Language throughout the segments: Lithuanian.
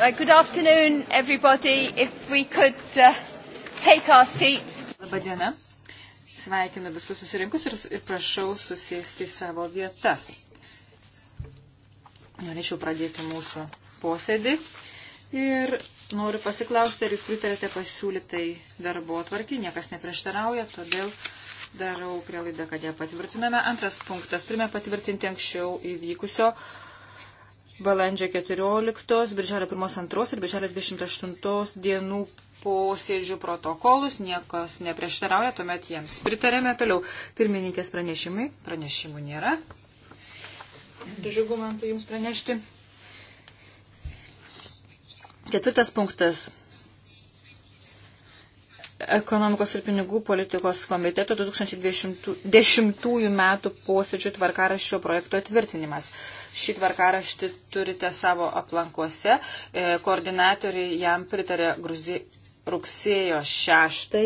Right, uh, good afternoon, everybody. If we could uh, take our seats. Labadiena. Sveikinu visus susirinkus ir, ir prašau susėsti savo vietas. Norėčiau pradėti mūsų posėdį ir noriu pasiklausti, ar jūs pritarėte pasiūlytai darbo atvarkį. Niekas neprieštarauja, todėl darau prielaidą, kad ją patvirtiname. Antras punktas. Turime patvirtinti anksčiau įvykusio uh, balandžio 14, birželio 1-2 ir birželio 28 dienų posėdžių protokolus, niekas neprieštarauja, tuomet jiems pritarėme toliau. Pirmininkės pranešimai, pranešimų nėra. Džiugu man tai jums pranešti. Ketvirtas punktas ekonomikos ir pinigų politikos komiteto 2010 metų posėdžių tvarkaraščio projekto tvirtinimas. Šį tvarkaraštį turite savo aplankuose. E, koordinatoriai jam pritarė Gruzi rugsėjo 6.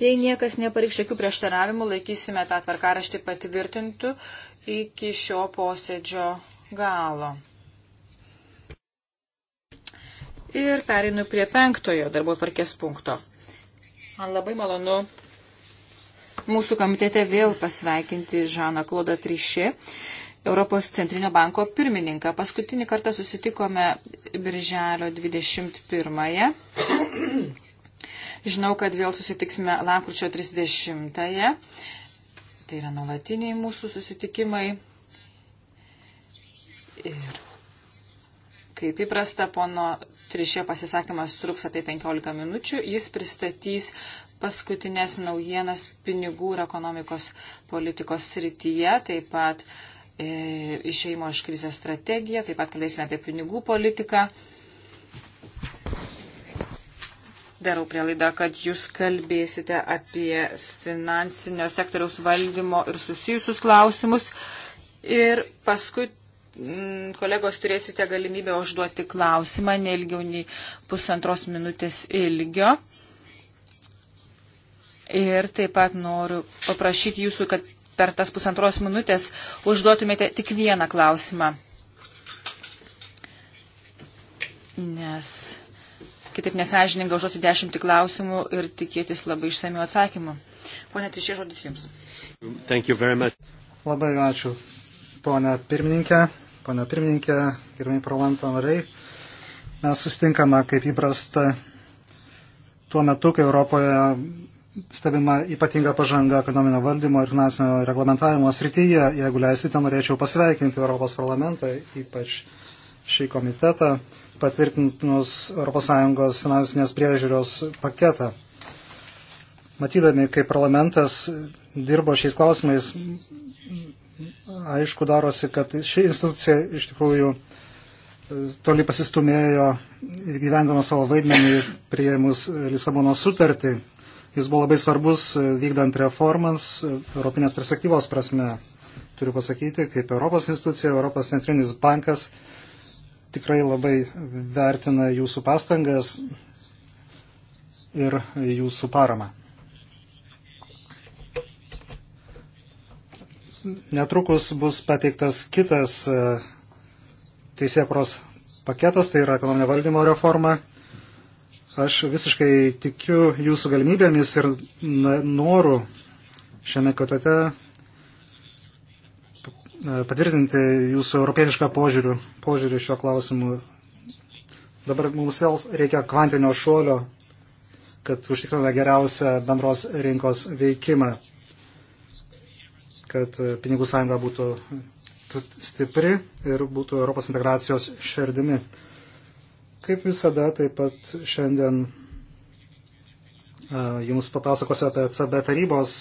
Jei niekas nepareikš jokių prieštaravimų, laikysime tą tvarkaraštį patvirtintų iki šio posėdžio galo. Ir pereinu prie penktojo darbo tvarkės punkto. Man labai malonu mūsų komitete vėl pasveikinti Žaną Klodą Trišė, Europos Centrinio banko pirmininką. Paskutinį kartą susitikome birželio 21-ąją. Žinau, kad vėl susitiksime lapkričio 30-ąją. Tai yra nuolatiniai mūsų susitikimai. Ir kaip įprasta, pono trišė pasisakymas truks apie 15 minučių. Jis pristatys paskutinės naujienas pinigų ir ekonomikos politikos srityje, taip pat e, išeimo iš krizės strategiją, taip pat kalbėsime apie pinigų politiką. Darau prielaidą, kad jūs kalbėsite apie finansinio sektoriaus valdymo ir susijusius klausimus. Ir paskui Mm, kolegos turėsite galimybę užduoti klausimą neilgiau nei pusantros minutės ilgio. Ir taip pat noriu paprašyti jūsų, kad per tas pusantros minutės užduotumėte tik vieną klausimą. Nes kitaip nesažininga užduoti dešimtį klausimų ir tikėtis labai išsamių atsakymų. Pone Trišė, žodis Jums. Labai ačiū, ponia pirmininkė pana pirmininkė, gerbimi parlamento nariai. Mes sustinkame, kaip įprasta, tuo metu, kai Europoje stebima ypatinga pažanga ekonominio valdymo ir finansinio reglamentavimo srityje. Jeigu leisite, norėčiau pasveikinti Europos parlamentą, ypač šį komitetą, patvirtinus ES finansinės priežiūros paketą. Matydami, kaip parlamentas dirbo šiais klausimais, aišku darosi, kad ši institucija iš tikrųjų e, toli pasistumėjo gyvendama savo vaidmenį prieimus Lisabono sutartį. Jis buvo labai svarbus e, vykdant reformas e, Europinės perspektyvos prasme. Turiu pasakyti, kaip Europos institucija, Europos centrinis bankas tikrai labai vertina jūsų pastangas ir jūsų paramą. netrukus bus pateiktas kitas e, teisėkros paketas, tai yra ekonominio valdymo reforma. Aš visiškai tikiu jūsų galimybėmis ir noru šiame kotete e, patvirtinti jūsų europietišką požiūrių, požiūrių šio klausimu. Dabar mums vėl reikia kvantinio šuolio, kad užtikrintume geriausią bendros rinkos veikimą kad e, pinigų sąjunga būtų stipri ir būtų Europos integracijos šerdimi. Kaip visada, taip pat šiandien e, jums papasakosiu apie CB tarybos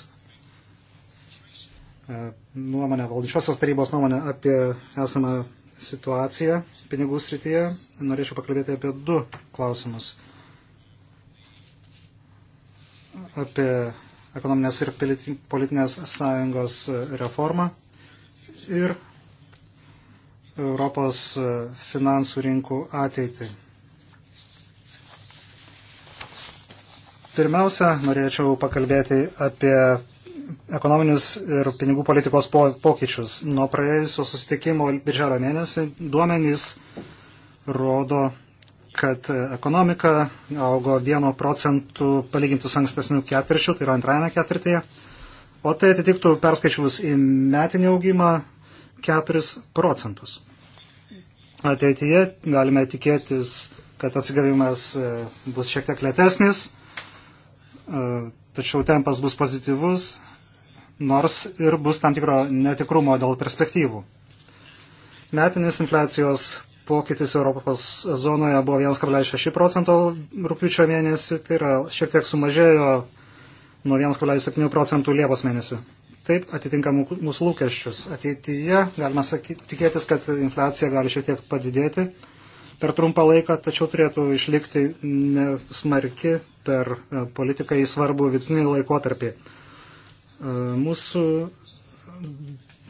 e, nuomonę, valdančiosios tarybos nuomonę apie esamą situaciją pinigų srityje. Norėčiau pakalbėti apie du klausimus. Apie ekonominės ir politinės sąjungos reformą ir Europos finansų rinkų ateitį. Pirmiausia, norėčiau pakalbėti apie ekonominius ir pinigų politikos po, pokyčius. Nuo praėjusio susitikimo birželio mėnesį duomenys rodo kad ekonomika augo 1 procentų palyginti su ankstesniu ketvirčiu, tai yra antrajame ketvirtyje, o tai atitiktų perskaičius į metinį augimą 4 procentus. Ateityje galime tikėtis, kad atsigavimas e, bus šiek tiek lėtesnis, e, tačiau tempas bus pozityvus, nors ir bus tam tikro netikrumo dėl perspektyvų. Metinis infliacijos pokytis Europos zonoje buvo 1,6 procento rūpiučio mėnesį, tai yra šiek tiek sumažėjo nuo 1,7 procentų Liepos mėnesių. Taip atitinka mūsų lūkesčius. Ateityje galima sakyti, tikėtis, kad infliacija gali šiek tiek padidėti per trumpą laiką, tačiau turėtų išlikti nesmarki per e, politiką į svarbų vidutinį laikotarpį. E, mūsų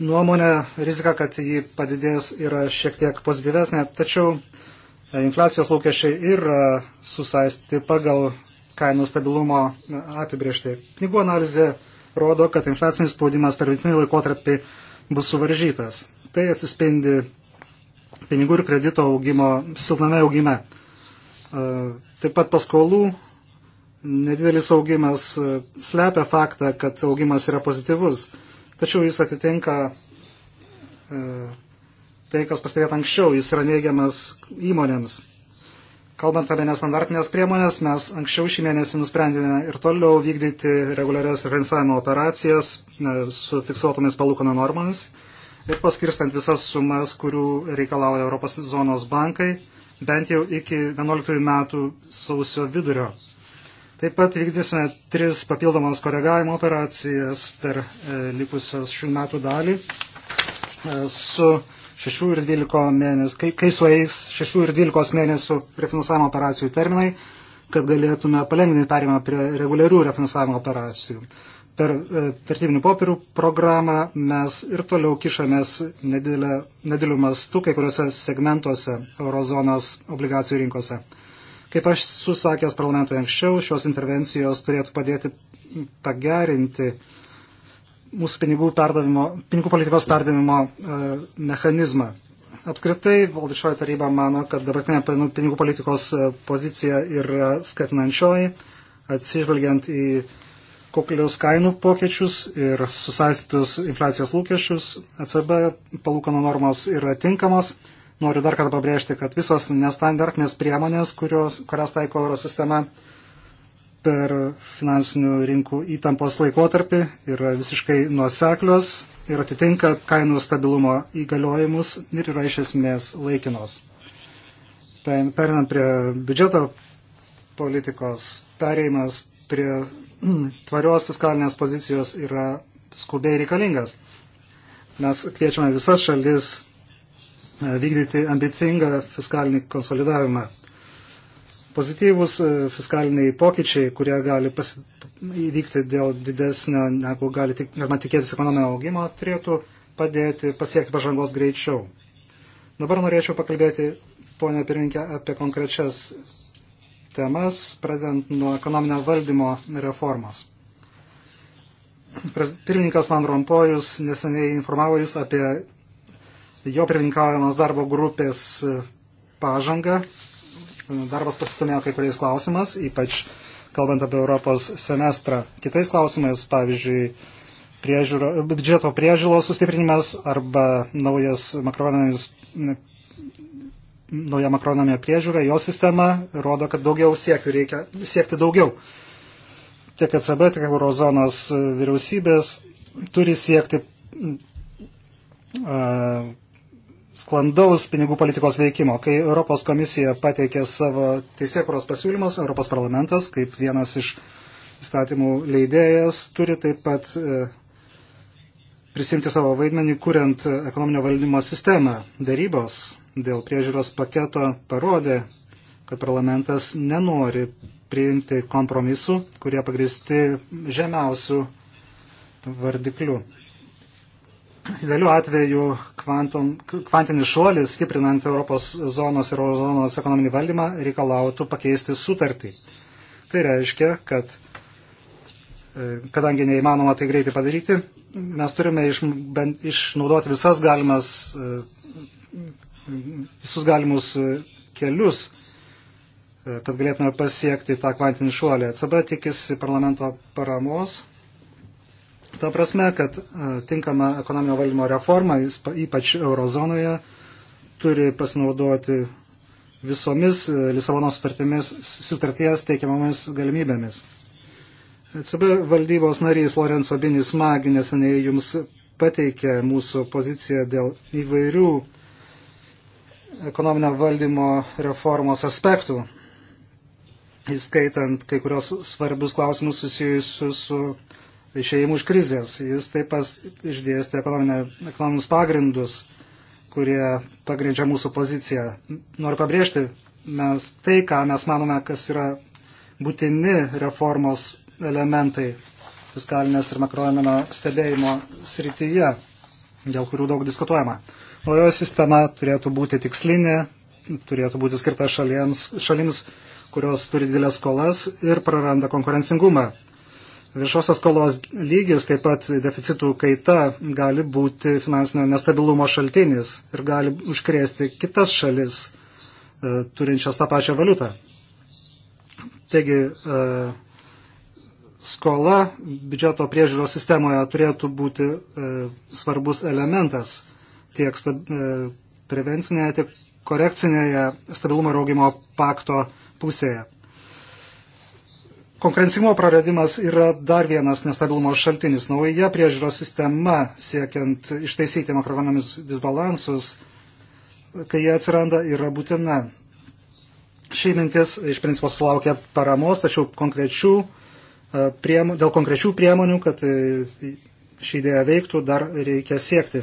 nuomonę, rizika, kad jį padidės, yra šiek tiek pozityvesnė, tačiau e, infliacijos lūkesčiai yra e, susaisti pagal kainų stabilumo e, apibriežtai. Knygų analizė rodo, kad infliacinis spaudimas per vidutinį laikotarpį bus suvaržytas. Tai atsispindi pinigų ir kredito augimo, silpname augime. Taip pat paskolų nedidelis augimas slepia faktą, kad augimas yra pozityvus tačiau jis atitinka e, tai, kas pastebėta anksčiau, jis yra neigiamas įmonėms. Kalbant apie nestandartinės priemonės, mes anksčiau šį mėnesį nusprendėme ir toliau vykdyti reguliarias refinansavimo operacijas e, su fiksuotomis palūkanų normomis ir paskirstant visas sumas, kurių reikalauja Europos zonos bankai, bent jau iki 11 metų sausio vidurio. Taip pat vykdysime tris papildomas koregavimo operacijas per e, likusios šių metų dalį e, su 6 ir 12 mėnesių, kai, kai sueis 6 ir 12 mėnesių refinansavimo operacijų terminai, kad galėtume palengvinti perimą prie reguliarių refinansavimo operacijų. Per e, vertybinių popierių programą mes ir toliau kišamės nedideliu mastu kai kuriuose segmentuose eurozonos obligacijų rinkose. Kaip aš susakęs parlamentui anksčiau, šios intervencijos turėtų padėti pagerinti mūsų pinigų, pinigų politikos perdavimo e, mechanizmą. Apskritai, valdyčioji taryba mano, kad dabartinė pinigų politikos e, pozicija yra skatinančioji, atsižvelgiant į kokliaus kainų pokyčius ir susaistytus infliacijos lūkesčius. ECB palūkanų normos yra tinkamos Noriu dar kartą pabrėžti, kad visos nestandartinės priemonės, kurios, kurias taiko eurosistema per finansinių rinkų įtampos laikotarpį, yra visiškai nuoseklios ir atitinka kainų stabilumo įgaliojimus ir yra iš esmės laikinos. Tai perinant prie biudžeto politikos, pereimas prie tvarios fiskalinės pozicijos yra skubiai reikalingas. Mes kviečiame visas šalis E, vykdyti ambicingą fiskalinį konsolidavimą. Pozityvus e, fiskaliniai pokyčiai, kurie gali pas, įvykti dėl didesnio, negu gali tik, tikėtis ekonominio augimo, turėtų padėti pasiekti pažangos greičiau. Dabar norėčiau pakalbėti, ponia pirminkė, apie konkrečias temas, pradedant nuo ekonominio valdymo reformos. Pirmininkas Van Rompojus neseniai informavo jūs apie jo pirmininkavimas darbo grupės pažanga. Darbas pasistumėjo kai kuriais klausimas, ypač kalbant apie Europos semestrą. Kitais klausimais, pavyzdžiui, priežiūro, biudžeto priežiūros sustiprinimas arba naujas makronominis nauja makronomė priežiūra, jo sistema rodo, kad daugiau siekių reikia siekti daugiau. Tiek ECB, tiek eurozonos vyriausybės turi siekti uh, sklandaus pinigų politikos veikimo. Kai Europos komisija pateikė savo teisėkuros pasiūlymus, Europos parlamentas, kaip vienas iš įstatymų leidėjas, turi taip pat e, prisimti savo vaidmenį, kuriant ekonominio valdymo sistemą. Darybos dėl priežiūros paketo parodė, kad parlamentas nenori priimti kompromisų, kurie pagristi žemiausių vardiklių. Idealiu atveju kvantum, kvantinis šuolis, stiprinant Europos zonos ir eurozonos ekonominį valdymą, reikalautų pakeisti sutartį. Tai reiškia, kad e, kadangi neįmanoma tai greitai padaryti, mes turime iš, bent, išnaudoti visas galimas, e, visus galimus e, kelius, kad galėtume pasiekti tą kvantinį šuolį. ECB tikisi parlamento paramos Ta prasme, kad e, tinkama ekonominio valdymo reforma, ypač eurozonoje, turi pasinaudoti visomis e, Lisabono sutarties teikiamomis galimybėmis. ECB valdybos narys Lorenzo Binis Magi neseniai jums pateikė mūsų poziciją dėl įvairių ekonominio valdymo reformos aspektų, įskaitant kai kurios svarbius klausimus susijusius su išėjimų iš krizės. Jis taip pat išdėstė ekonominius pagrindus, kurie pagrindžia mūsų poziciją. Noriu pabrėžti, mes tai, ką mes manome, kas yra būtini reformos elementai fiskalinės ir makroeminio stebėjimo srityje, dėl kurių daug diskutuojama. Naujoji sistema turėtų būti tikslinė, turėtų būti skirta šaliems, šalims, kurios turi didelės skolas ir praranda konkurencingumą. Viešosios skolos lygis, taip pat deficitų kaita gali būti finansinio nestabilumo šaltinis ir gali užkrėsti kitas šalis e, turinčias tą pačią valiutą. Taigi, e, skola biudžeto priežiūros sistemoje turėtų būti e, svarbus elementas tiek stab, e, prevencinėje, tiek korekcinėje stabilumo ir augimo pakto pusėje. Konkurencingumo praradimas yra dar vienas nestabilumo šaltinis. Nauja priežiūros sistema siekiant ištaisyti makroekonominius disbalansus, kai jie atsiranda, yra būtina. Ši mintis iš principo sulaukė paramos, tačiau konkrečių, e, priem, dėl konkrečių priemonių, kad e, ši idėja veiktų, dar reikia siekti.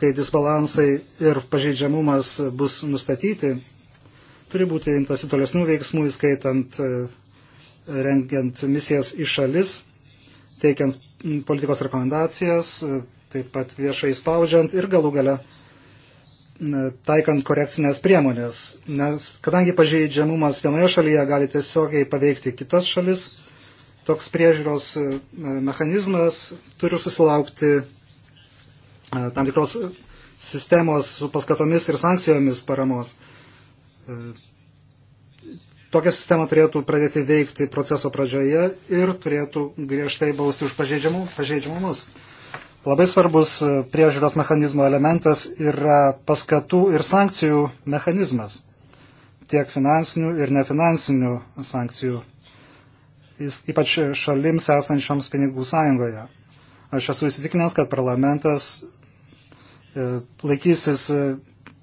Kai disbalansai ir pažeidžiamumas bus nustatyti, turi būti imtasi tolesnių veiksmų, įskaitant e, rengiant misijas į šalis, teikiant politikos rekomendacijas, taip pat viešai spaudžiant ir galų gale taikant korekcinės priemonės, nes kadangi pažeidžiamumas vienoje šalyje gali tiesiogiai paveikti kitas šalis, toks priežiūros mechanizmas turi susilaukti tam tikros sistemos su paskatomis ir sankcijomis paramos. Tokia sistema turėtų pradėti veikti proceso pradžioje ir turėtų griežtai bausti už pažeidžiamumus. Labai svarbus priežiūros mechanizmo elementas yra paskatų ir sankcijų mechanizmas, tiek finansinių ir nefinansinių sankcijų, ypač šalims esančioms pinigų sąjungoje. Aš esu įsitikinęs, kad parlamentas e, laikysis e,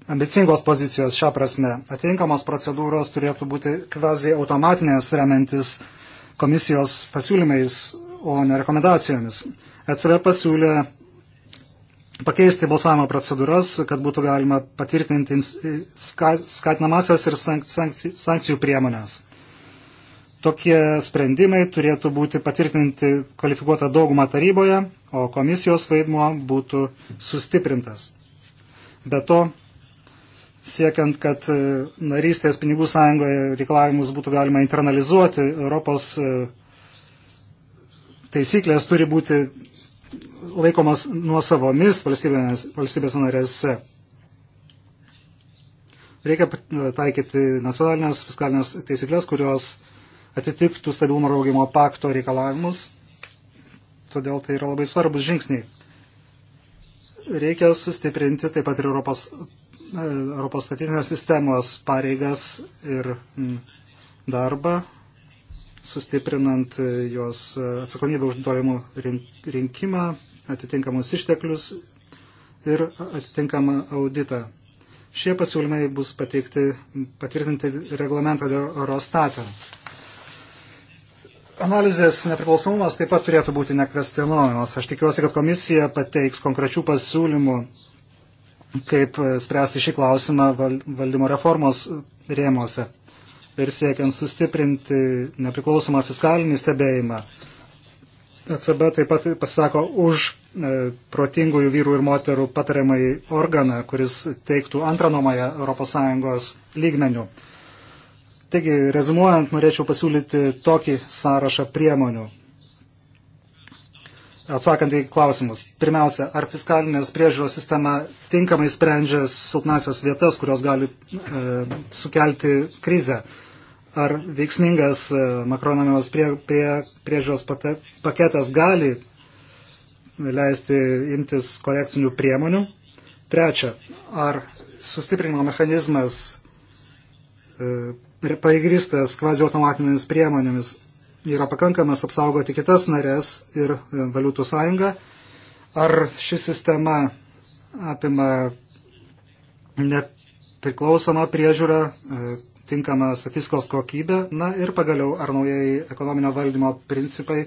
ambicingos pozicijos šią prasme. Atinkamos procedūros turėtų būti kvazi automatinės remiantis komisijos pasiūlymais, o ne rekomendacijomis. ECB pasiūlė pakeisti balsavimo procedūras, kad būtų galima patvirtinti skatinamasias ir sankcijų priemonės. Tokie sprendimai turėtų būti patvirtinti kvalifikuotą daugumą taryboje, o komisijos vaidmuo būtų sustiprintas. Be to, siekiant, kad e, narystės pinigų sąjungoje reikalavimus būtų galima internalizuoti, Europos e, taisyklės turi būti laikomas nuo savomis valstybės, valstybės narėse. Reikia e, taikyti nacionalinės fiskalinės taisyklės, kurios atitiktų stabilumo ir augimo pakto reikalavimus. Todėl tai yra labai svarbus žingsniai. Reikia sustiprinti taip pat ir Europos Europos statistinės sistemos pareigas ir mm, darbą, sustiprinant e, jos e, atsakomybę už duomenų rinkimą, atitinkamus išteklius ir atitinkamą auditą. Šie pasiūlymai bus pateikti, patvirtinti reglamentą dėl Eurostato. Analizės nepriklausomumas taip pat turėtų būti nekvestionuojamas. Aš tikiuosi, kad komisija pateiks konkrečių pasiūlymų kaip e, spręsti šį klausimą valdymo reformos rėmose ir siekiant sustiprinti nepriklausomą fiskalinį stebėjimą. ECB taip pat pasisako už e, protingųjų vyrų ir moterų patariamai organą, kuris teiktų antrą nuomoje ES lygmenių. Taigi, rezumuojant, norėčiau pasiūlyti tokį sąrašą priemonių atsakant į klausimus. Pirmiausia, ar fiskalinės priežiūros sistema tinkamai sprendžia silpnasias vietas, kurios gali e, sukelti krizę? Ar veiksmingas e, makronomijos prie, prie, priežiūros pate, paketas gali leisti imtis korekcinių priemonių? Trečia, ar sustiprinimo mechanizmas e, paigristas kvazi automatinėmis priemonėmis yra pakankamas apsaugoti kitas narės ir e, valiutų sąjungą. Ar ši sistema apima nepriklausomą priežiūrą, e, tinkamą statistikos kokybę, na ir pagaliau, ar naujai ekonominio valdymo principai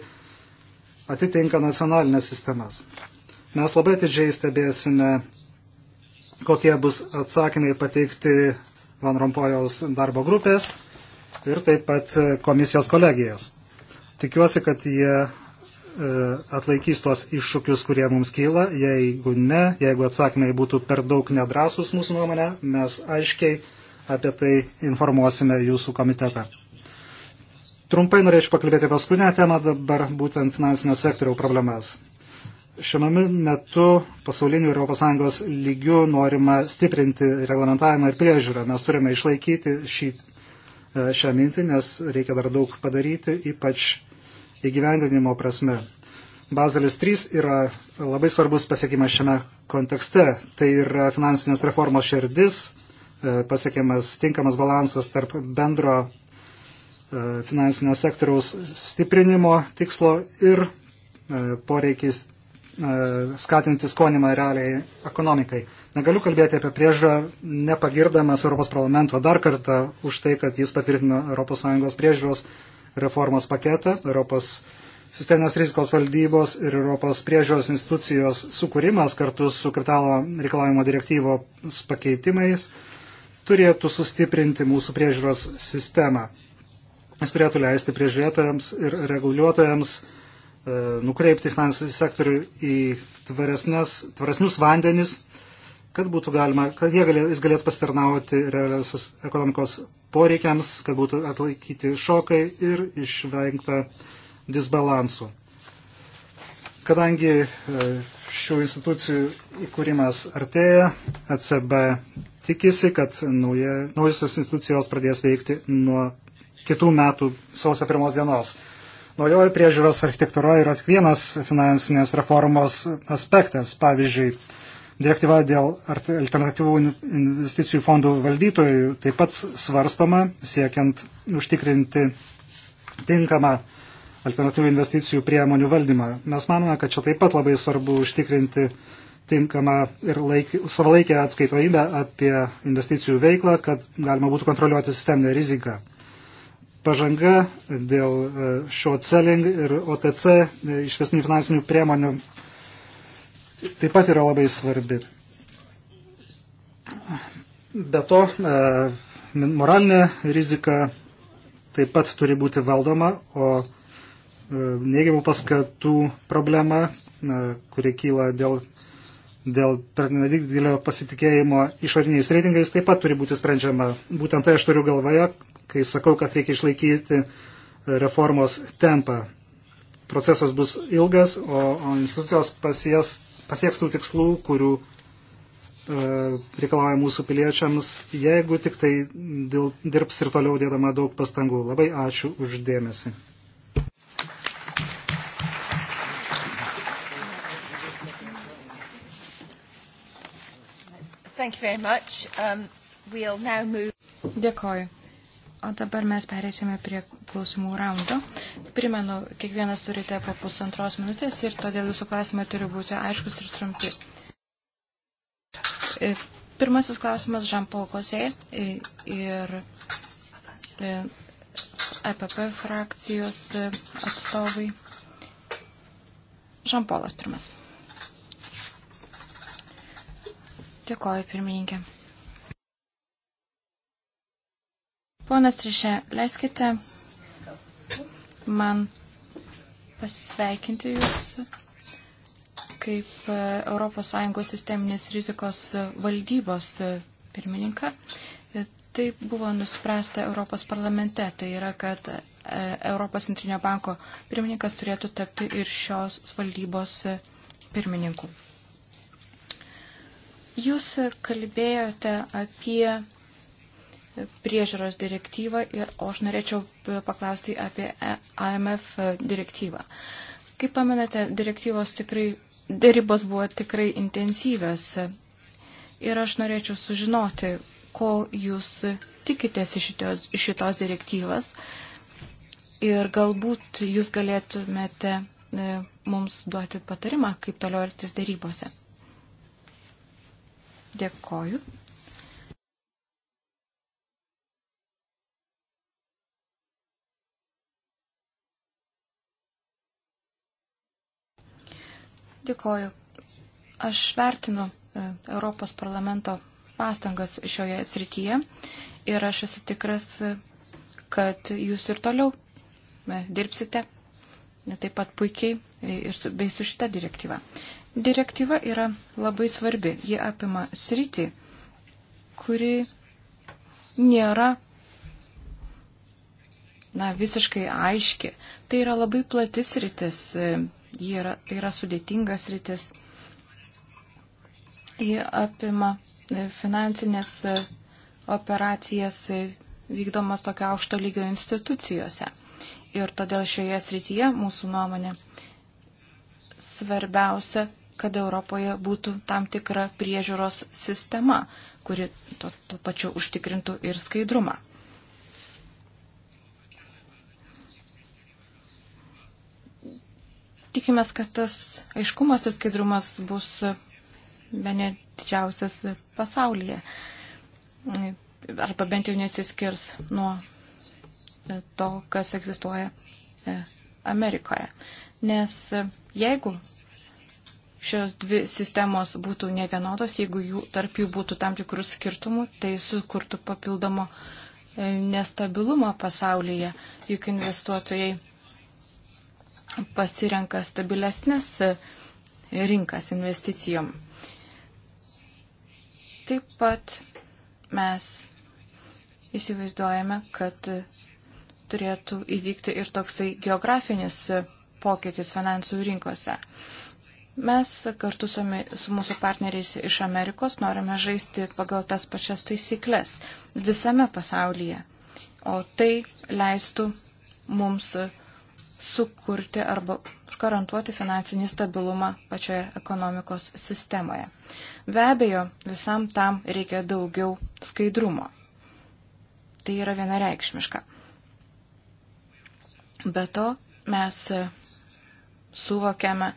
atitinka nacionalinės sistemas. Mes labai atidžiai stebėsime, kokie bus atsakymai pateikti Van Rompojaus darbo grupės ir taip pat e, komisijos kolegijos. Tikiuosi, kad jie e, atlaikys tuos iššūkius, kurie mums kyla. Jeigu ne, jeigu atsakymai būtų per daug nedrasus mūsų nuomonė, mes aiškiai apie tai informuosime jūsų komitetą. Trumpai norėčiau pakalbėti paskutinę temą dabar, būtent finansinio sektoriaus problemas. Šiame metu pasaulinių ir ES lygių norima stiprinti reglamentavimą ir priežiūrą. Mes turime išlaikyti šį, e, šią mintį, nes reikia dar daug padaryti, ypač įgyvendinimo prasme. Bazelis 3 yra labai svarbus pasiekimas šiame kontekste. Tai yra finansinės reformos širdis, e, pasiekiamas tinkamas balansas tarp bendro e, finansinio sektoriaus stiprinimo tikslo ir e, poreikis skatinti skonimą realiai ekonomikai. Negaliu kalbėti apie priežą, nepagirdamas Europos parlamento dar kartą už tai, kad jis patvirtino ES priežiūros reformos paketą, Europos sisteminės rizikos valdybos ir Europos priežiūros institucijos sukūrimas kartu su kapitalo reikalavimo direktyvos pakeitimais turėtų sustiprinti mūsų priežiūros sistemą. Jis turėtų leisti priežiūrėtojams ir reguliuotojams e, nukreipti finansinį sektorių į tvaresnius vandenis kad, būtų galima, kad galė, jis galėtų pasitarnauti realiosios ekonomikos poreikiams, kad būtų atlaikyti šokai ir išvengta disbalansų. Kadangi e, šių institucijų įkūrimas artėja, ECB tikisi, kad nauja, naujusios institucijos pradės veikti nuo kitų metų sausio pirmos dienos. Naujoji priežiūros architektūra yra tik vienas finansinės reformos aspektas. Pavyzdžiui, Direktyva dėl alternatyvų investicijų fondų valdytojų taip pat svarstoma, siekiant užtikrinti tinkamą alternatyvių investicijų priemonių valdymą. Mes manome, kad čia taip pat labai svarbu užtikrinti tinkamą ir laik, savalaikę atskaitojimą apie investicijų veiklą, kad galima būtų kontroliuoti sisteminę riziką. Pažanga dėl e, šio selling ir OTC e, išvesnių finansinių priemonių taip pat yra labai svarbi. Be to, e, moralinė rizika taip pat turi būti valdoma, o e, neigiamų paskatų problema, e, kuri kyla dėl, dėl pernelik didelio pasitikėjimo išoriniais reitingais, taip pat turi būti sprendžiama. Būtent tai aš turiu galvoje, kai sakau, kad reikia išlaikyti reformos tempą. Procesas bus ilgas, o, o institucijos pasies pasieks tų tikslų, kurių e, reikalauja mūsų piliečiams, jeigu tik tai dirbs ir toliau dėdama daug pastangų. Labai ačiū uždėmesi. Um, we'll move... Dėkoju. O dabar mes perėsime prie klausimų raundo. Primenu, kiekvienas turite po pusantros minutės ir todėl jūsų klausimai turi būti aiškus ir trumpi. E, pirmasis klausimas Žampol Kosė e, ir EPP e frakcijos atstovai. Žampolas pirmas. Dėkoju, pirmininkė. Ponas Trišė, leiskite man pasveikinti Jūs kaip ES sisteminės rizikos e, valdybos e, pirmininką. E, Taip buvo nuspręsta Europos parlamente, tai yra, kad Europos centrinio banko pirmininkas turėtų tapti ir šios valdybos pirmininku. Jūs kalbėjote apie priežiūros direktyvą ir aš norėčiau paklausti apie AMF direktyvą. Kaip pamenate, direktyvos tikrai, dėrybos buvo tikrai intensyvios ir aš norėčiau sužinoti, ko jūs tikitės iš šitos, iš šitos direktyvas ir galbūt jūs galėtumėte e, mums duoti patarimą, kaip toliau artis dėrybose. Dėkoju. Dėkoju. Aš vertinu e, Europos parlamento pastangas šioje srityje ir aš esu tikras, kad jūs ir toliau e, dirbsite taip pat puikiai e, ir su, bei su šita direktyva. Direktyva yra labai svarbi. Ji apima sritį, kuri nėra na, visiškai aiški. Tai yra labai platis rytis Yra, tai yra sudėtingas rytis. Ji apima e, finansinės e, operacijas e, vykdomas tokio aukšto lygio institucijose. Ir todėl šioje srityje mūsų nuomonė svarbiausia, kad Europoje būtų tam tikra priežiūros sistema, kuri to, to pačiu užtikrintų ir skaidrumą. Tikimės, kad tas aiškumas ir skaidrumas bus bene didžiausias pasaulyje. Arba bent jau nesiskirs nuo to, kas egzistuoja e, Amerikoje. Nes e, jeigu šios dvi sistemos būtų ne vienodos, jeigu jų, tarp jų būtų tam tikrų skirtumų, tai sukurtų papildomo e, nestabilumo pasaulyje, juk investuotojai pasirenka stabilesnės e, rinkas investicijom. Taip pat mes įsivaizduojame, kad turėtų įvykti ir toksai geografinis pokytis finansų rinkose. Mes kartu su, su mūsų partneriais iš Amerikos norime žaisti pagal tas pačias taisyklės visame pasaulyje. O tai leistų mums uh, sukurti arba užgarantuoti finansinį stabilumą pačioje ekonomikos sistemoje. Be abejo, visam tam reikia daugiau skaidrumo. Tai yra vienareikšmiška. Be to, mes e, suvokiame,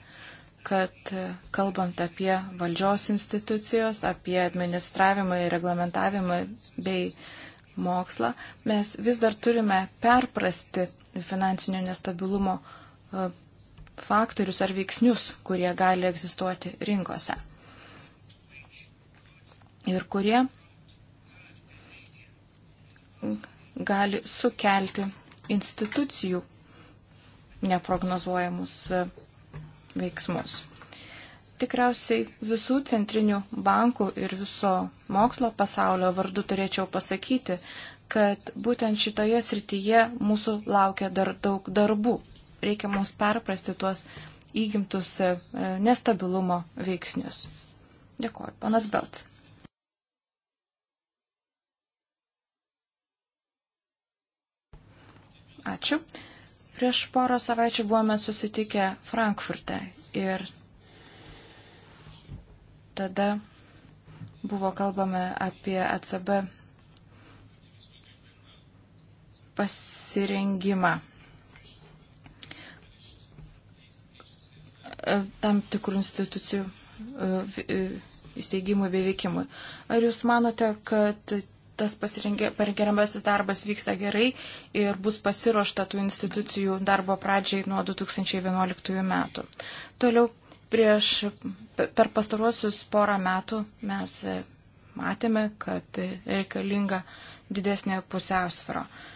kad e, kalbant apie valdžios institucijos, apie administravimą ir reglamentavimą bei mokslą, mes vis dar turime perprasti finansinio nestabilumo e, faktorius ar veiksnius, kurie gali egzistuoti rinkose. Ir kurie gali sukelti institucijų neprognozuojamus e, veiksmus. Tikriausiai visų centrinių bankų ir viso mokslo pasaulio vardu turėčiau pasakyti, kad būtent šitoje srityje mūsų laukia dar daug darbų. Reikia mums perprasti tuos įgimtus e, nestabilumo veiksnius. Dėkuoju, panas Belt. Ačiū. Prieš porą savaičių buvome susitikę Frankfurte ir tada buvo kalbame apie ECB pasirengimą. E, tam tikrų institucijų e, e, įsteigimui bei veikimui. Ar Jūs manote, kad tas parengiamasis darbas vyksta gerai ir bus pasiruošta tų institucijų darbo pradžiai nuo 2011 metų? Toliau, prieš, per pastaruosius porą metų mes matėme, kad reikalinga didesnė pusiausvara. Uh,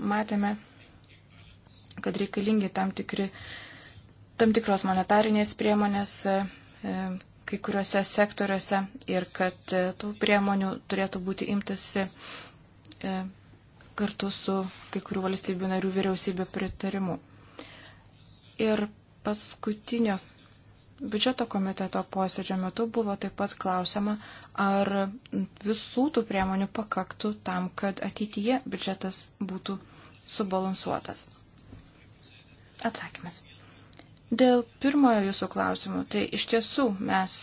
matėme, kad reikalingi tam, tikri, tam tikros monetarinės priemonės e, e, kai kuriuose sektoriuose ir kad e, tų priemonių turėtų būti imtasi kartu su kai kurių valstybių narių vyriausybė pritarimu. Ir paskutinio biudžeto komiteto posėdžio metu buvo taip pat klausima, ar visų tų priemonių pakaktų tam, kad ateityje biudžetas būtų subalansuotas? Atsakymas. Dėl pirmojo jūsų klausimų, tai iš tiesų mes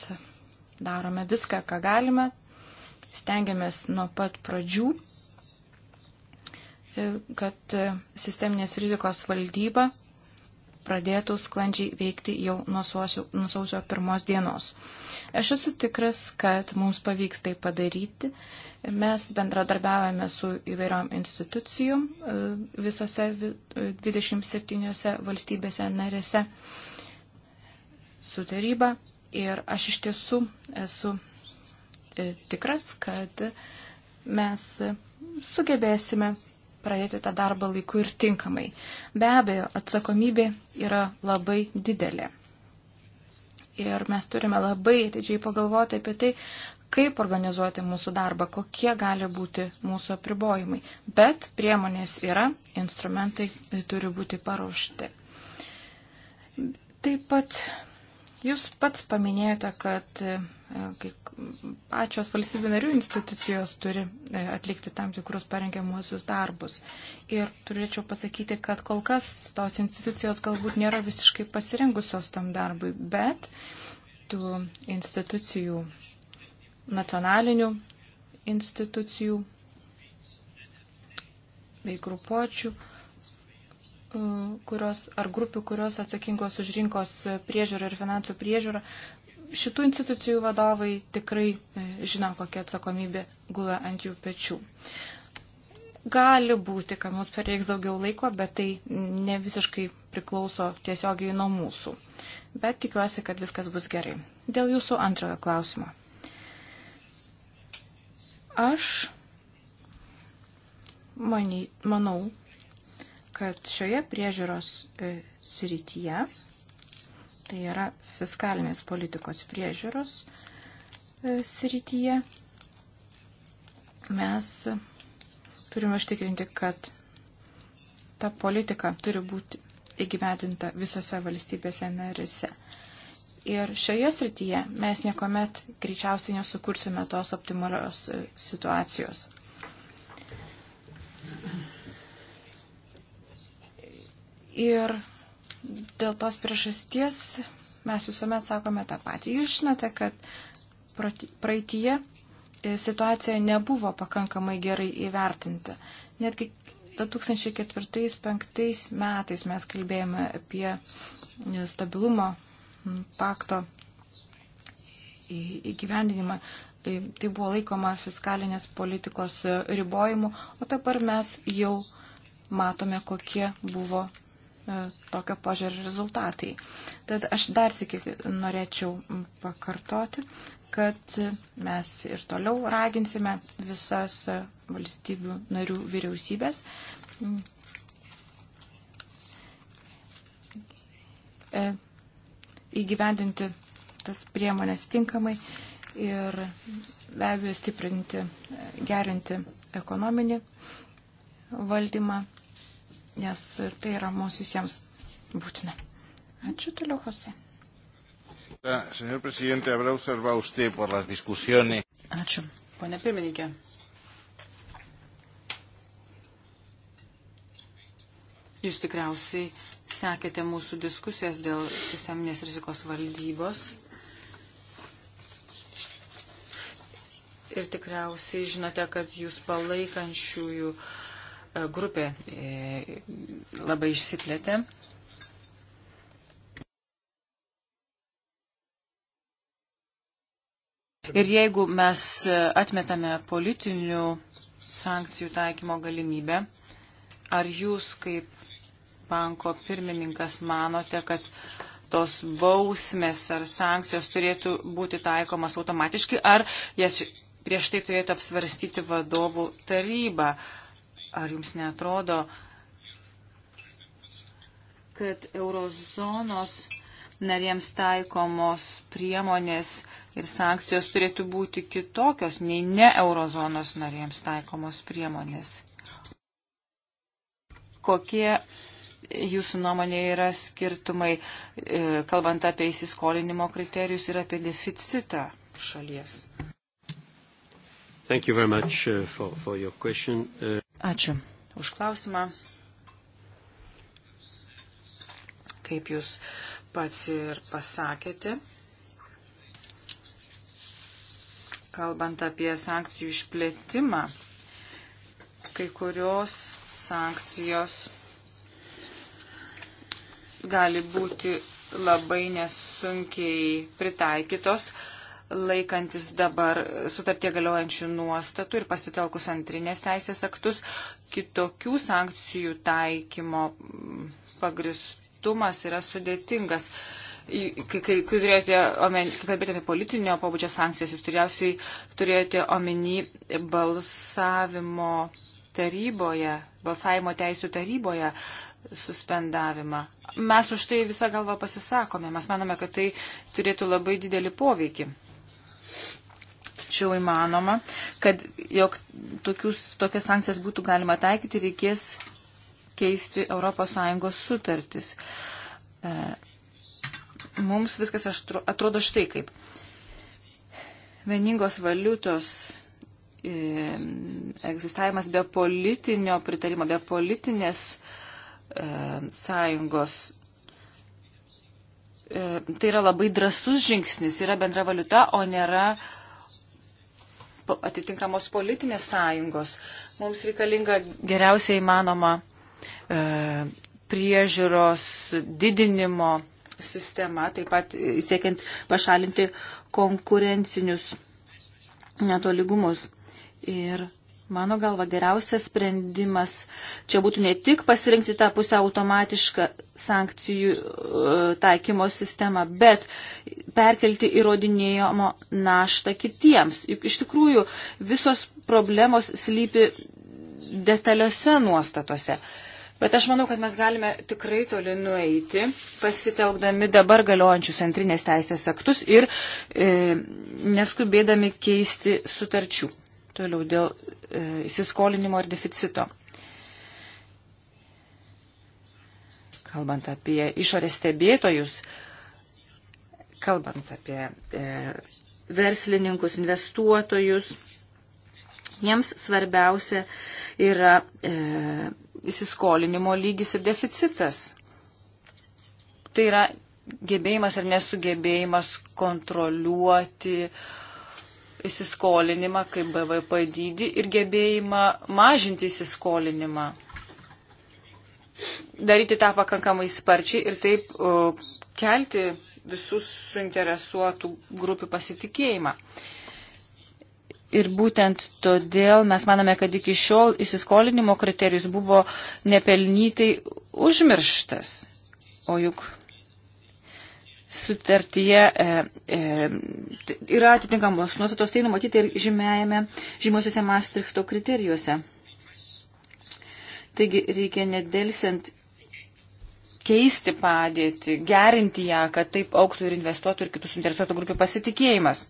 darome viską, ką galime, stengiamės nuo pat pradžių, kad sisteminės rizikos valdyba pradėtų sklandžiai veikti jau nuo sausio, nuo sausio pirmos dienos. Aš esu tikras, kad mums pavyks tai padaryti Mes bendradarbiavame su įvairiom institucijom e, visose 27 e, valstybėse narėse su taryba ir aš iš tiesų esu e, tikras, kad mes sugebėsime pradėti tą darbą laiku ir tinkamai. Be abejo, atsakomybė yra labai didelė. Ir mes turime labai atidžiai pagalvoti apie tai, kaip organizuoti mūsų darbą, kokie gali būti mūsų apribojimai. Bet priemonės yra, instrumentai turi būti paruošti. Taip pat jūs pats paminėjote, kad e, kai pačios valstybių narių institucijos turi e, atlikti tam tikrus parengiamuosius darbus. Ir turėčiau pasakyti, kad kol kas tos institucijos galbūt nėra visiškai pasirengusios tam darbui, bet tų institucijų nacionalinių institucijų bei grupuočių, e, kurios, ar grupių, kurios atsakingos už rinkos priežiūrą ir finansų priežiūrą. Šitų institucijų vadovai tikrai e, žino, kokia atsakomybė gula ant jų pečių. Gali būti, kad mums prireiks daugiau laiko, bet tai ne visiškai priklauso tiesiogiai nuo mūsų. Bet tikiuosi, kad viskas bus gerai. Dėl jūsų antrojo klausimo. Aš many, manau, kad šioje priežiūros e, srityje, tai yra fiskalinės politikos priežiūros e, srityje, mes turime užtikrinti, kad ta politika turi būti įgyvendinta visose valstybėse narise. Ir šioje srityje mes niekuomet greičiausiai nesukursime tos optimalios e, situacijos. Ir dėl tos priežasties mes visuomet sakome tą patį. Jūs žinote, kad praeitie e, situacija nebuvo pakankamai gerai įvertinta. Netgi 2004-2005 metais mes kalbėjome apie stabilumo pakto įgyvendinimą. Tai, tai buvo laikoma fiskalinės politikos ribojimu, o dabar mes jau matome, kokie buvo e, tokio požiūrio rezultatai. Tad aš dar sėki norėčiau pakartoti, kad mes ir toliau raginsime visas valstybių narių vyriausybės e, įgyvendinti tas priemonės tinkamai ir be abejo stiprinti, gerinti ekonominį valdymą, nes tai yra mums visiems būtina. Ačiū toliau, Jose. Ačiū, ponė pirmininkė. Jūs tikriausiai sekėte mūsų diskusijas dėl sisteminės rizikos valdybos. Ir tikriausiai žinote, kad jūs palaikančiųjų e, grupė e, labai išsiplėtė. Ir jeigu mes e, atmetame politinių sankcijų taikymo galimybę, ar jūs kaip banko pirmininkas, manote, kad tos bausmės ar sankcijos turėtų būti taikomas automatiškai, ar jas prieš tai turėtų apsvarstyti vadovų taryba? Ar jums netrodo, kad eurozonos narėms taikomos priemonės ir sankcijos turėtų būti kitokios nei ne eurozonos narėms taikomos priemonės? Kokie jūsų nuomonė yra skirtumai, e, kalbant apie įsiskolinimo kriterijus ir apie deficitą šalies? Thank you very much uh, for, for your question. Uh, Ačiū už klausimą. Kaip jūs pats ir pasakėte, kalbant apie sankcijų išplėtimą, kai kurios sankcijos gali būti labai nesunkiai pritaikytos, laikantis dabar sutartie galiojančių nuostatų ir pasitelkus antrinės teisės aktus, kitokių sankcijų taikymo pagristumas yra sudėtingas. Kai, kai, kai turėjote omeny, kai kalbėjote apie politinio pobūdžio sankcijas, jūs turėjausiai turėjote omeny balsavimo taryboje, balsavimo teisų taryboje suspendavimą. Mes už tai visą galvą pasisakome, mes manome, kad tai turėtų labai didelį poveikį. Tačiau įmanoma, kad jog tokius, tokias sankcijas būtų galima taikyti, reikės keisti ES sutartis. E, mums viskas aštru, atrodo štai kaip. Vieningos valiutos e, egzistavimas be politinio pritarimo, be politinės e, E, sąjungos. E, tai yra labai drasus žingsnis, yra bendra valiuta, o nėra atitinkamos politinės sąjungos. Mums reikalinga geriausiai įmanoma e, priežiūros didinimo sistema, taip pat siekiant pašalinti konkurencinius netolygumus. Ir Mano galva geriausias sprendimas čia būtų ne tik pasirinkti tą pusę automatišką sankcijų e, taikymo sistemą, bet perkelti įrodinėjimo naštą kitiems. Juk iš tikrųjų visos problemos slypi detaliuose nuostatuose. Bet aš manau, kad mes galime tikrai toli nueiti, pasitelkdami dabar galiojančius centrinės teisės aktus ir e, neskubėdami keisti sutarčių. Toliau dėl e, įsiskolinimo ir deficito. Kalbant apie išorės stebėtojus, kalbant apie e, verslininkus, investuotojus, jiems svarbiausia yra e, įsiskolinimo lygis ir deficitas. Tai yra gebėjimas ar nesugebėjimas kontroliuoti uh, įsiskolinimą kaip BVP dydį ir gebėjimą mažinti įsiskolinimą. Daryti tą pakankamai sparčiai ir taip uh, kelti visus suinteresuotų grupių pasitikėjimą. Ir būtent todėl mes manome, kad iki šiol įsiskolinimo kriterijus buvo nepelnytai užmirštas. O juk sutartyje e, e, yra atitinkamos nuostatos, tai numatyti ir žymėjame žymuosiuose Maastrichto kriterijuose. Taigi reikia nedelsiant keisti padėtį, gerinti ją, kad taip auktų ir investuotų ir kitų suinteresuotų grupių pasitikėjimas.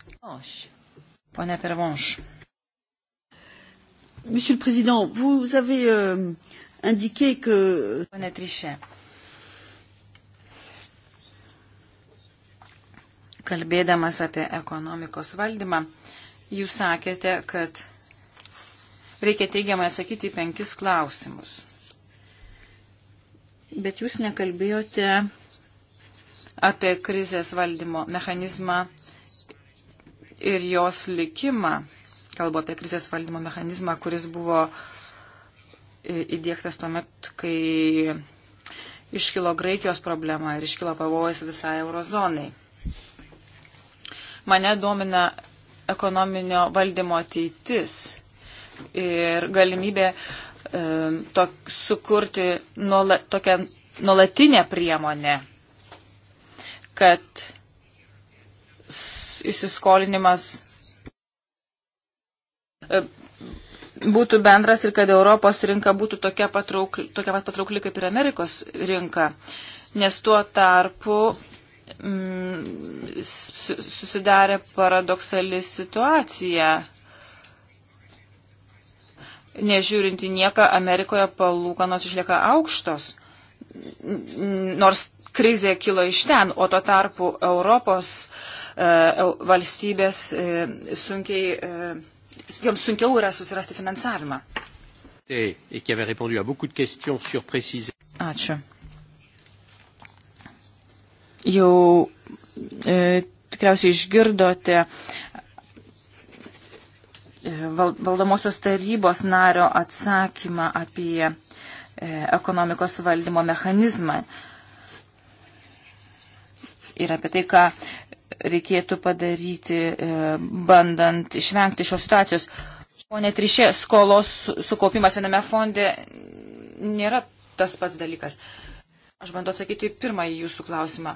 Pone Pervonš. Monsieur le Président, vous avez euh, indiqué que. Pone Trichet. kalbėdamas apie ekonomikos valdymą, jūs sakėte, kad reikia teigiamai atsakyti į penkis klausimus. Bet jūs nekalbėjote apie krizės valdymo mechanizmą ir jos likimą. Kalbu apie krizės valdymo mechanizmą, kuris buvo e, įdėktas tuo metu, kai iškilo Graikijos problema ir iškilo pavojus visai eurozonai. Mane domina ekonominio valdymo ateitis ir galimybė e, to, sukurti nuola, tokią nuolatinę priemonę, kad įsiskolinimas e, būtų bendras ir kad Europos rinka būtų tokia, patraukli, tokia pat patraukli kaip ir Amerikos rinka. Nes tuo tarpu mm, susidarė paradoksali situacija. Nežiūrint į nieką, Amerikoje palūkanos išlieka aukštos, nors krizė kilo iš ten, o tuo tarpu Europos e, valstybės e, sunkiai, e, joms sunkiau yra susirasti finansavimą. Ačiū jau e, tikriausiai išgirdote e, valdomosios tarybos nario atsakymą apie e, ekonomikos valdymo mechanizmą ir apie tai, ką reikėtų padaryti, e, bandant išvengti šios situacijos. Pone Trišė, skolos sukaupimas viename fonde nėra tas pats dalykas. Aš bandau atsakyti pirmąjį jūsų klausimą.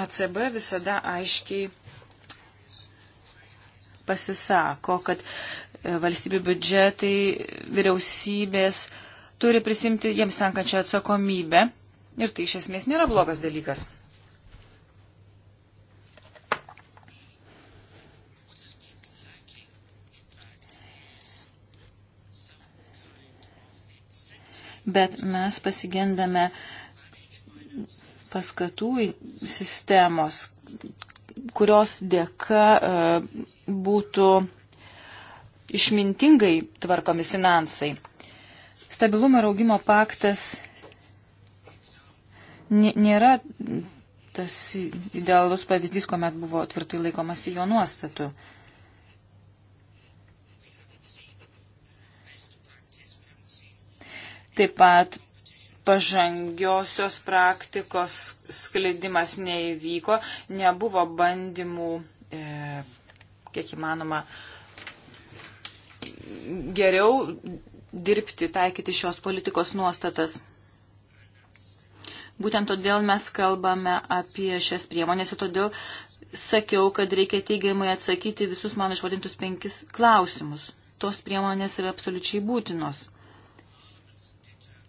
ECB visada aiškiai pasisako, kad e, valstybių biudžetai, vyriausybės turi prisimti jiems tenkančią atsakomybę ir tai iš esmės nėra blogas dalykas. bet mes pasigendame paskatų sistemos, kurios dėka e, būtų išmintingai tvarkomi finansai. Stabilumo ir augimo paktas nėra tas idealus pavyzdys, kuomet buvo tvirtai laikomasi jo nuostatų. Taip pat pažangiosios praktikos skleidimas neįvyko, nebuvo bandymų, e, kiek įmanoma, geriau dirbti, taikyti šios politikos nuostatas. Būtent todėl mes kalbame apie šias priemonės ir todėl sakiau, kad reikia teigiamai atsakyti visus mano išvadintus penkis klausimus. Tos priemonės yra absoliučiai būtinos.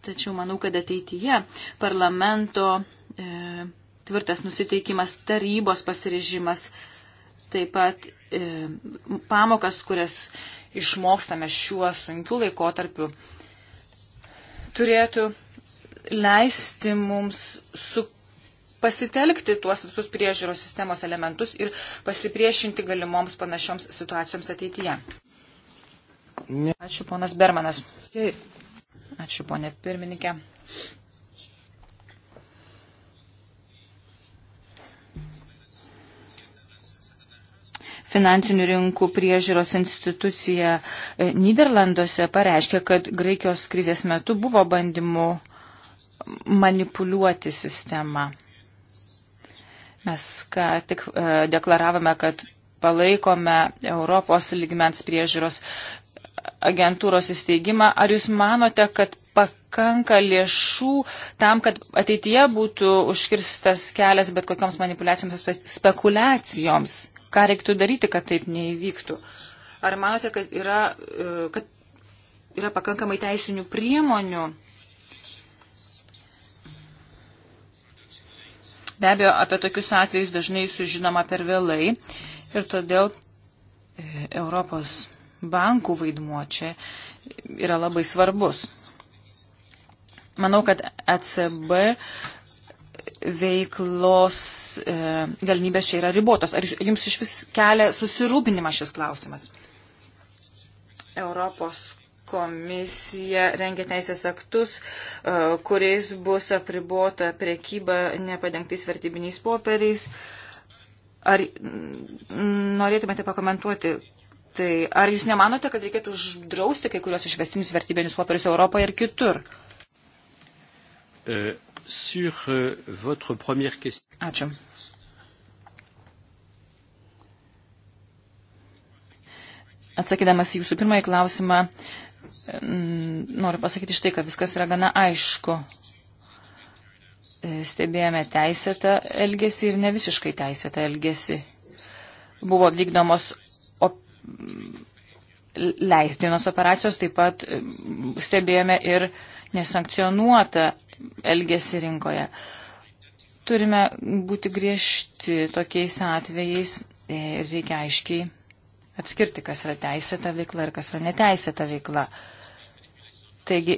Tačiau manau, kad ateityje parlamento e, tvirtas nusiteikimas, tarybos pasirežimas, taip pat e, pamokas, kurias išmokstame šiuo sunkiu laikotarpiu, turėtų leisti mums su pasitelkti tuos visus priežiūros sistemos elementus ir pasipriešinti galimoms panašioms situacijoms ateityje. Ne. Ačiū, ponas Bermanas. Ačiū, ponė pirmininkė. finansinių rinkų priežiūros institucija e, Niderlanduose pareiškė, kad Graikijos krizės metu buvo bandymų manipuliuoti sistemą. Mes ką tik e, deklaravome, kad palaikome Europos lygmens priežiūros agentūros įsteigimą, ar jūs manote, kad pakanka lėšų tam, kad ateityje būtų užkirstas kelias bet kokioms manipulacijoms, spe spekulacijoms? Ką reiktų daryti, kad taip neįvyktų? Ar manote, kad yra, e, kad yra pakankamai teisinių priemonių? Be abejo, apie tokius atvejus dažnai sužinoma per vėlai ir todėl e, Europos bankų vaidmuo čia yra labai svarbus. Manau, kad ECB veiklos e, galimybės čia yra ribotos. Ar jums iš vis kelia susirūpinimą šis klausimas? Europos komisija rengia teisės aktus, e, kuriais bus apribota priekyba nepadengtais vertybiniais popieriais. Ar norėtumėte pakomentuoti, Tai ar jūs nemanote, kad reikėtų uždrausti kai kurios išvestinius vertybinius popierius Europoje ir kitur? Uh, sur, uh, Ačiū. Atsakydamas jūsų pirmąjį klausimą, noriu pasakyti štai, kad viskas yra gana aišku. Stebėjome teisėtą elgesį ir ne visiškai teisėtą elgesį. Buvo vykdomos leistinos operacijos, taip pat stebėjome ir nesankcionuotą elgesį rinkoje. Turime būti griežti tokiais atvejais ir e, reikia aiškiai atskirti, kas yra teisėta veikla ir kas yra neteisėta veikla. Taigi,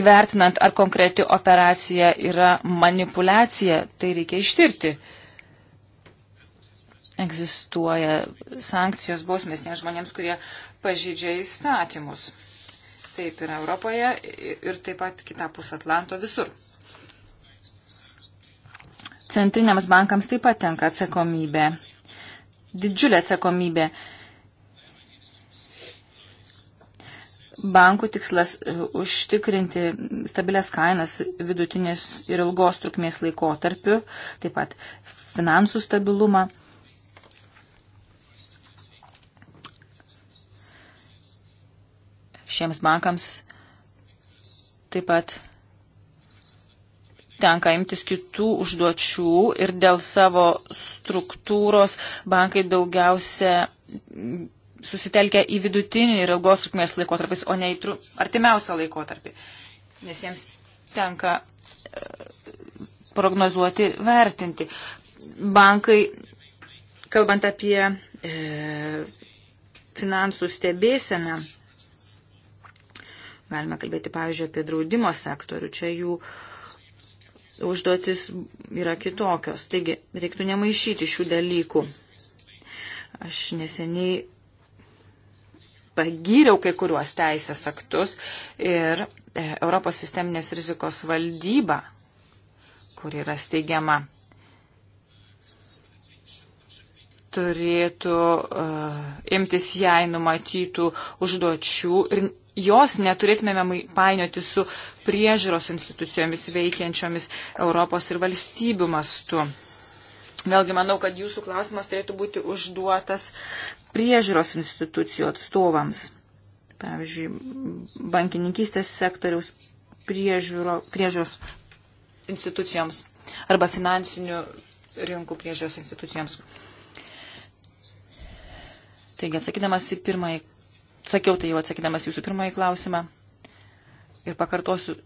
įvertinant, ar konkreti operacija yra manipulacija, tai reikia ištirti egzistuoja sankcijos bausmės tiems žmonėms, kurie pažydžia įstatymus. Taip yra Europoje ir taip pat kitapus Atlanto visur. Centriniams bankams taip pat tenka atsakomybė. Didžiulė atsakomybė. Bankų tikslas e, užtikrinti stabilias kainas vidutinės ir ilgos trukmės laikotarpiu, taip pat finansų stabilumą. šiems bankams taip pat tenka imtis kitų užduočių ir dėl savo struktūros bankai daugiausia susitelkia į vidutinį ir ilgos trukmės laikotarpis, o ne į tru, artimiausią laikotarpį, nes jiems tenka e, prognozuoti, vertinti. Bankai, kalbant apie e, finansų stebėseną, Galime kalbėti, pavyzdžiui, apie draudimo sektorių. Čia jų užduotis yra kitokios. Taigi, reiktų nemaišyti šių dalykų. Aš neseniai pagyriau kai kuriuos teisės aktus ir e, Europos sisteminės rizikos valdyba, kur yra steigiama, turėtų uh, imtis jai numatytų užduočių ir jos neturėtumėme painioti su priežiūros institucijomis veikiančiomis Europos ir valstybių mastu. Vėlgi manau, kad jūsų klausimas turėtų būti užduotas priežiūros institucijų atstovams. Pavyzdžiui, bankininkystės sektoriaus priežiūro, priežiūros institucijoms arba finansinių rinkų priežiūros institucijoms. Taigi, atsakydamas į pirmąjį sakiau tai jau atsakydamas jūsų pirmąjį klausimą. Ir pakartosiu,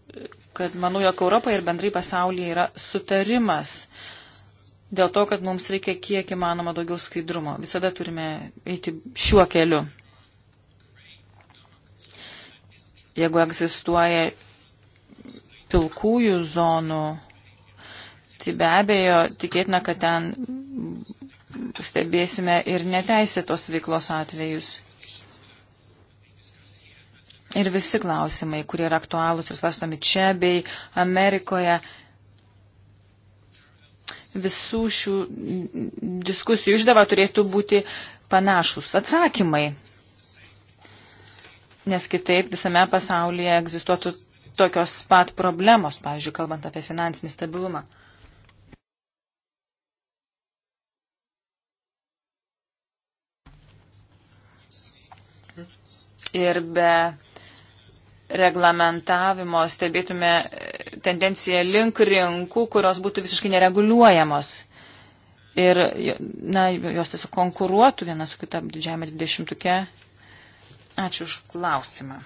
kad manau, jog Europoje ir bendrai pasaulyje yra sutarimas dėl to, kad mums reikia kiek įmanoma daugiau skaidrumo. Visada turime eiti šiuo keliu. Jeigu egzistuoja pilkųjų zonų, tai be abejo tikėtina, kad ten stebėsime ir neteisėtos veiklos atvejus ir visi klausimai, kurie yra aktualūs ir svarstami čia bei Amerikoje. Visų šių diskusijų išdava turėtų būti panašus atsakymai, nes kitaip visame pasaulyje egzistuotų tokios pat problemos, pavyzdžiui, kalbant apie finansinį stabilumą. ir be reglamentavimo stebėtume e, tendenciją link rinkų, kurios būtų visiškai nereguliuojamos. Ir na, jos tiesiog konkuruotų viena su kita didžiame dvidešimtuke. Ačiū už klausimą.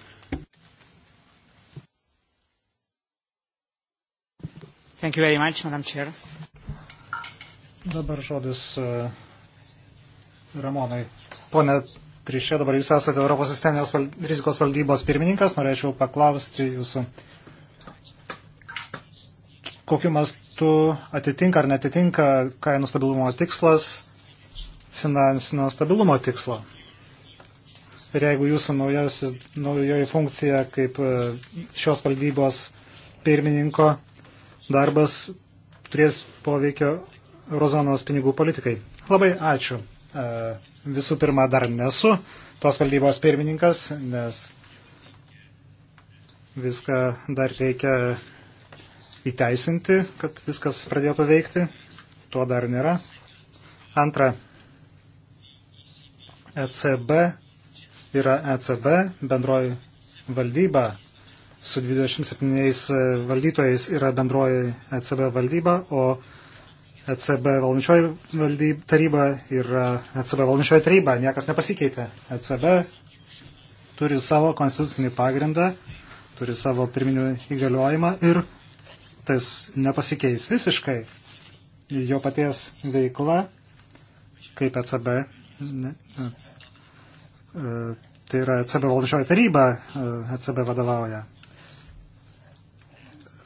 Thank you very much, Madam Chair. Dabar žodis e, Ramonai. Pone Trišė, dabar jūs esate Europos sisteminės val rizikos valdybos pirmininkas, norėčiau paklausti jūsų, kokiu mastu atitinka ar netitinka kainų stabilumo tikslas finansinio stabilumo tikslo. Ir jeigu jūsų naujosis, naujoji funkcija kaip e, šios valdybos pirmininko darbas turės poveikio Eurozonos pinigų politikai. Labai ačiū e, Visų pirma, dar nesu tos valdybos pirmininkas, nes viską dar reikia įteisinti, kad viskas pradėtų veikti. Tuo dar nėra. Antra, ECB yra ECB bendroji valdyba. Su 27 valdytojais yra bendroji ECB valdyba, o ECB valdančioji taryba yra ECB e valdančioji taryba, niekas nepasikeitė. ECB turi savo konstitucinį pagrindą, turi savo pirminį įgaliojimą ir tas nepasikeis visiškai. Jo paties veikla kaip ECB, ne, e, e, tai yra ECB valdančioji taryba, ECB vadovauja.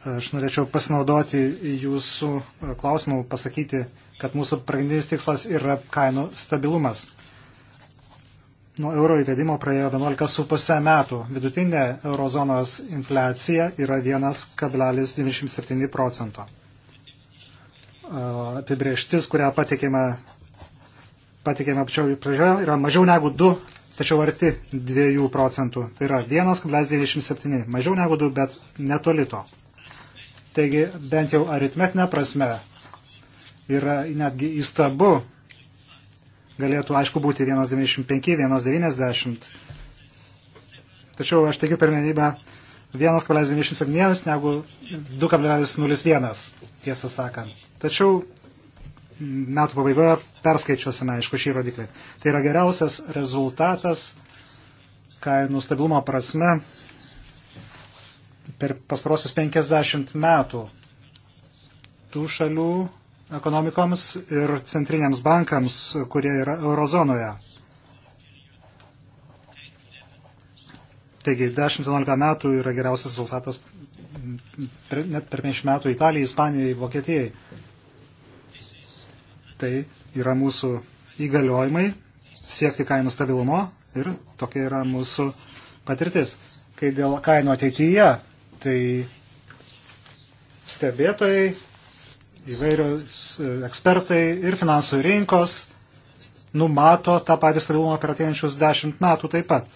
Aš norėčiau pasinaudoti jūsų e, klausimų, pasakyti, kad mūsų pagrindinis tikslas yra kainų stabilumas. Nuo euro įvedimo praėjo 11,5 metų. Vidutinė eurozonos infliacija yra 1,97 procento. E, apibrieštis, kurią patikėme, patikėme pradžioje, yra mažiau negu 2, tačiau arti 2 procentų. Tai yra 1,97. Mažiau negu 2, bet netoli to. Taigi bent jau aritmetinė prasme yra netgi įstabu, galėtų aišku būti 1,95, 1,90. Tačiau aš teikiu pirmenybę 1,97 negu 2,01, tiesą sakant. Tačiau metų pabaigoje perskaičiuosime, aišku, šį rodiklį. Tai yra geriausias rezultatas kainų stabilumo prasme per pastarosius 50 metų tų šalių ekonomikoms ir centriniams bankams, kurie yra eurozonoje. Taigi 10-11 metų yra geriausias rezultatas per, net per 50 metų Italijai, Ispanijai, Vokietijai. Tai yra mūsų įgaliojimai siekti kainų stabilumo ir tokia yra mūsų patirtis. Kai dėl kainų ateityje tai stebėtojai, įvairios e, ekspertai ir finansų rinkos numato tą patį stabilumą per ateinančius dešimt metų taip pat.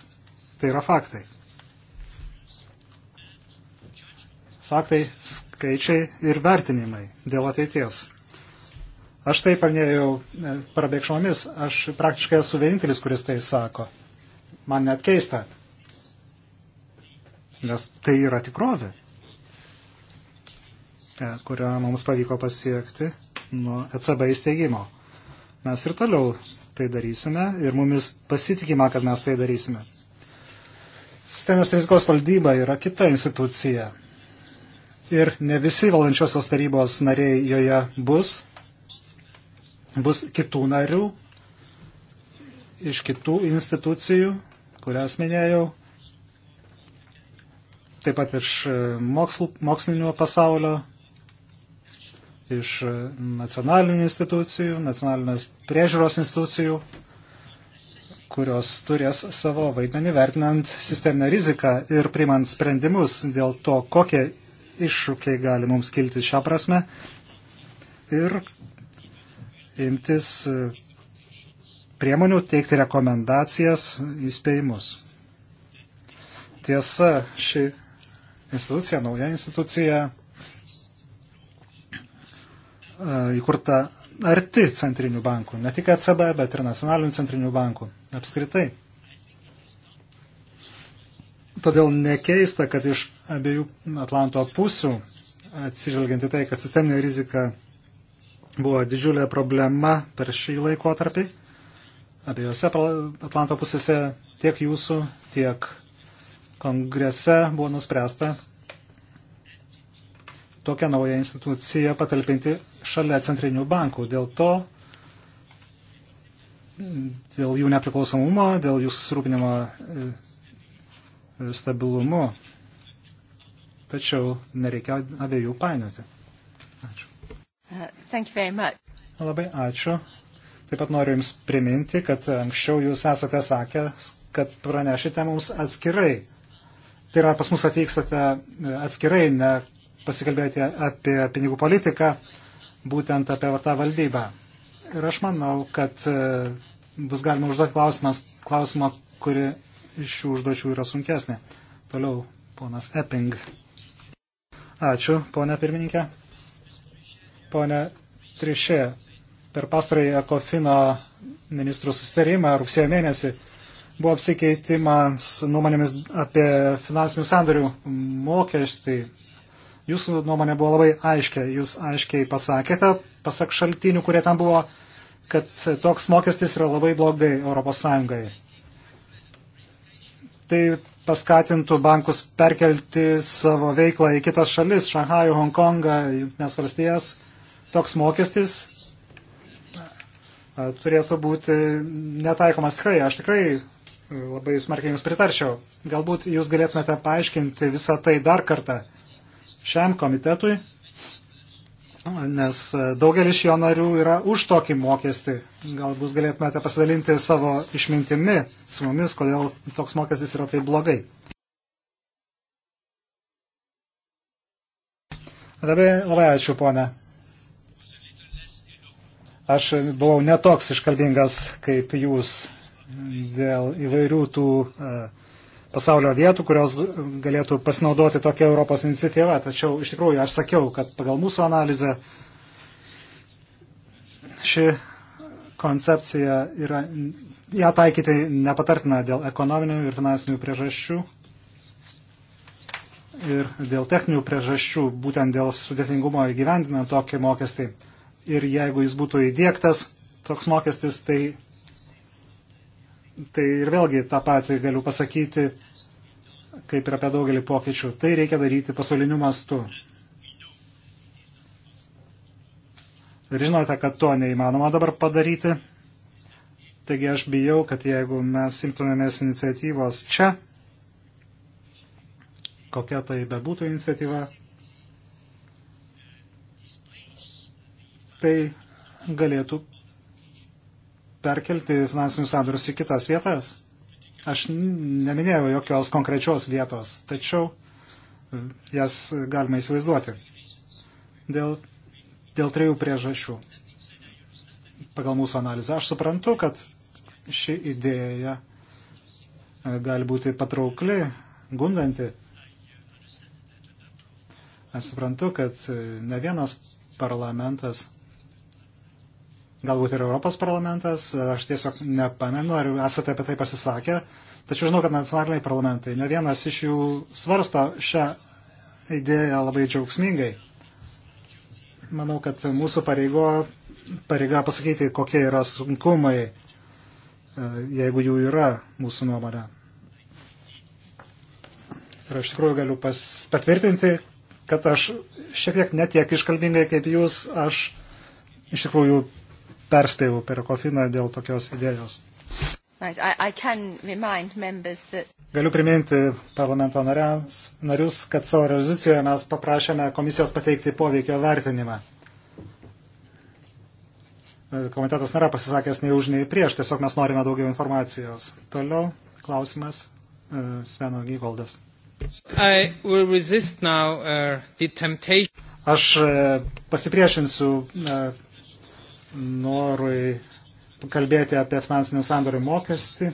Tai yra faktai. Faktai, skaičiai ir vertinimai dėl ateities. Aš tai panėjau e, prabėgšmomis, aš praktiškai esu vienintelis, kuris tai sako. Man net keista nes tai yra tikrovė, e, kurią mums pavyko pasiekti nuo ECB įsteigimo. Mes ir toliau tai darysime ir mumis pasitikima, kad mes tai darysime. Sistemės rizikos valdyba yra kita institucija. Ir ne visi valdančiosios tarybos nariai joje bus. Bus kitų narių iš kitų institucijų, kurias minėjau taip pat iš e, moksl, mokslinio pasaulio, iš e, nacionalinių institucijų, nacionalinės priežiūros institucijų, kurios turės savo vaidmenį vertinant sisteminę riziką ir primant sprendimus dėl to, kokie iššūkiai gali mums kilti šią prasme ir imtis e, priemonių teikti rekomendacijas, įspėjimus. Tiesa, ši institucija, nauja institucija, e, įkurta arti centrinių bankų, ne tik ECB, bet ir nacionalinių centrinių bankų apskritai. Todėl nekeista, kad iš abiejų Atlanto pusių, atsižvelgiant į tai, kad sisteminė rizika buvo didžiulė problema per šį laikotarpį, abiejose Atlanto pusėse tiek jūsų, tiek kongrese buvo nuspręsta tokią naują instituciją patalpinti šalia centrinių bankų. Dėl to, dėl jų nepriklausomumo, dėl jų susirūpinimo e, stabilumu. Tačiau nereikia abiejų painioti. Ačiū. Uh, Labai ačiū. Taip pat noriu Jums priminti, kad anksčiau Jūs esate sakę, kad pranešite mums atskirai tai yra pas mus atvykstate e, atskirai, ne pasikalbėti apie pinigų politiką, būtent apie tą valdybą. Ir aš manau, kad e, bus galima užduoti klausimą, kuri iš šių užduočių yra sunkesnė. Toliau ponas Epping. Ačiū, ponė pirmininkė. Pone Trišė, per pastarąjį Ekofino ministrų susitarimą rugsėjo mėnesį buvo apsikeitimas nuomonėmis apie finansinių sandorių mokestį. Jūsų nuomonė buvo labai aiškia. Jūs aiškiai pasakėte, pasak šaltinių, kurie ten buvo, kad toks mokestis yra labai blogai ES. Tai paskatintų bankus perkelti savo veiklą į kitas šalis, Šanhajų, Hongkongą, Junktinės valstijas. Toks mokestis turėtų būti netaikomas tikrai. Aš tikrai labai smarkiai jums pritarčiau. Galbūt jūs galėtumėte paaiškinti visą tai dar kartą šiam komitetui, nes daugelis jo narių yra už tokį mokestį. Galbūt galėtumėte pasidalinti savo išmintimi su mumis, kodėl toks mokestis yra taip blogai. Labai, labai ačiū, ponė. Aš buvau netoks iškalbingas kaip jūs dėl įvairių tų e, pasaulio vietų, kurios galėtų pasinaudoti tokia Europos iniciatyva. Tačiau iš tikrųjų aš sakiau, kad pagal mūsų analizę ši koncepcija yra, ją taikyti nepatartina dėl ekonominių ir finansinių priežasčių ir dėl techninių priežasčių, būtent dėl sudėtingumo įgyvendinant tokį mokestį. Ir jeigu jis būtų įdėktas, toks mokestis, tai tai ir vėlgi tą patį galiu pasakyti, kaip ir apie daugelį pokyčių. Tai reikia daryti pasauliniu mastu. Ir žinote, kad to neįmanoma dabar padaryti. Taigi aš bijau, kad jeigu mes imtumėmės iniciatyvos čia, kokia tai bebūtų iniciatyva, tai galėtų perkelti finansinius sandorius į kitas vietas. Aš neminėjau jokios konkrečios vietos, tačiau e, jas galima įsivaizduoti. Dėl, dėl trejų priežasčių. Pagal mūsų analizą aš suprantu, kad ši idėja e, gali būti patraukli, gundanti. Aš suprantu, kad e, ne vienas parlamentas galbūt ir Europos parlamentas, aš tiesiog nepamenu, ar esate apie tai pasisakę, tačiau žinau, kad nacionaliniai parlamentai, ne vienas iš jų svarsto šią idėją labai džiaugsmingai. Manau, kad mūsų pareigo, pareiga pasakyti, kokie yra sunkumai, e, jeigu jų yra mūsų nuomonė. Ir aš tikrųjų galiu pas, patvirtinti, kad aš šiek tiek netiek iškalbingai kaip jūs, aš iš tikrųjų perspėjau per kofiną dėl tokios idėjos. Right, I, I that... Galiu priminti parlamento nariams, narius, kad savo rezoliucijoje mes paprašėme komisijos pateikti poveikio vertinimą. Komitetas nėra pasisakęs nei už, nei prieš, tiesiog mes norime daugiau informacijos. Toliau klausimas e, Svenas Gyvaldas. Now, uh, Aš e, pasipriešinsiu uh, norui kalbėti apie finansinių sandorių mokestį.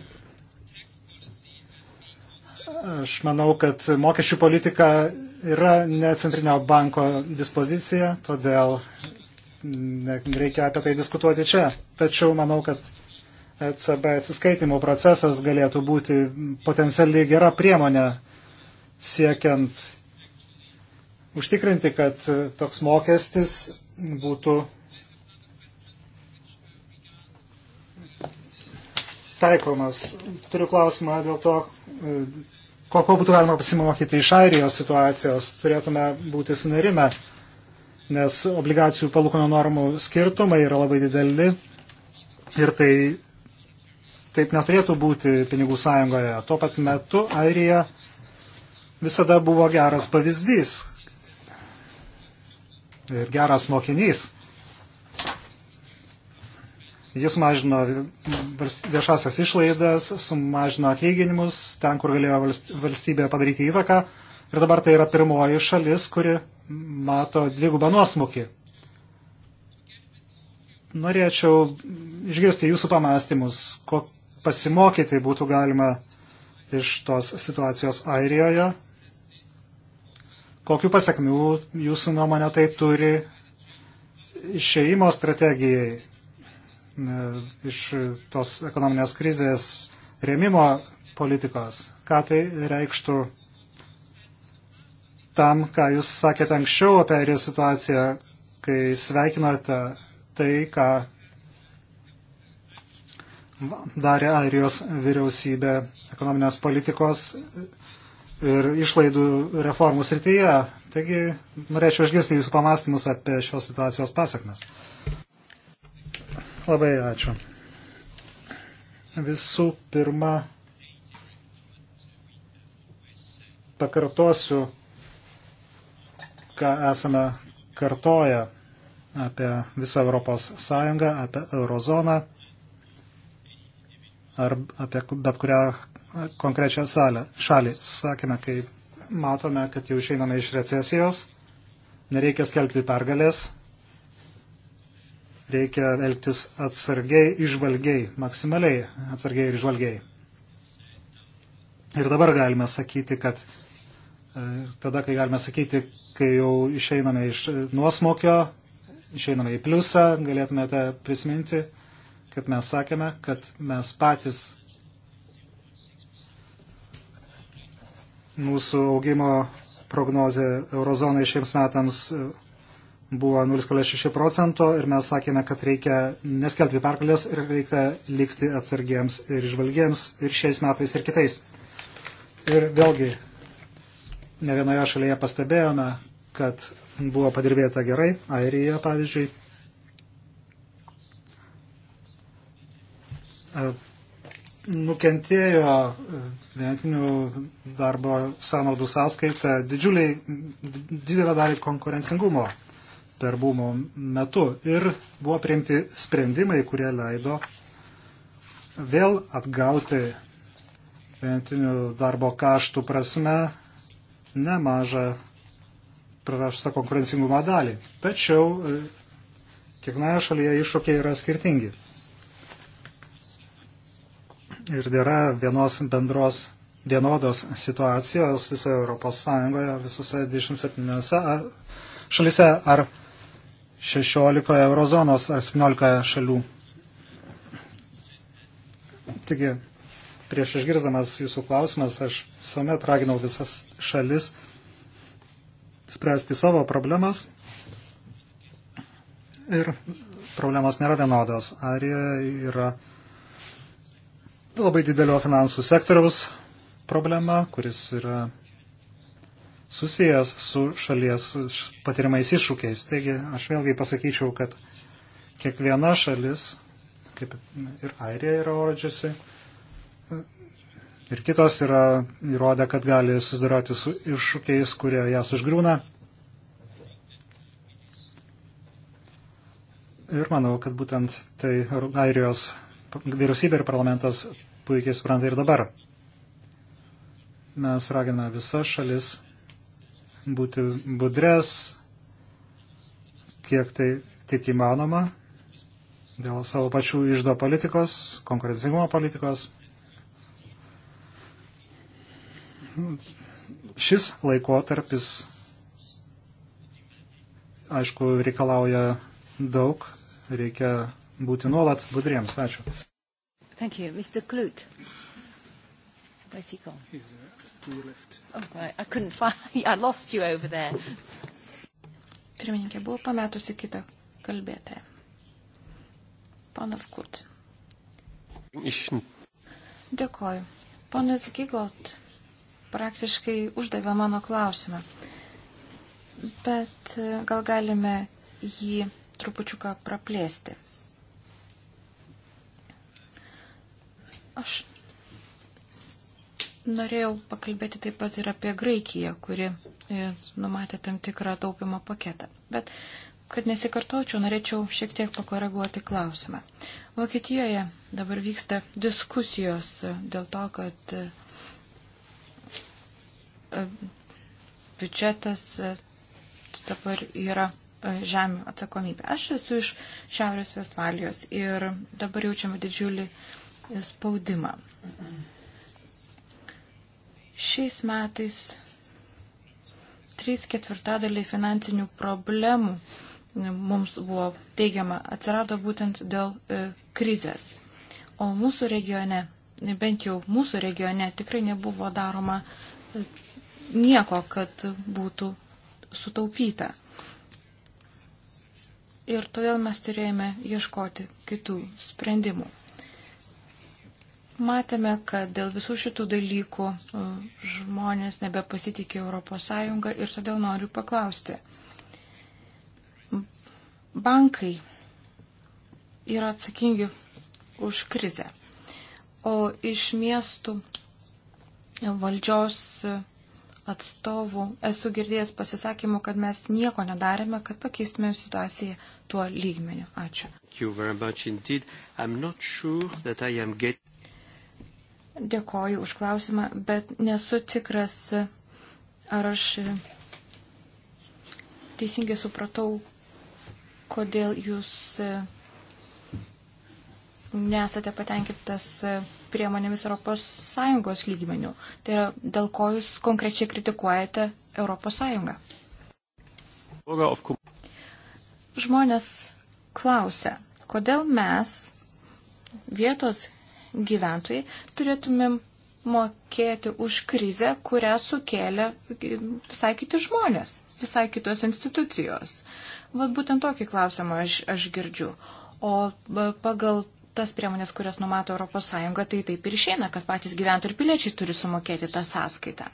Aš manau, kad mokesčių politika yra ne centrinio banko dispozicija, todėl reikia apie tai diskutuoti čia. Tačiau manau, kad ECB atsiskaitimo procesas galėtų būti potencialiai gera priemonė siekiant užtikrinti, kad toks mokestis būtų taikomas. Turiu klausimą dėl to, ko, e, ko būtų galima pasimokyti iš Airijos situacijos. Turėtume būti sunerime, nes obligacijų palūkanų normų skirtumai yra labai dideli ir tai taip neturėtų būti pinigų sąjungoje. Tuo pat metu Airija visada buvo geras pavyzdys ir geras mokinys Jis mažino viešasias išlaidas, sumažino atlyginimus ten, kur galėjo valstybė padaryti įtaką. Ir dabar tai yra pirmoji šalis, kuri mato dvigubą nuosmukį. Norėčiau išgirsti jūsų pamastymus, ko pasimokyti būtų galima iš tos situacijos Airijoje, kokiu pasiekmių jūsų nuomonė tai turi išeimo strategijai E, iš tos ekonominės krizės rėmimo politikos. Ką tai reikštų tam, ką jūs sakėte anksčiau apie airijos situaciją, kai sveikinote tai, ką darė airijos vyriausybė ekonominės politikos ir išlaidų reformų srityje. Taigi norėčiau išgirsti jūsų pamastymus apie šios situacijos pasiekmes. Labai ačiū. Visų pirma, pakartosiu, ką esame kartoję apie visą Europos Sąjungą, apie Eurozoną ar apie bet kurią konkrečią salę, šalį. Sakėme, kai matome, kad jau išeiname iš recesijos, nereikia skelbti pergalės, reikia elgtis atsargiai, išvalgiai, maksimaliai atsargiai ir išvalgiai. Ir dabar galime sakyti, kad e, tada, kai galime sakyti, kai jau išeiname iš e, nuosmokio, išeiname į pliusą, galėtumėte prisiminti, kad mes sakėme, kad mes patys mūsų augimo prognozė eurozonai šiems metams e, buvo 0,6 procento ir mes sakėme, kad reikia neskelbti pergalės ir reikia likti atsargiems ir išvalgiems ir šiais metais ir kitais. Ir vėlgi, ne vienoje šalyje pastebėjome, kad buvo padirbėta gerai, Airija pavyzdžiui. E, nukentėjo vienetinių darbo sąnaudų sąskaita didžiuliai, didelę dalį konkurencingumo darbų metu ir buvo priimti sprendimai, kurie leido vėl atgauti šventinių darbo kaštų prasme nemažą prarastą konkurencingumą dalį. Tačiau e, kiekvienoje šalyje iššūkiai yra skirtingi. Ir nėra vienos bendros vienodos situacijos visoje Europos Sąjungoje, visose 27 šalise ar 16 eurozonos ar 17 šalių. Taigi, prieš išgirdamas jūsų klausimas, aš visuomet raginau visas šalis spręsti savo problemas. Ir problemos nėra vienodos. Airijoje yra labai didelio finansų sektoriaus problema, kuris yra susijęs su šalies patirimais iššūkiais. Taigi aš vėlgi pasakyčiau, kad kiekviena šalis, kaip ir Airija yra orodžiasi, ir kitos yra įrodę, kad gali susidaroti su iššūkiais, kurie jas užgrūna. Ir manau, kad būtent tai Airijos vyriausybė ir parlamentas puikiai supranta ir dabar. Mes raginame visas šalis būti budres, kiek tai tik įmanoma, dėl savo pačių išdo politikos, konkurencingumo politikos. Šis laikotarpis, aišku, reikalauja daug, reikia būti nuolat budriems. Ačiū. Thank you. Mr. Klut. Bicycle. He's, uh, Oh, right. I couldn't find. I lost you over there. Pirmininkė buvo pametusi kitą kalbėtoją. Ponas Kurt. Iš. Dėkoju. Ponas Gigot praktiškai uždavė mano klausimą. Bet e, gal galime jį trupučiuką praplėsti. Aš Norėjau pakalbėti taip pat ir apie Graikiją, kuri e, numatė tam tikrą taupimo paketą. Bet, kad nesikartočiau, norėčiau šiek tiek pakoreguoti klausimą. Vokietijoje dabar vyksta diskusijos e, dėl to, kad e, biudžetas dabar yra žemė atsakomybė. Aš esu iš Šiaurės Vestvalijos ir dabar jaučiame didžiulį spaudimą. Šiais metais trys ketvirtadaliai finansinių problemų mums buvo teigiama atsirado būtent dėl e, krizės. O mūsų regione, bent jau mūsų regione, tikrai nebuvo daroma e, nieko, kad būtų sutaupyta. Ir todėl mes turėjome ieškoti kitų sprendimų. Matėme, kad dėl visų šitų dalykų e, žmonės nebepasitikė ES ir todėl noriu paklausti. Bankai yra atsakingi už krizę, o iš miestų valdžios atstovų esu girdėjęs pasisakymų, kad mes nieko nedarėme, kad pakeistume situaciją tuo lygmeniu. Ačiū. Sure get... Dėkoju už klausimą, bet nesu tikras, ar aš teisingai supratau, kodėl jūs nesate patenkintas priemonėmis Europos Sąjungos lygmenių. Tai yra, dėl ko jūs konkrečiai kritikuojate Europos Sąjungą? Žmonės klausia, kodėl mes vietos gyventojai, turėtumėm mokėti už krizę, kurią sukėlė visai kiti žmonės, visai kitos institucijos. Vat būtent tokį klausimą aš, aš girdžiu. O e, pagal tas priemonės, kurias numato ES, tai taip ir išeina, kad patys gyventojai ir piliečiai turi sumokėti tą sąskaitą.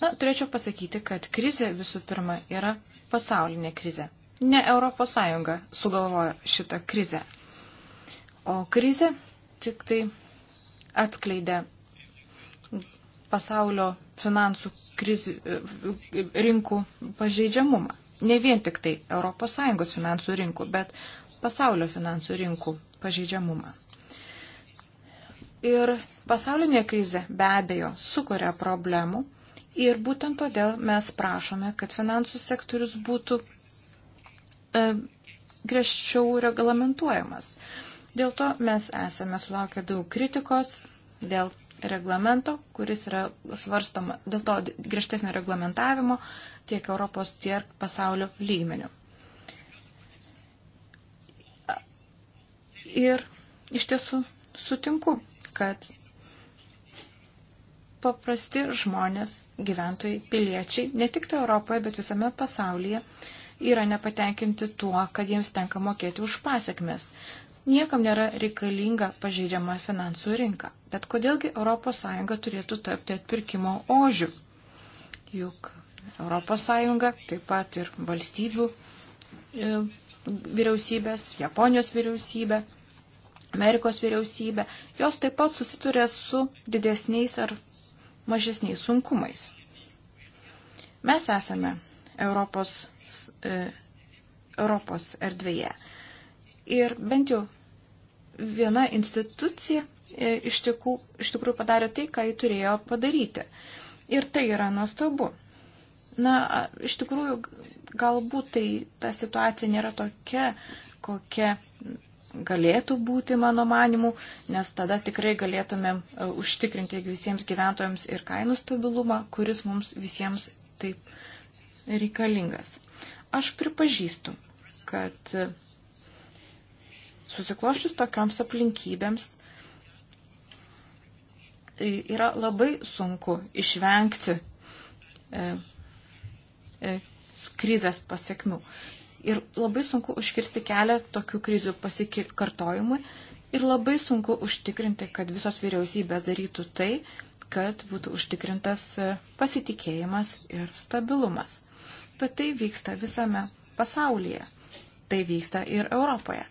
Na, turėčiau pasakyti, kad krizė visų pirma yra pasaulinė krizė. Ne ES sugalvojo šitą krizę. O krizė tik tai atskleidė pasaulio finansų krizi, e, rinkų pažeidžiamumą. Ne vien tik tai ES finansų rinkų, bet pasaulio finansų rinkų pažeidžiamumą. Ir pasaulinė krizė be abejo sukuria problemų ir būtent todėl mes prašome, kad finansų sektorius būtų e, greščiau reglamentuojamas. E, Dėl to mes esame sulaukę daug kritikos dėl reglamento, kuris yra svarstama, dėl to griežtesnio reglamentavimo tiek Europos, tiek pasaulio lygmenių. Ir iš tiesų sutinku, kad paprasti žmonės, gyventojai, piliečiai, ne tik tai Europoje, bet visame pasaulyje, yra nepatenkinti tuo, kad jiems tenka mokėti už pasiekmes. Niekam nėra reikalinga pažeidžiama finansų rinka. Bet kodėlgi ES turėtų tapti atpirkimo ožių? Juk ES, taip pat ir valstybių e, vyriausybės, Japonijos vyriausybė, Amerikos vyriausybė, jos taip pat susituria su didesniais ar mažesniais sunkumais. Mes esame Europos, e, Europos erdvėje Ir bent jau viena institucija e, iš, tikų, iš tikrųjų padarė tai, ką jį turėjo padaryti. Ir tai yra nuostabu. Na, iš tikrųjų, galbūt tai ta situacija nėra tokia, kokia galėtų būti, mano manimu, nes tada tikrai galėtumėm e, užtikrinti visiems gyventojams ir kainų stabilumą, kuris mums visiems taip reikalingas. Aš pripažįstu, kad Susikloščius tokioms aplinkybėms yra labai sunku išvengti e, e, krizės pasiekmių. Ir labai sunku užkirsti kelią tokių krizių pasikartojimui. Ir labai sunku užtikrinti, kad visos vyriausybės darytų tai, kad būtų užtikrintas e, pasitikėjimas ir stabilumas. Bet tai vyksta visame pasaulyje. Tai vyksta ir Europoje.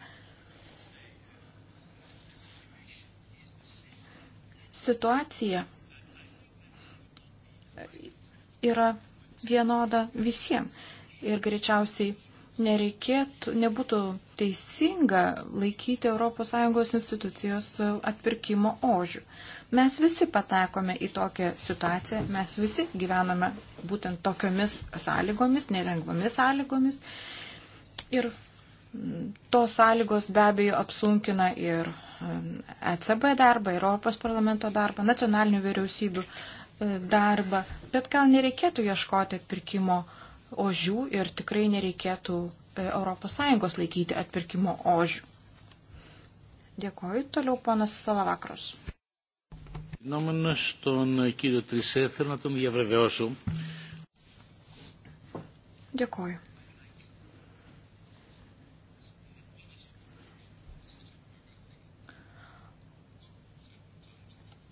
situacija yra vienoda visiems. Ir greičiausiai nereikėtų, nebūtų teisinga laikyti ES institucijos atpirkimo ožių. Mes visi patekome į tokią situaciją, mes visi gyvename būtent tokiomis sąlygomis, nelengvomis sąlygomis. Ir tos sąlygos be abejo apsunkina ir ECB darbą, ir Europos parlamento darbą, nacionalinių vyriausybių e, darbą, bet gal nereikėtų ieškoti atpirkimo ožių ir tikrai nereikėtų ES laikyti atpirkimo ožių. Dėkoju. Toliau ponas Salavakros. Νόμενο στον κύριο Τρισέ, θέλω να τον διαβεβαιώσω. Dėkoju.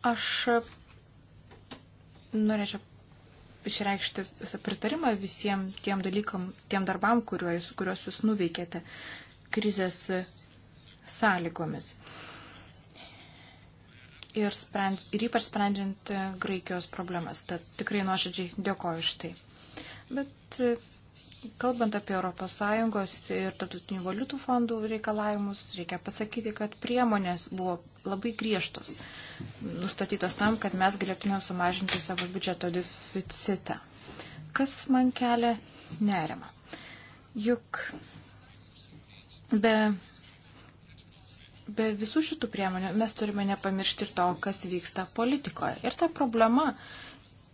Aš norėčiau išreikšti pritarimą visiems tiem dalykam, tiem darbam, kuriuos, kuriuos jūs nuveikėte krizės sąlygomis. Ir, sprend, ir ypač sprendžiant Graikijos problemas. Tad tikrai nuoširdžiai dėkoju už tai. Bet Kalbant apie ES ir Tartutinių valiutų fondų reikalavimus, reikia pasakyti, kad priemonės buvo labai griežtos, nustatytos tam, kad mes galėtume sumažinti savo biudžeto deficitą. Kas man kelia nerima? Juk be, be visų šitų priemonių mes turime nepamiršti ir to, kas vyksta politikoje. Ir ta problema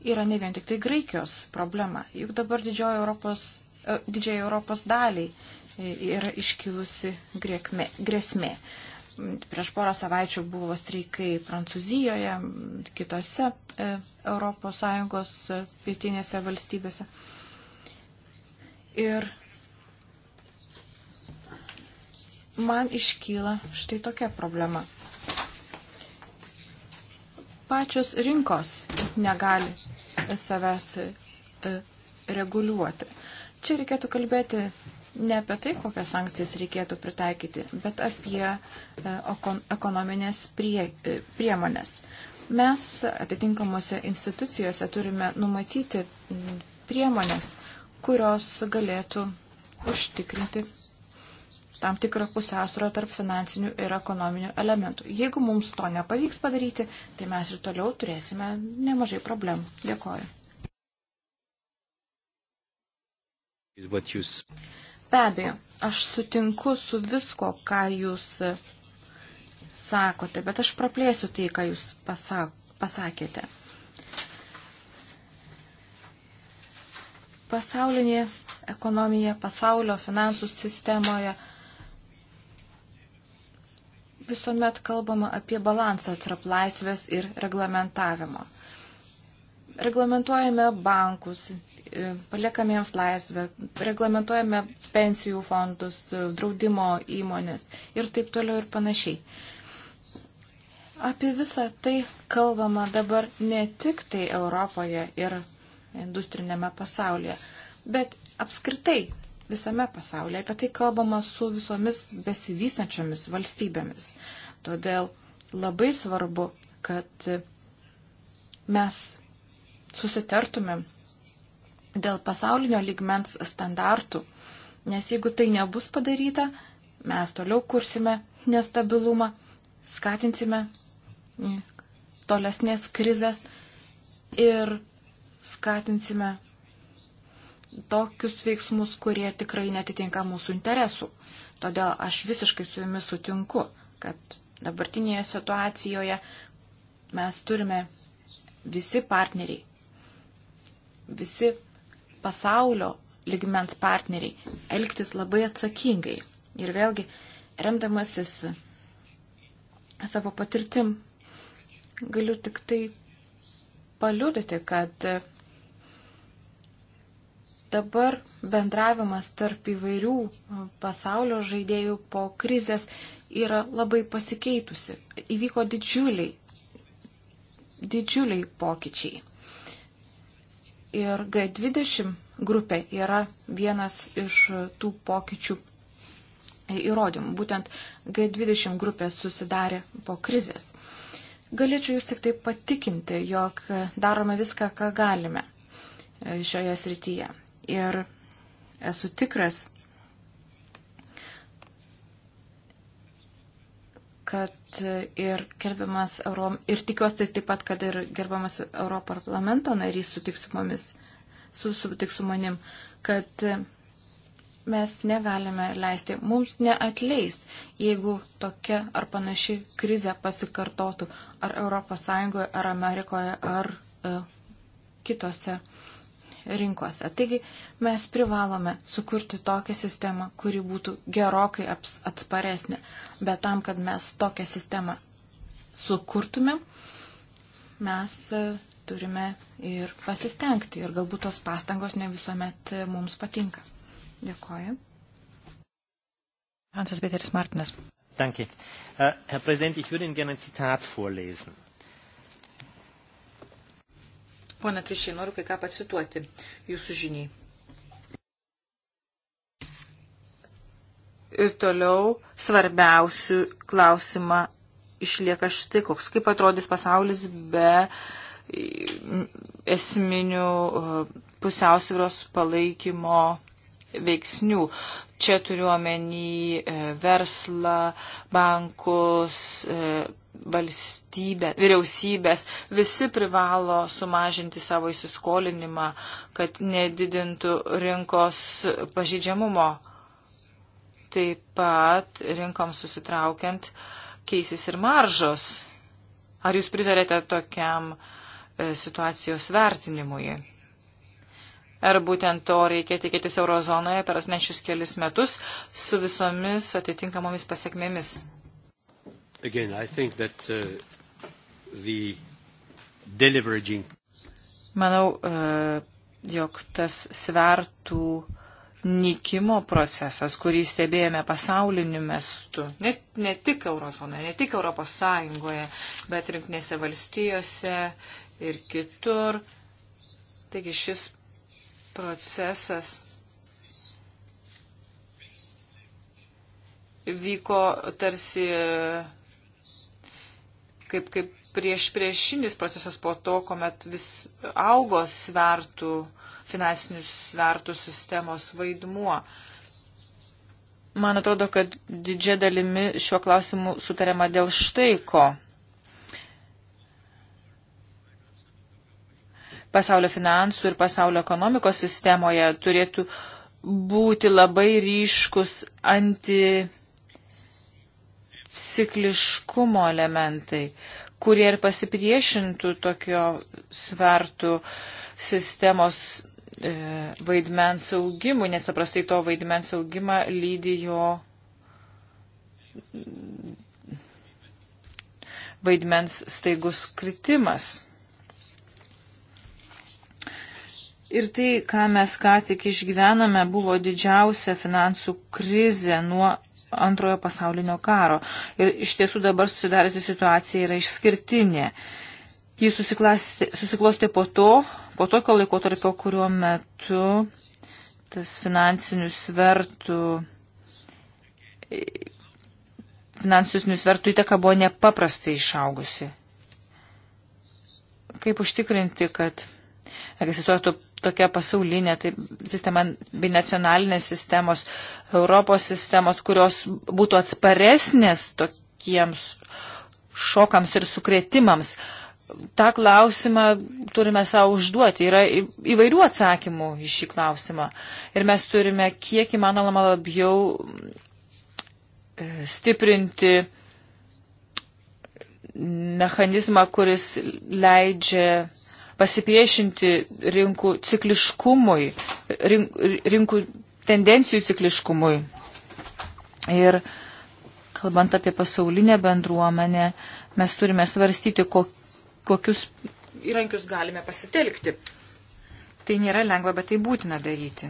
yra ne vien tik tai Graikijos problema. Juk dabar didžioji Europos, e, didžiai Europos daliai e, yra iškilusi grėkme, grėsmė. Prieš porą savaičių buvo streikai Prancūzijoje, kitose ES e, pietinėse valstybėse. Ir man iškyla štai tokia problema. Pačios rinkos negali savęs e, reguliuoti. Čia reikėtų kalbėti ne apie tai, kokias sankcijas reikėtų pritaikyti, bet apie e, ekonominės prie, e, priemonės. Mes atitinkamuose institucijose turime numatyti priemonės, kurios galėtų užtikrinti tam tikrą pusiausvyrą tarp finansinių ir ekonominių elementų. Jeigu mums to nepavyks padaryti, tai mes ir toliau turėsime nemažai problemų. Dėkoju. Be abejo, aš sutinku su visko, ką jūs e, sakote, bet aš praplėsiu tai, ką jūs pasak pasakėte. Pasaulinė ekonomija, pasaulio finansų sistemoje – visuomet kalbama apie balansą tarp laisvės ir reglamentavimo. Reglamentuojame bankus, e, paliekame jiems laisvę, reglamentuojame pensijų fondus, e, draudimo įmonės ir taip toliau ir panašiai. Apie visą tai kalbama dabar ne tik tai Europoje ir industrinėme pasaulyje, bet apskritai visame pasaulyje. Apie tai kalbama su visomis besivystančiomis valstybėmis. Todėl labai svarbu, kad mes susitartumėm dėl pasaulinio ligmens standartų, nes jeigu tai nebus padaryta, mes toliau kursime nestabilumą, skatinsime tolesnės krizės ir skatinsime tokius veiksmus, kurie tikrai netitinka mūsų interesų. Todėl aš visiškai su jumis sutinku, kad dabartinėje situacijoje mes turime visi partneriai, visi pasaulio ligmens partneriai elgtis labai atsakingai. Ir vėlgi, remdamasis savo patirtim, galiu tik tai paliūdyti, kad Dabar bendravimas tarp įvairių pasaulio žaidėjų po krizės yra labai pasikeitusi. Įvyko didžiuliai, didžiuliai pokyčiai. Ir G20 grupė yra vienas iš tų pokyčių įrodymų. Būtent G20 grupė susidarė po krizės. Galėčiau jūs tik tai patikinti, jog darome viską, ką galime šioje srityje. Ir esu tikras, kad ir gerbiamas Euro, ir tikiuosi tai taip pat, kad ir gerbiamas Europarlamento narys sutiks su mumis, su, sutiks su manim, kad mes negalime leisti, mums neatleis, jeigu tokia ar panaši krizė pasikartotų ar ES, ar Amerikoje, ar e, kitose rinkose. Taigi mes privalome sukurti tokią sistemą, kuri būtų gerokai atsparesnė. Bet tam, kad mes tokią sistemą sukurtumėm, mes e, turime ir pasistengti. Ir galbūt tos pastangos ne visuomet e, mums patinka. Dėkoju. Hansas Peteris Martinas. Danke. Äh, Herr Präsident, ich würde Ihnen gerne ein Zitat vorlesen. Pone Trišiai, noriu kai ką pacituoti jūsų žiniai. Ir toliau svarbiausių klausimą išlieka štai koks. Kaip atrodys pasaulis be esminių e, pusiausvyros palaikymo veiksnių. Čia turiu omeny e, verslą, bankus, e, valstybė, vyriausybės, visi privalo sumažinti savo įsiskolinimą, kad nedidintų rinkos pažydžiamumo. Taip pat rinkoms susitraukiant keisis ir maržos. Ar jūs pritarėte tokiam e, situacijos vertinimui? Ar būtent to reikia tikėtis eurozonoje per atnešius kelis metus su visomis atitinkamomis pasiekmėmis? Again, I think that uh, the deleveraging. Manau, uh, jog tas svertų nikimo procesas, kurį stebėjome pasauliniu mestu, ne, ne tik Eurozonoje, ne tik Europos Sąjungoje, bet ir Junktinėse valstijose ir kitur. Taigi šis procesas vyko tarsi kaip, kaip prieš priešinis procesas po to, kuomet vis augo svertų, finansinių svertų sistemos vaidmuo. Man atrodo, kad didžia dalimi šiuo klausimu sutarėma dėl štai ko. Pasaulio finansų ir pasaulio ekonomikos sistemoje turėtų būti labai ryškus anti cikliškumo elementai, kurie ir pasipriešintų tokio svertų sistemos e, vaidmens augimui, nes paprastai to vaidmens augimą lydi jo vaidmens staigus kritimas. Ir tai, ką mes ką tik išgyvename, buvo didžiausia finansų krizė nuo antrojo pasaulinio karo. Ir iš tiesų dabar susidariusi situacija yra išskirtinė. Jis susiklosti po to, po tokio laikotarpio, kuriuo metu tas finansinių svertų, finansinių svertų įtaka buvo nepaprastai išaugusi. Kaip užtikrinti, kad egzistuotų tokia pasaulinė, tai sistema, bei nacionalinės sistemos, Europos sistemos, kurios būtų atsparesnės tokiems šokams ir sukretimams. Ta klausimą turime savo užduoti. Yra įvairių atsakymų į šį klausimą. Ir mes turime kiek įmanoma labiau e, stiprinti mechanizmą, kuris leidžia pasipriešinti rinkų cikliškumui, rink, rinkų tendencijų cikliškumui. Ir kalbant apie pasaulinę bendruomenę, mes turime svarstyti, kokius įrankius galime pasitelkti. Tai nėra lengva, bet tai būtina daryti.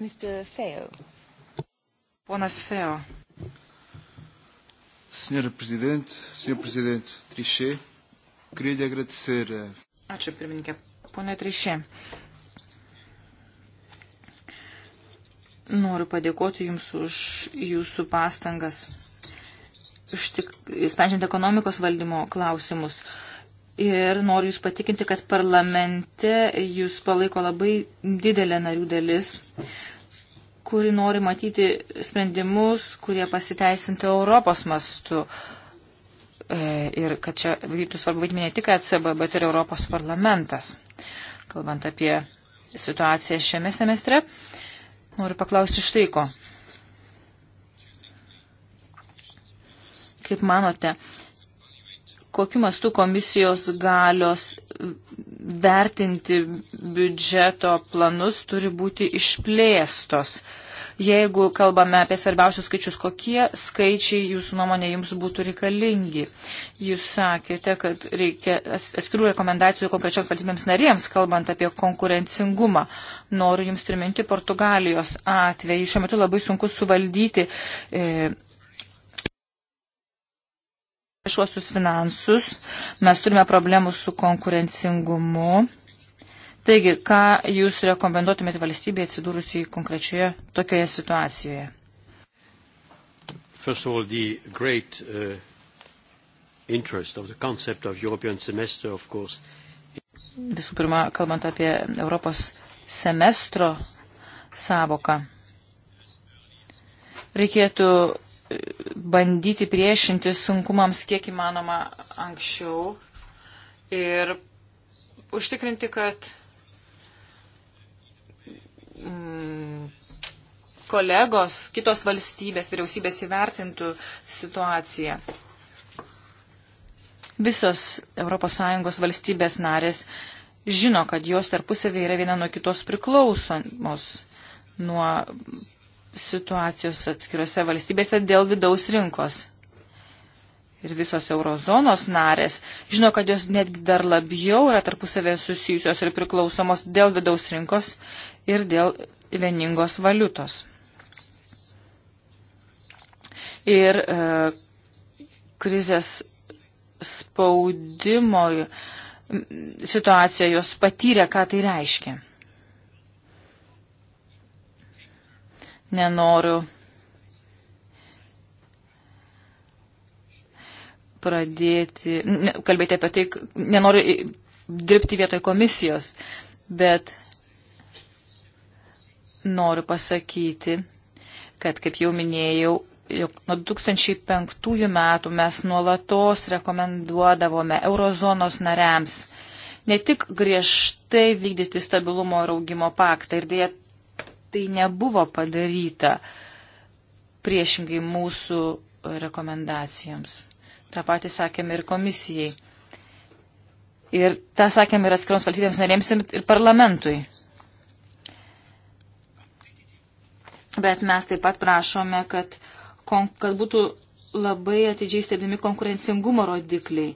Mr. Feo. Ponas Feo. Senhora Presidente, Senhor Presidente Trichet, Eh. Ačiū pirmininkė. Pone Trišė. Noriu padėkoti Jums už Jūsų pastangas, tik, sprendžiant ekonomikos valdymo klausimus. Ir noriu Jūs patikinti, kad parlamente Jūs palaiko labai didelė narių dalis, kuri nori matyti sprendimus, kurie pasiteisinti Europos mastu. Uh, E, ir kad čia vyktų svarbu vaidmenį ne tik ECB, bet ir Europos parlamentas. Kalbant apie situaciją šiame semestre, noriu paklausti štai ko. Kaip manote, kokiu mastu komisijos galios vertinti biudžeto planus turi būti išplėstos? Uh, Jeigu kalbame apie svarbiausius skaičius, kokie skaičiai jūsų nuomonė jums būtų reikalingi? Jūs sakėte, kad reikia atskirų rekomendacijų konkrečiams valstybėms narėms, kalbant apie konkurencingumą. Noriu jums priminti Portugalijos atvejį. Šiuo metu labai sunku suvaldyti. E, Viešuosius finansus, mes turime problemų su konkurencingumu Taigi, ką jūs rekomenduotumėte valstybėje atsidūrusiai konkrečioje tokioje situacijoje? First of all, the great uh, interest of the concept of European semester, of course. Visų pirma, kalbant apie Europos semestro savoką, reikėtų uh, bandyti priešinti sunkumams kiek įmanoma anksčiau ir užtikrinti, kad mm, kolegos, kitos valstybės, vyriausybės įvertintų situaciją. Visos ES valstybės narės žino, kad jos tarpusavė yra viena nuo kitos priklausomos nuo situacijos atskiruose valstybėse dėl vidaus rinkos. Ir visos eurozonos narės žino, kad jos netgi dar labiau yra tarpusavėje susijusios ir priklausomos dėl vidaus rinkos ir dėl vieningos valiutos. Ir e, krizės spaudimo situacija jos patyrė, ką tai reiškia. Nenoriu pradėti, ne, kalbėti apie tai, nenoriu dirbti vietoj komisijos, bet noriu pasakyti, kad, kaip jau minėjau, jog nuo 2005 metų mes nuolatos rekomenduodavome eurozonos nariams ne tik griežtai vykdyti stabilumo ir augimo paktą ir dėja tai nebuvo padaryta priešingai mūsų rekomendacijoms. Ta pati sakėme ir komisijai. Ir tą sakėme ir atskiroms valstybėms narėms ir parlamentui. bet mes taip pat prašome, kad, kad būtų labai atidžiai stebimi konkurencingumo rodikliai,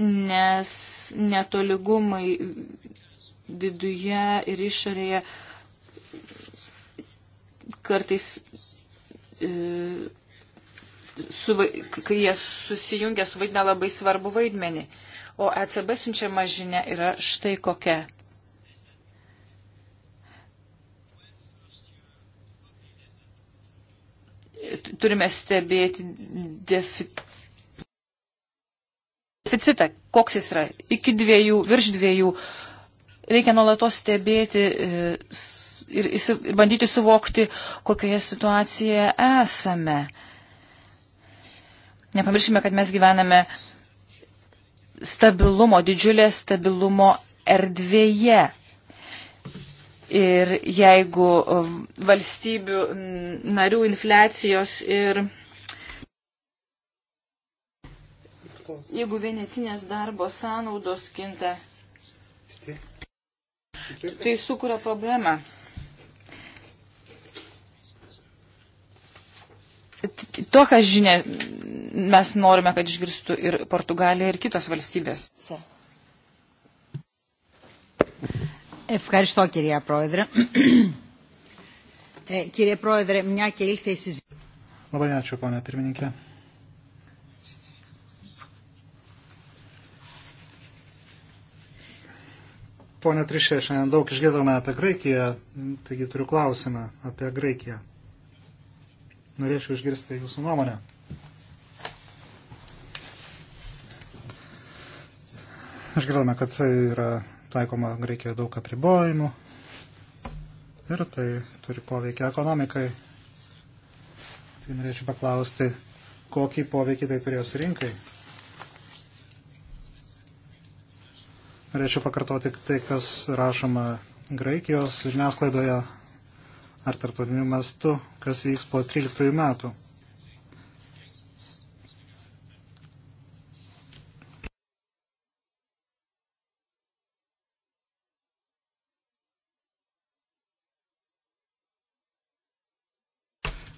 nes netoligumai viduje ir išorėje kartais, e, su, kai jie susijungia, suvaidina labai svarbu vaidmenį. O ECB siunčiama žinia yra štai kokia. turime stebėti defi... deficitą, koks jis yra, iki dviejų, virš dviejų. Reikia nuolatos stebėti e, ir, ir bandyti suvokti, kokioje situacijoje esame. Nepamirškime, kad mes gyvename stabilumo, didžiulė stabilumo erdvėje. Ir jeigu e, valstybių narių infliacijos ir jeigu vienetinės darbo sąnaudos kinta, tai sukuria problemą. To, kas žinia, mes norime, kad išgirstų ir Portugalija, ir kitos valstybės. Se. Ευχαριστώ κυρία Πρόεδρε. ε, κύριε Πρόεδρε, μια και ήλθε η συζήτηση. Labai ačiū, ponia pirmininkė. Pone Trišė, šiandien daug išgirdome apie Graikiją, taigi turiu klausimą apie Graikiją. Norėčiau išgirsti jūsų nuomonę. Išgirdome, kad tai yra taikoma Graikijoje daug apribojimų ir tai turi poveikį ekonomikai. Tai norėčiau paklausti, kokį poveikį tai turės rinkai. Norėčiau pakartoti tai, kas rašoma Graikijos žiniasklaidoje ar tarptautiniu mastu, kas vyks po 13 metų.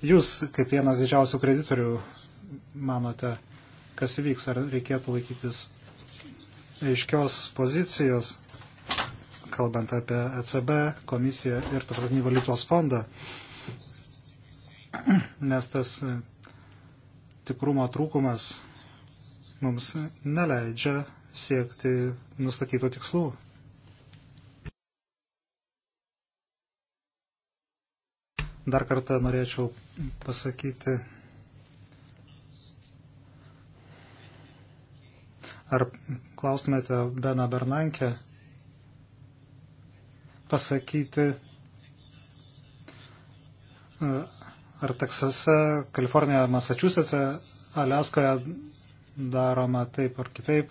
jūs, kaip vienas didžiausių kreditorių, manote, kas įvyks, ar reikėtų laikytis aiškios pozicijos, kalbant apie ECB, komisiją ir tarptautinį valiutos fondą, nes tas tikrumo trūkumas mums neleidžia siekti nustatytų tikslų. Dar kartą norėčiau pasakyti, ar klaustumėte Beną Bernankę pasakyti, ar Teksase, Kalifornijoje, Masačusetse, Aliaskoje daroma taip ar kitaip,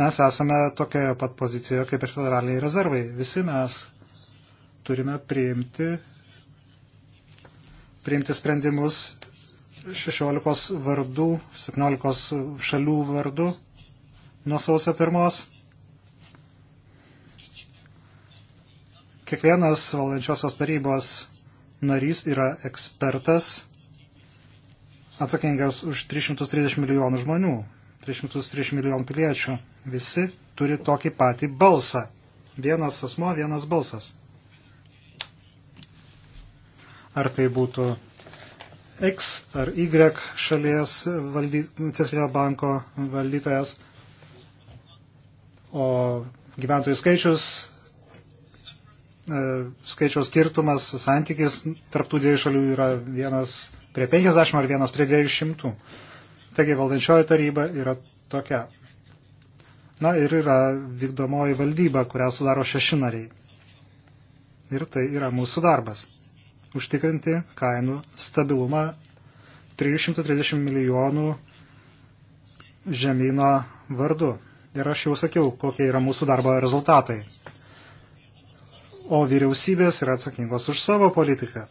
mes esame tokioje pat pozicijoje kaip ir federaliniai rezervai. Visi mes turime priimti, priimti sprendimus 16 vardų, 17 šalių vardų nuo sausio pirmos. Kiekvienas valdančiosios tarybos narys yra ekspertas atsakingas už 330 milijonų žmonių. 303 milijonų piliečių. Visi turi tokį patį balsą. Vienas asmo, vienas balsas. Ar tai būtų X ar Y šalies valdy, centrinio banko valdytojas, o gyventojų skaičius, e, skaičiaus skirtumas, santykis tarptų dviejų šalių yra vienas prie 50 ar vienas prie 200. Taigi valdančioji taryba yra tokia. Na ir yra vykdomoji valdyba, kurią sudaro šeši nariai. Ir tai yra mūsų darbas - užtikrinti kainų stabilumą 330 milijonų žemyno vardu. Ir aš jau sakiau, kokie yra mūsų darbo rezultatai. O vyriausybės yra atsakingos už savo politiką.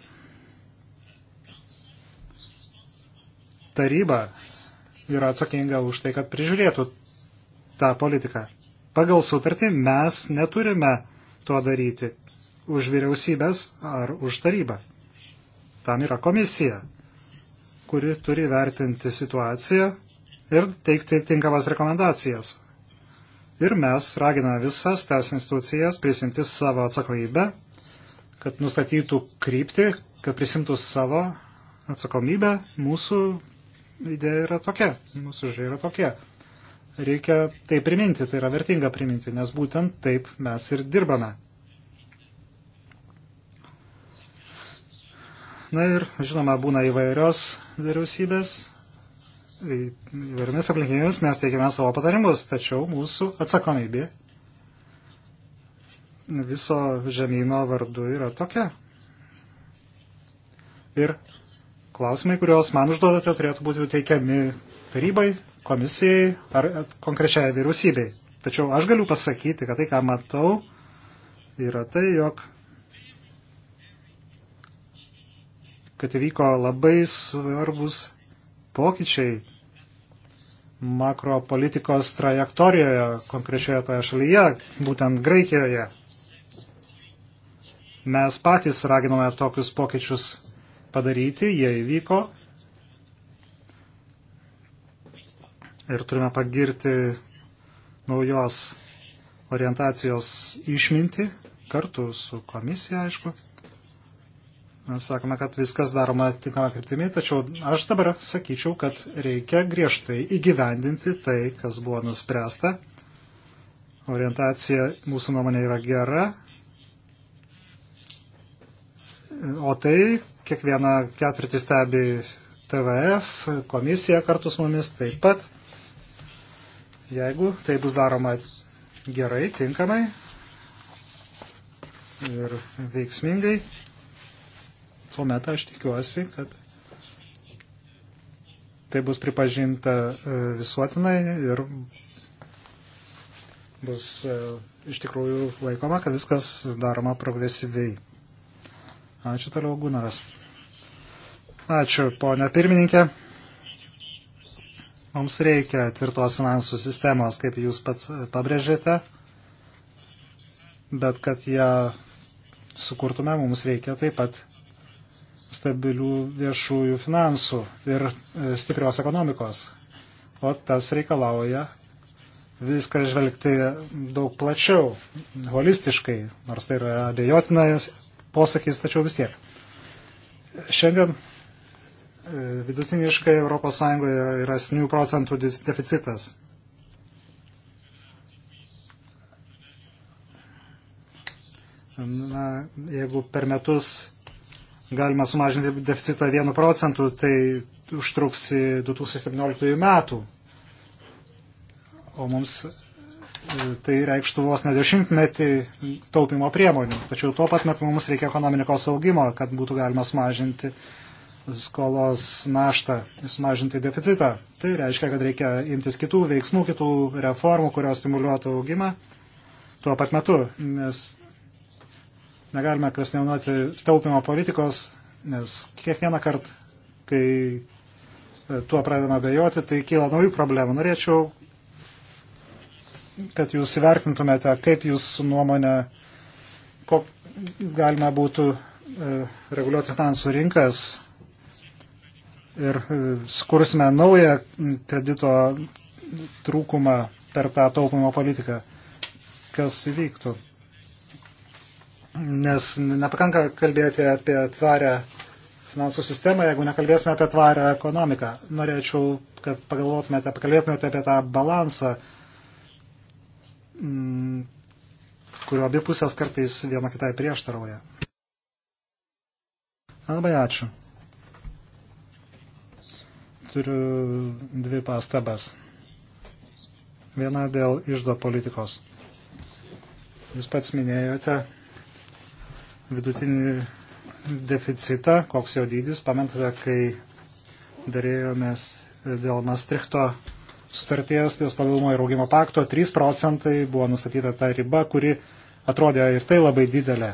Taryba yra atsakinga už tai, kad prižiūrėtų tą politiką. Pagal sutartį mes neturime to daryti už vyriausybės ar už tarybą. Tam yra komisija, kuri turi vertinti situaciją ir teikti tinkamas rekomendacijas. Ir mes raginame visas tas institucijas prisimti savo atsakomybę, kad nustatytų kryptį, kad prisimtų savo atsakomybę mūsų idėja yra tokia, mūsų žiūrė yra tokia. Reikia tai priminti, tai yra vertinga priminti, nes būtent taip mes ir dirbame. Na ir, žinoma, būna įvairios vyriausybės, įvairiomis aplinkybėmis mes teikiame savo patarimus, tačiau mūsų atsakomybė viso žemyno vardu yra tokia. Ir klausimai, kuriuos man užduodate, turėtų būti teikiami tarybai, komisijai ar konkrečiai vyriausybei. Tačiau aš galiu pasakyti, kad tai, ką matau, yra tai, jog kad įvyko labai svarbus pokyčiai makropolitikos trajektorijoje konkrečioje toje šalyje, būtent Graikijoje. Mes patys raginome tokius pokyčius padaryti, jie įvyko. Ir turime pagirti naujos orientacijos išminti kartu su komisija, aišku. Mes sakome, kad viskas daroma tinkama kryptimi, tačiau aš dabar sakyčiau, kad reikia griežtai įgyvendinti tai, kas buvo nuspręsta. Orientacija mūsų nuomonė yra gera, O tai kiekvieną ketvirtį stebi TVF, komisija kartu su mumis taip pat. Jeigu tai bus daroma gerai, tinkamai ir veiksmingai, tuomet aš tikiuosi, kad tai bus pripažinta e, visuotinai ir bus e, iš tikrųjų laikoma, kad viskas daroma progresyviai. Ačiū toliau, Gunaras. Ačiū, ponia pirmininkė. Mums reikia tvirtos finansų sistemos, kaip jūs pats pabrėžėte, bet kad ją sukurtume, mums reikia taip pat stabilių viešųjų finansų ir e, stiprios ekonomikos. O tas reikalauja viską žvelgti daug plačiau, holistiškai, nors tai yra abejotinas posakis, tačiau vis tiek. Šiandien e, vidutiniškai ES yra 7 procentų deficitas. Na, jeigu per metus galima sumažinti deficitą 1 procentų, tai užtruks 2017 metų. O mums tai reikštų vos ne dešimtmetį taupimo priemonių. Tačiau tuo pat metu mums reikia ekonomikos augimo, kad būtų galima sumažinti skolos naštą, sumažinti deficitą. Tai reiškia, kad reikia imtis kitų veiksmų, kitų reformų, kurios stimuliuotų augimą tuo pat metu, nes negalime kvestionuoti taupimo politikos, nes kiekvieną kartą, kai tuo pradedame bejoti, tai kyla naujų problemų. Norėčiau kad jūs įvertintumėte, kaip jūsų nuomonė, ko galima būtų e, reguliuoti finansų rinkas ir e, skursime naują kredito trūkumą per tą taupimo politiką, kas įvyktų. Nes nepakanka kalbėti apie tvarę finansų sistemą, jeigu nekalbėsime apie tvarę ekonomiką. Norėčiau, kad pagalvotumėte, pakalbėtumėte apie tą balansą Mm, kurio abi pusės kartais viena kitai prieštarauja. Labai ačiū. Turiu dvi pastabas. Viena dėl išdo politikos. Jūs pats minėjote vidutinį deficitą, koks jo dydis. Pamentate, kai darėjomės dėl Maastrichto sutarties dėl stabilumo ir augimo pakto 3 procentai buvo nustatyta ta riba, kuri atrodė ir tai labai didelė,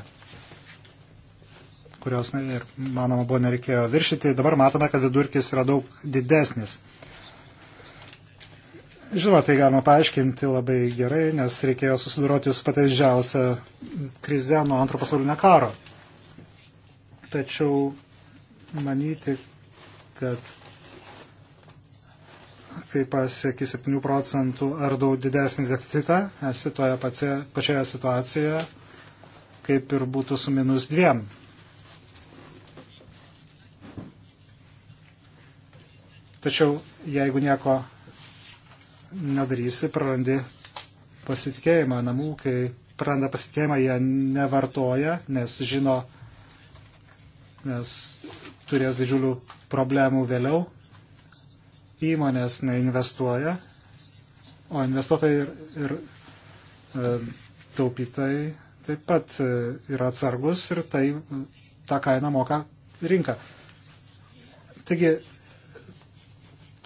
kurios, ir, manoma, buvo nereikėjo viršyti. Dabar matome, kad vidurkis yra daug didesnis. Žinoma, tai galima paaiškinti labai gerai, nes reikėjo susiduroti su pateidžiausia krize nuo antro pasaulinio karo. Tačiau manyti, kad kai pasieki 7 procentų ar daug didesnį deficitą, esi toje pačioje, pačioje situacijoje, kaip ir būtų su minus 2. Tačiau jeigu nieko nedarysi, prarandi pasitikėjimą namų, kai praranda pasitikėjimą, jie nevartoja, nes žino, nes turės didžiulių problemų vėliau įmonės neinvestuoja, o investuotojai ir, ir e, taupytojai taip pat e, yra atsargus ir tai tą kainą moka rinka. Taigi,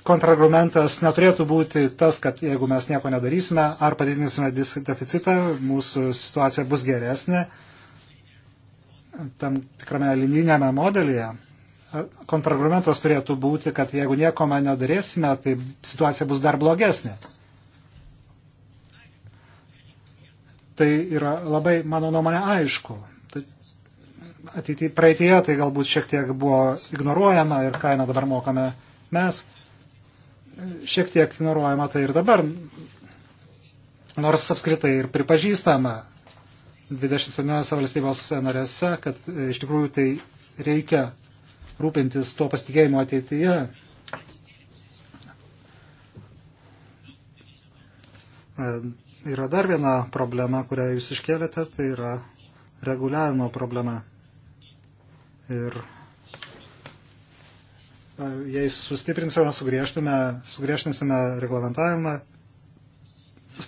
kontrargumentas neturėtų būti tas, kad jeigu mes nieko nedarysime ar padidinsime deficitą, mūsų situacija bus geresnė tam tikrame linijame modelyje kontrargumentas turėtų būti, kad jeigu nieko man nedarėsime, tai situacija bus dar blogesnė. Tai yra labai, mano nuomonė, aišku. Tai ateity, praeitie tai galbūt šiek tiek buvo ignoruojama ir kainą dabar mokame mes. Šiek tiek ignoruojama tai ir dabar, nors apskritai ir pripažįstama 27 valstybės narėse, kad iš tikrųjų tai reikia rūpintis tuo pasitikėjimu ateityje. E, yra dar viena problema, kurią jūs iškėlėte, tai yra reguliavimo problema. Ir e, jei sustiprinsime, sugriežtinsime reglamentavimą,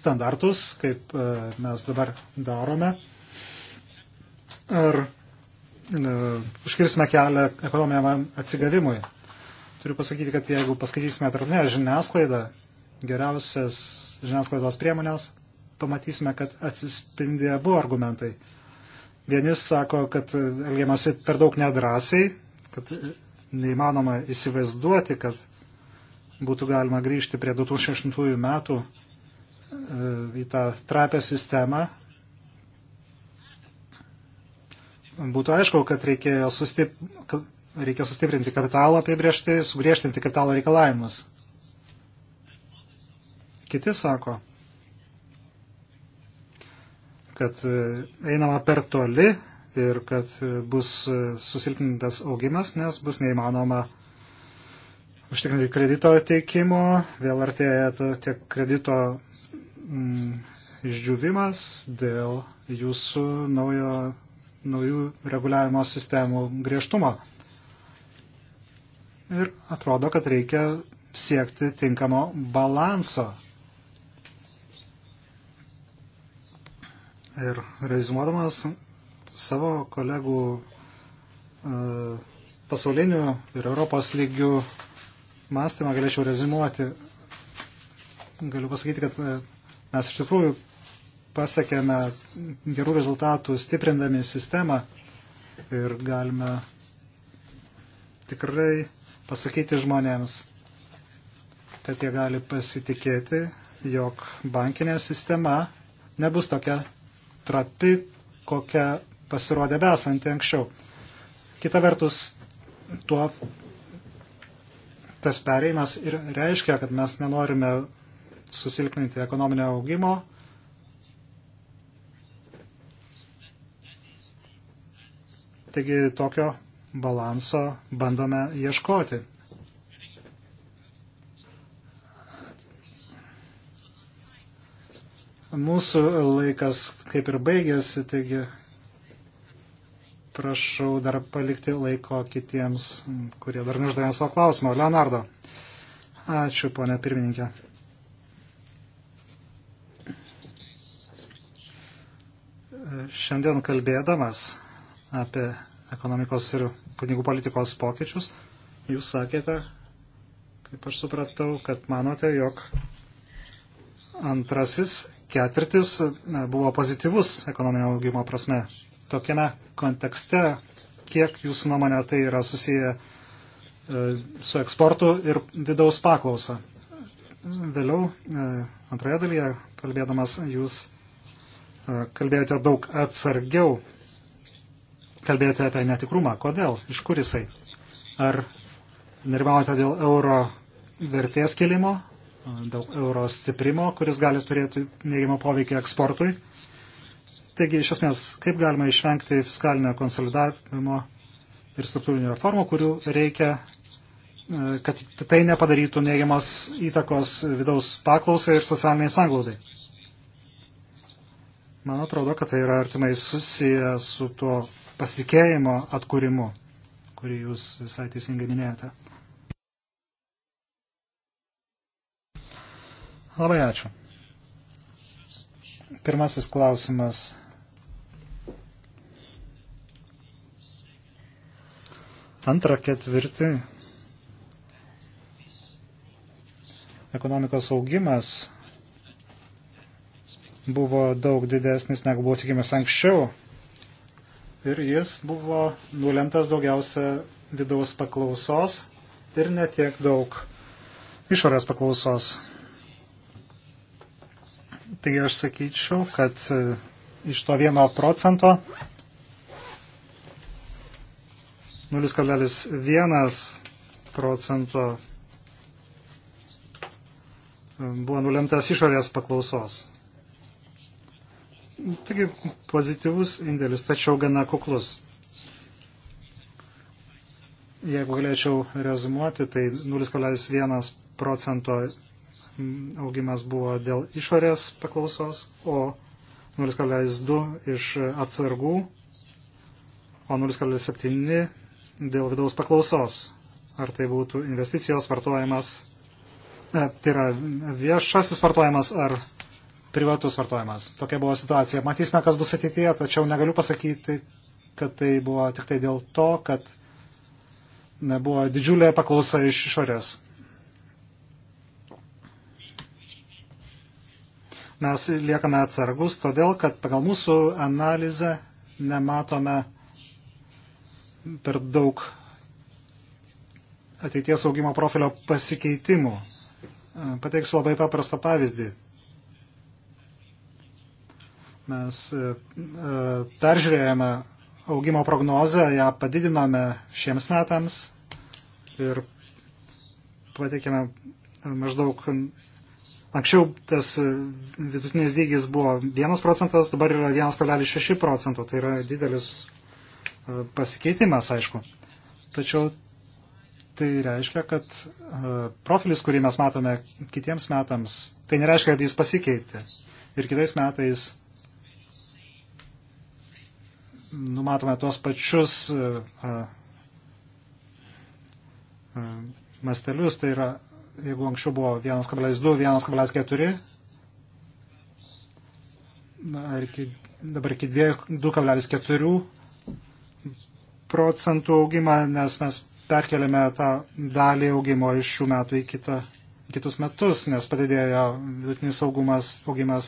standartus, kaip e, mes dabar darome, ar užkirsime kelią ekonominiam atsigavimui. Turiu pasakyti, kad jeigu paskaitysime tarptautinę žiniasklaidą, geriausias žiniasklaidos priemonės, pamatysime, kad atsispindi abu argumentai. Vieni sako, kad elgiamasi per daug nedrasiai, kad neįmanoma įsivaizduoti, kad būtų galima grįžti prie 2008 metų e, į tą trapę sistemą, būtų aišku, kad reikėjo sustip, kad reikia sustiprinti kapitalą apibriežti, sugriežtinti kapitalo reikalavimus. Kiti sako, kad e, einama per toli ir kad e, bus e, susilpnintas augimas, nes bus neįmanoma užtikrinti kredito teikimo, vėl artėja tiek kredito mm, išdžiūvimas dėl jūsų naujo naujų reguliavimo sistemų griežtumo. Ir atrodo, kad reikia siekti tinkamo balanso. Ir rezumuodamas savo kolegų e, pasaulinių ir Europos lygių mąstymą galėčiau rezumuoti. Galiu pasakyti, kad e, mes iš tikrųjų pasiekėme gerų rezultatų stiprindami sistemą ir galime tikrai pasakyti žmonėms, kad jie gali pasitikėti, jog bankinė sistema nebus tokia trapi, kokia pasirodė besanti anksčiau. Kita vertus, tuo tas pereimas ir reiškia, kad mes nenorime susilpninti ekonominio augimo, Taigi tokio balanso bandome ieškoti. Mūsų laikas kaip ir baigėsi, taigi prašau dar palikti laiko kitiems, kurie dar neuždavė savo klausimą. Leonardo. Ačiū, ponė pirmininkė. Šiandien kalbėdamas apie ekonomikos ir pinigų politikos pokyčius. Jūs sakėte, kaip aš supratau, kad manote, jog antrasis ketvirtis buvo pozityvus ekonominio augimo prasme. Tokiame kontekste, kiek jūsų nuomonė tai yra susiję e, su eksportu ir vidaus paklausa. Vėliau, e, antroje dalyje, kalbėdamas, jūs e, kalbėjote daug atsargiau kalbėjote apie netikrumą. Kodėl? Iš kur jisai? Ar nerimaujate dėl euro vertės kelimo, dėl euro stiprimo, kuris gali turėti neigiamą poveikį eksportui? Taigi, iš esmės, kaip galima išvengti fiskalinio konsolidavimo ir struktūrinių reformų, kurių reikia, kad tai nepadarytų neigiamas įtakos vidaus paklausai ir socialiniai sanglaudai? Man atrodo, kad tai yra artimai susiję su tuo pasitikėjimo atkūrimu, kurį jūs visai teisingai minėjote. Labai ačiū. Pirmasis klausimas. Antrą ketvirtį ekonomikos augimas buvo daug didesnis negu buvo tikimas anksčiau ir jis buvo nulemtas daugiausia vidaus paklausos ir netiek daug išorės paklausos. Taigi aš sakyčiau, kad e, iš to vieno procento 0,1 procento e, buvo nulemtas išorės paklausos. Taigi pozityvus indėlis, tačiau gana kuklus. Jeigu galėčiau rezumuoti, tai 0,1 procento augimas buvo dėl išorės paklausos, o 0,2 iš atsargų, o 0,7 dėl vidaus paklausos. Ar tai būtų investicijos vartojimas, ne, tai yra viešasis vartojimas ar privatus vartojimas. Tokia buvo situacija. Matysime, kas bus ateityje, tačiau negaliu pasakyti, kad tai buvo tik tai dėl to, kad buvo didžiulė paklausa iš išorės. Mes liekame atsargus, todėl kad pagal mūsų analizę nematome per daug ateities augimo profilio pasikeitimų. Pateiksiu labai paprastą pavyzdį mes e, e, peržiūrėjome augimo prognozę, ją padidinome šiems metams ir pateikėme maždaug Anksčiau tas vidutinis dygis buvo 1 procentas, dabar yra 1,6 procento. Tai yra didelis e, pasikeitimas, aišku. Tačiau tai reiškia, kad profilis, kurį mes matome kitiems metams, tai nereiškia, kad jis pasikeitė. Ir kitais metais numatome tuos pačius e, e, e, mastelius, tai yra, jeigu anksčiau buvo 1,2, 1,4, dabar iki 2,4 procentų augimą, nes mes perkeliame tą dalį augimo iš šių metų į kitą, kitus metus, nes padidėjo vidutinis augumas, augimas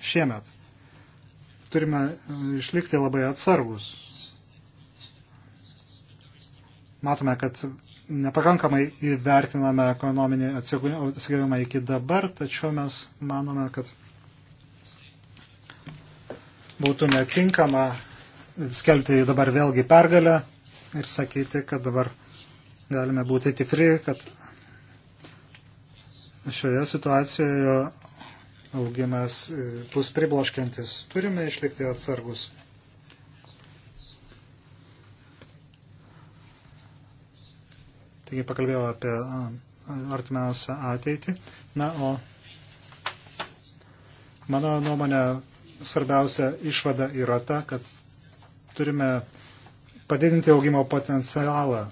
šiemet turime e, išlikti labai atsargus. Matome, kad nepakankamai įvertiname ekonominį atsigavimą iki dabar, tačiau mes manome, kad būtų netinkama skelbti dabar vėlgi pergalę ir sakyti, kad dabar galime būti tikri, kad šioje situacijoje augimas e, bus pribloškiantis. Turime išlikti atsargus. Taigi pakalbėjau apie artimiausią ateitį. Na, o mano nuomonė svarbiausia išvada yra ta, kad turime padidinti augimo potencialą,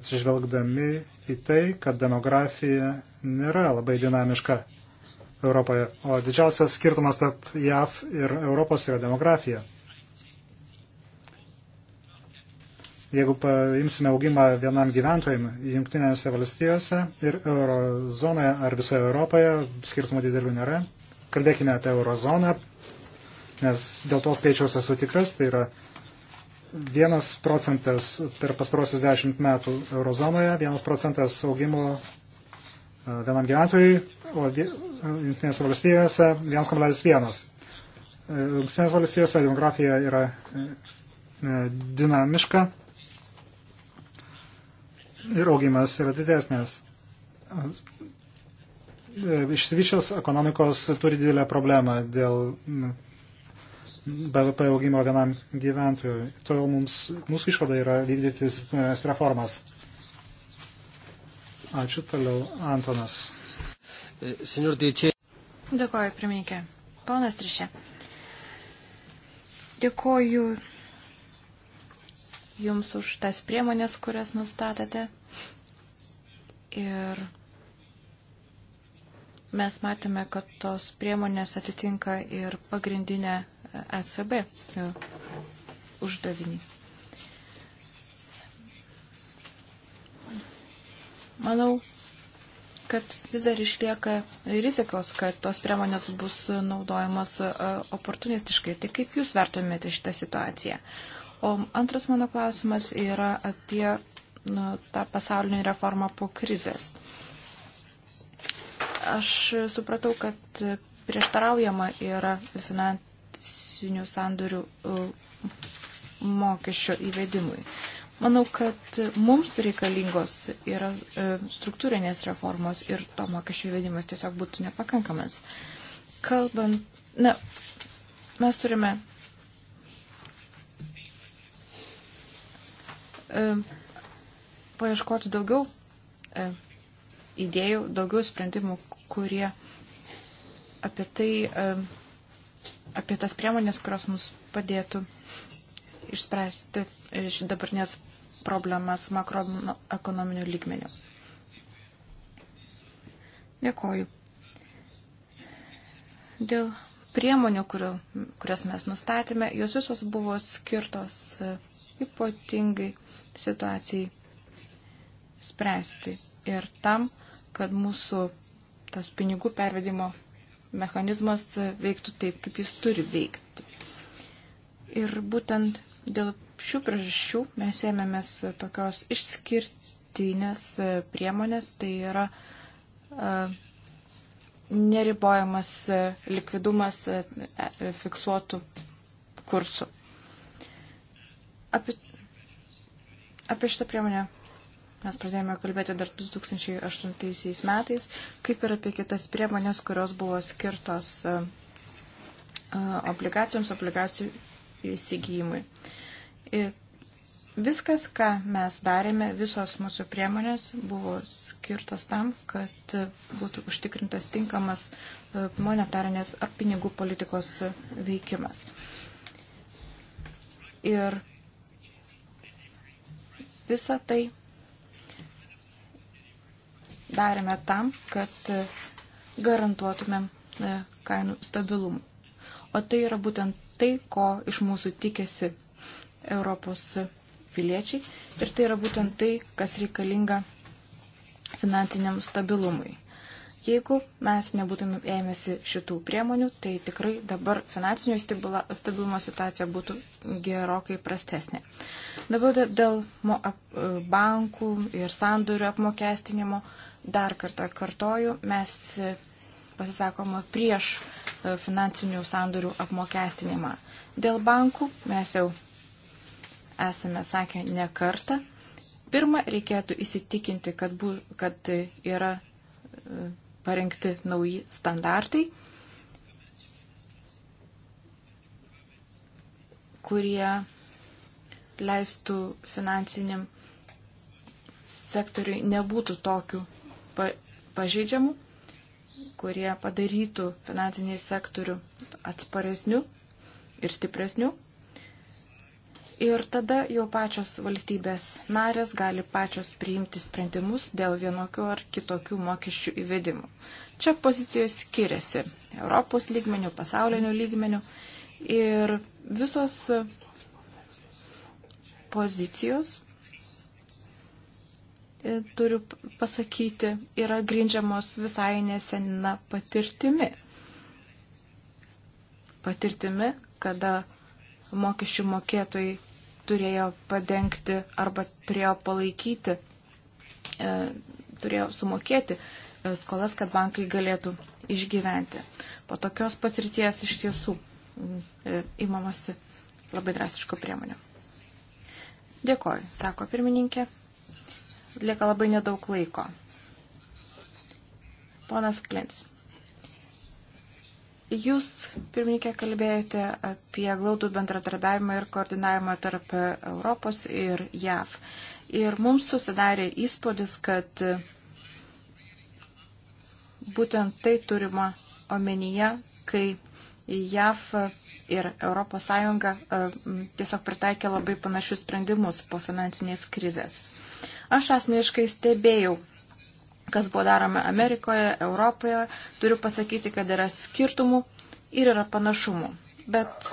atsižvelgdami į tai, kad demografija nėra labai dinamiška Europoje. O didžiausias skirtumas tarp JAV ir Europos yra demografija. Jeigu paimsime augimą vienam gyventojui Junktinėse valstijose ir eurozonoje ar visoje Europoje, skirtumų didelių nėra. Kalbėkime apie eurozoną, nes dėl to skaičiaus esu tikras, tai yra vienas procentas per pastarosius dešimt metų eurozonoje, vienas procentas augimo vienam gyventojui, o Junktinėse valstijose 1,1. Junktinėse valstijose demografija yra e, e, dinamiška ir augimas yra didesnės. E, išsivyščios ekonomikos turi didelę problemą dėl BVP augimo vienam gyventojui. Todėl mums, mūsų išvada yra vykdyti reformas. Ačiū toliau, Antonas. E, Dėkoju, pirmininkė. Ponas Trišė. Dėkoju Jums už tas priemonės, kurias nustatėte. Ir mes matėme, kad tos priemonės atitinka ir pagrindinę ECB uždavinį. Manau, kad vis dar išlieka rizikos, kad tos priemonės bus naudojamos e, oportunistiškai. Tai kaip Jūs vertumėte šitą situaciją? O antras mano klausimas yra apie nu, tą pasaulinę reformą po krizės. Aš supratau, kad prieštaraujama yra finansinių sandorių e, mokesčio įvedimui. Manau, kad mums reikalingos yra e, struktūrinės reformos ir to mokesčio įvedimas tiesiog būtų nepakankamas. Kalbant, na, mes turime e, paieškoti daugiau e, idėjų, daugiau sprendimų, kurie apie tai, apie tas priemonės, kurios mums padėtų išspręsti iš dabartinės problemas makroekonominių lygmenių. Dėkoju. Dėl priemonių, kuriu, kurias mes nustatėme, jos visos buvo skirtos e, ypatingai situacijai spręsti ir tam, kad mūsų tas pinigų pervedimo mechanizmas veiktų taip, kaip jis turi veikti. Ir būtent dėl šių priežasčių mes ėmėmės tokios išskirtinės e, priemonės, tai yra e, neribojamas e, likvidumas fiksuotų kursų. Apie, apie šitą priemonę mes pradėjome kalbėti dar 2008 metais, kaip ir apie kitas priemonės, kurios buvo skirtos obligacijoms, obligacijų įsigijimui. Uh, Ir viskas, ką mes darėme, visos mūsų priemonės buvo skirtos tam, kad būtų užtikrintas tinkamas e, monetarinės ar pinigų politikos veikimas. Ir visą tai darėme tam, kad e, garantuotumėm e, kainų stabilumą. O tai yra būtent tai, ko iš mūsų tikėsi Europos piliečiai. Ir tai yra būtent tai, kas reikalinga finansiniam stabilumui. Jeigu mes nebūtumėm ėmėsi šitų priemonių, tai tikrai dabar finansinio stabilumo situacija būtų gerokai prastesnė. Dabar dėl e, bankų ir sandorių apmokestinimo dar kartą kartoju, mes e, pasisakoma prieš e, finansinių sandorių apmokestinimą. Dėl bankų mes jau esame sakę ne kartą. Pirma, reikėtų įsitikinti, kad, bu, kad yra e, parengti nauji standartai, kurie leistų finansiniam sektoriui nebūtų tokių pa, pažeidžiamų, kurie padarytų finansinį sektorių atsparesnių ir stipresnių. Ir tada jau pačios valstybės narės gali pačios priimti sprendimus dėl vienokių ar kitokių mokesčių įvedimų. Čia pozicijos skiriasi Europos lygmenių, pasaulinių lygmenių ir visos pozicijos, e, turiu pasakyti, yra grindžiamos visai nesena patirtimi. Patirtimi, kada mokesčių mokėtojai turėjo padengti arba turėjo palaikyti, e, turėjo sumokėti e, skolas, kad bankai galėtų išgyventi. Po tokios patirties iš tiesų e, įmamasi labai drastiško priemonė. Dėkoju, sako pirmininkė. Lieka labai nedaug laiko. Ponas Klins. Jūs, pirmininkė, kalbėjote apie glaudų bendradarbiavimą ir koordinavimą tarp Europos ir JAV. Ir mums susidarė įspūdis, kad būtent tai turima omenyje, kai JAV ir ES e, tiesiog pritaikė labai panašius sprendimus po finansinės krizės. Aš asmeniškai stebėjau kas buvo daroma Amerikoje, Europoje. Turiu pasakyti, kad yra skirtumų ir yra panašumų. Bet e,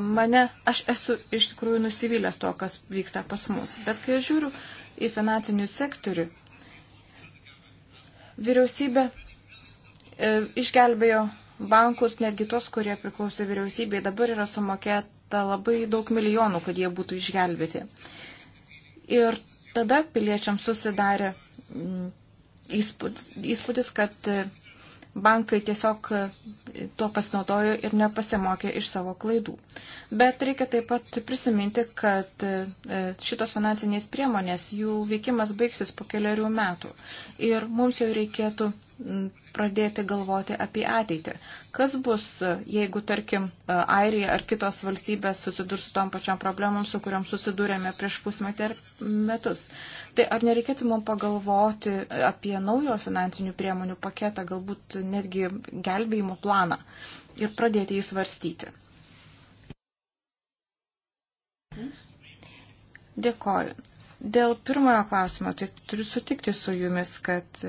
mane, aš esu iš tikrųjų nusivylęs to, kas vyksta pas mus. Bet kai žiūriu į finansinių sektorių, vyriausybė e, išgelbėjo bankus, netgi tos, kurie priklausė vyriausybei, dabar yra sumokėta labai daug milijonų, kad jie būtų išgelbėti. Ir Tada piliečiams susidarė mm, įspūdis, kad e, bankai tiesiog e, tuo pasinaudojo ir nepasimokė iš savo klaidų. Bet reikia taip pat prisiminti, kad e, šitos finansinės priemonės, jų veikimas baigsis po keliarių metų. Ir mums jau reikėtų pradėti galvoti apie ateitį. Kas bus, jeigu, tarkim, Airija ar kitos valstybės susidurs su tom pačiom problemom, su kuriam susidūrėme prieš pusmetį ar metus? Tai ar nereikėtų mums pagalvoti apie naujo finansinių priemonių paketą, galbūt netgi gelbėjimo planą ir pradėti jį svarstyti? Dėkoju. Dėl pirmojo klausimo, tai turiu sutikti su jumis, kad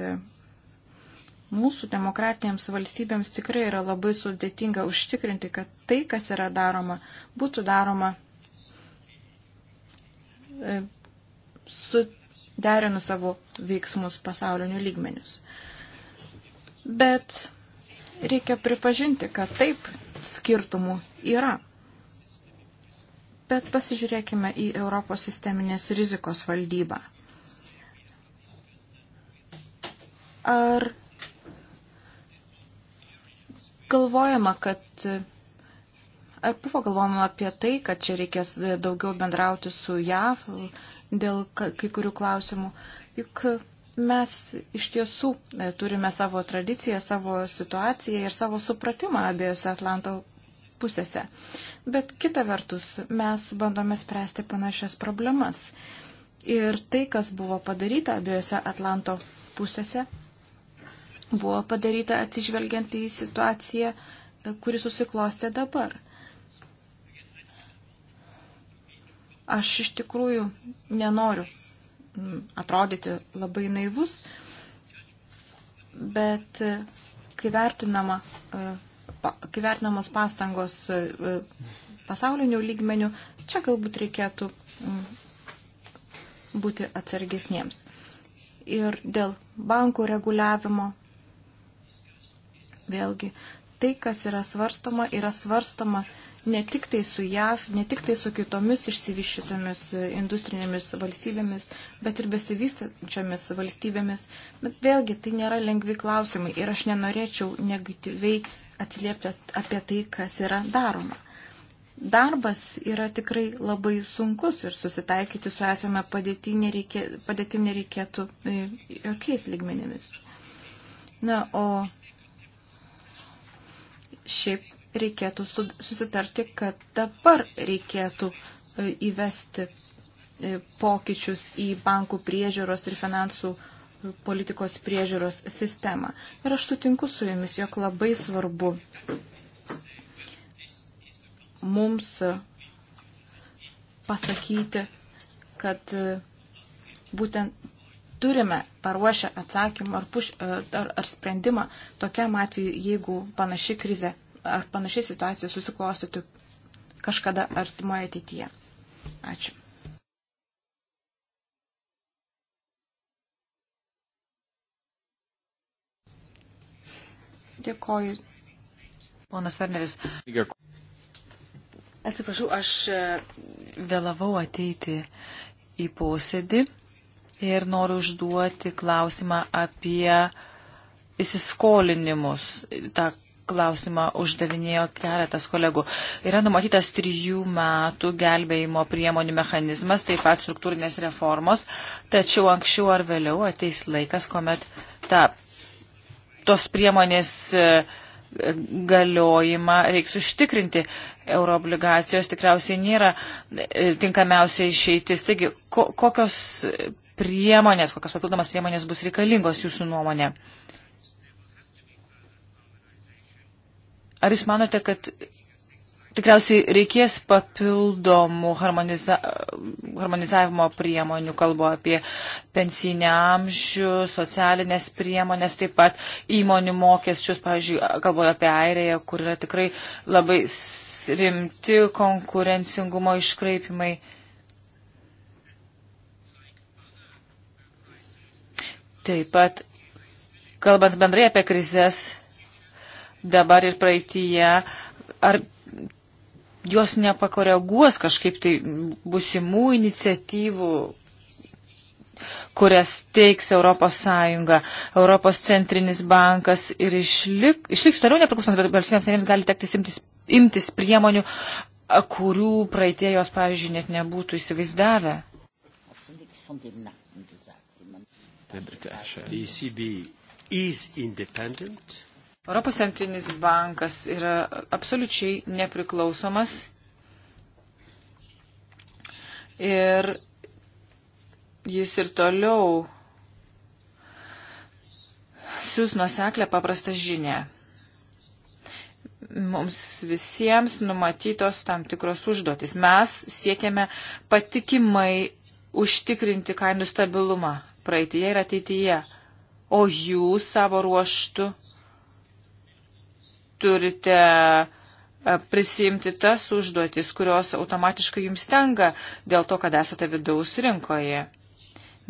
Mūsų demokratinėms valstybėms tikrai yra labai sudėtinga užtikrinti, kad tai, kas yra daroma, būtų daroma e, suderinu savo veiksmus pasaulinių lygmenius. Bet reikia pripažinti, kad taip skirtumų yra. Bet pasižiūrėkime į Europos sisteminės rizikos valdybą. Ar galvojama, kad Ar buvo galvojama apie tai, kad čia reikės daugiau bendrauti su JAV dėl kai kurių klausimų? Juk mes iš tiesų e, turime savo tradiciją, savo situaciją ir savo supratimą abiejose Atlanto pusėse. Bet kita vertus, mes bandome spręsti panašias problemas. Ir tai, kas buvo padaryta abiejose Atlanto pusėse, buvo padaryta atsižvelgiant į situaciją, kuri susiklostė dabar. Aš iš tikrųjų nenoriu mm, atrodyti labai naivus, bet e, kai, vertinama, e, kai vertinamos pastangos e, pasaulinių lygmenių, čia galbūt reikėtų mm, būti atsargesniems. Ir dėl bankų reguliavimo Vėlgi, tai, kas yra svarstoma, yra svarstoma ne tik tai su JAV, ne tik tai su kitomis išsivyščiusiamis e, industrinėmis valstybėmis, bet ir besivystančiomis valstybėmis. Bet vėlgi, tai nėra lengvi klausimai ir aš nenorėčiau negatyviai atsiliepti apie tai, kas yra daroma. Darbas yra tikrai labai sunkus ir susitaikyti su esame padėtimi nereikė, padėti nereikėtų e, jokiais lygmenimis. Na, o šiaip reikėtų susitarti, kad dabar reikėtų e, įvesti e, pokyčius į bankų priežiūros ir finansų e, politikos priežiūros sistemą. Ir aš sutinku su jumis, jog labai svarbu mums pasakyti, kad būtent turime paruošę atsakymą ar, puš, e, ar, ar sprendimą tokiam atveju, jeigu panaši krize ar panaši situacija susiklostytų kažkada artimoje ateityje. Ačiū. Dėkoju. Ponas Werneris. Atsiprašau, aš e, vėlavau ateiti į posėdį ir noriu užduoti klausimą apie įsiskolinimus. Ta klausimą uždavinėjo keletas kolegų. Yra numatytas trijų metų gelbėjimo priemonių mechanizmas, taip pat struktūrinės reformos, tačiau anksčiau ar vėliau ateis laikas, kuomet ta, tos priemonės e, galiojimą reiks užtikrinti. Euroobligacijos tikriausiai nėra e, tinkamiausia išeitis. Taigi, ko, kokios priemonės, kokios papildomas priemonės bus reikalingos jūsų nuomonė. Ar jūs manote, kad tikriausiai reikės papildomų harmoniza harmonizavimo priemonių, kalbu apie pensinę amžių, socialinės priemonės, taip pat įmonių mokesčius, pavyzdžiui, kalbu apie Airiją, kur yra tikrai labai rimti konkurencingumo iškraipimai. Uh, Taip pat, kalbant bendrai apie krizės dabar ir praeitįje, ar jos nepakoreguos kažkaip tai busimų iniciatyvų, kurias teiks Europos Sąjunga, Europos centrinis bankas ir išlik, išliks toliau nepriklausomas, bet valstybėms narėms gali tekti imtis, imtis priemonių, kurių praeitie jos, pavyzdžiui, net nebūtų įsivaizdavę. Von dem Nacken. Europos centrinis bankas yra absoliučiai nepriklausomas ir jis ir toliau siūs nuoseklę paprastą žinę. Mums visiems numatytos tam tikros užduotis. Mes siekiame patikimai užtikrinti kainų stabilumą praeitie ir ateityje. O jūs savo ruoštų turite e, prisimti tas užduotis, kurios automatiškai jums tenka dėl to, kad esate vidaus rinkoje.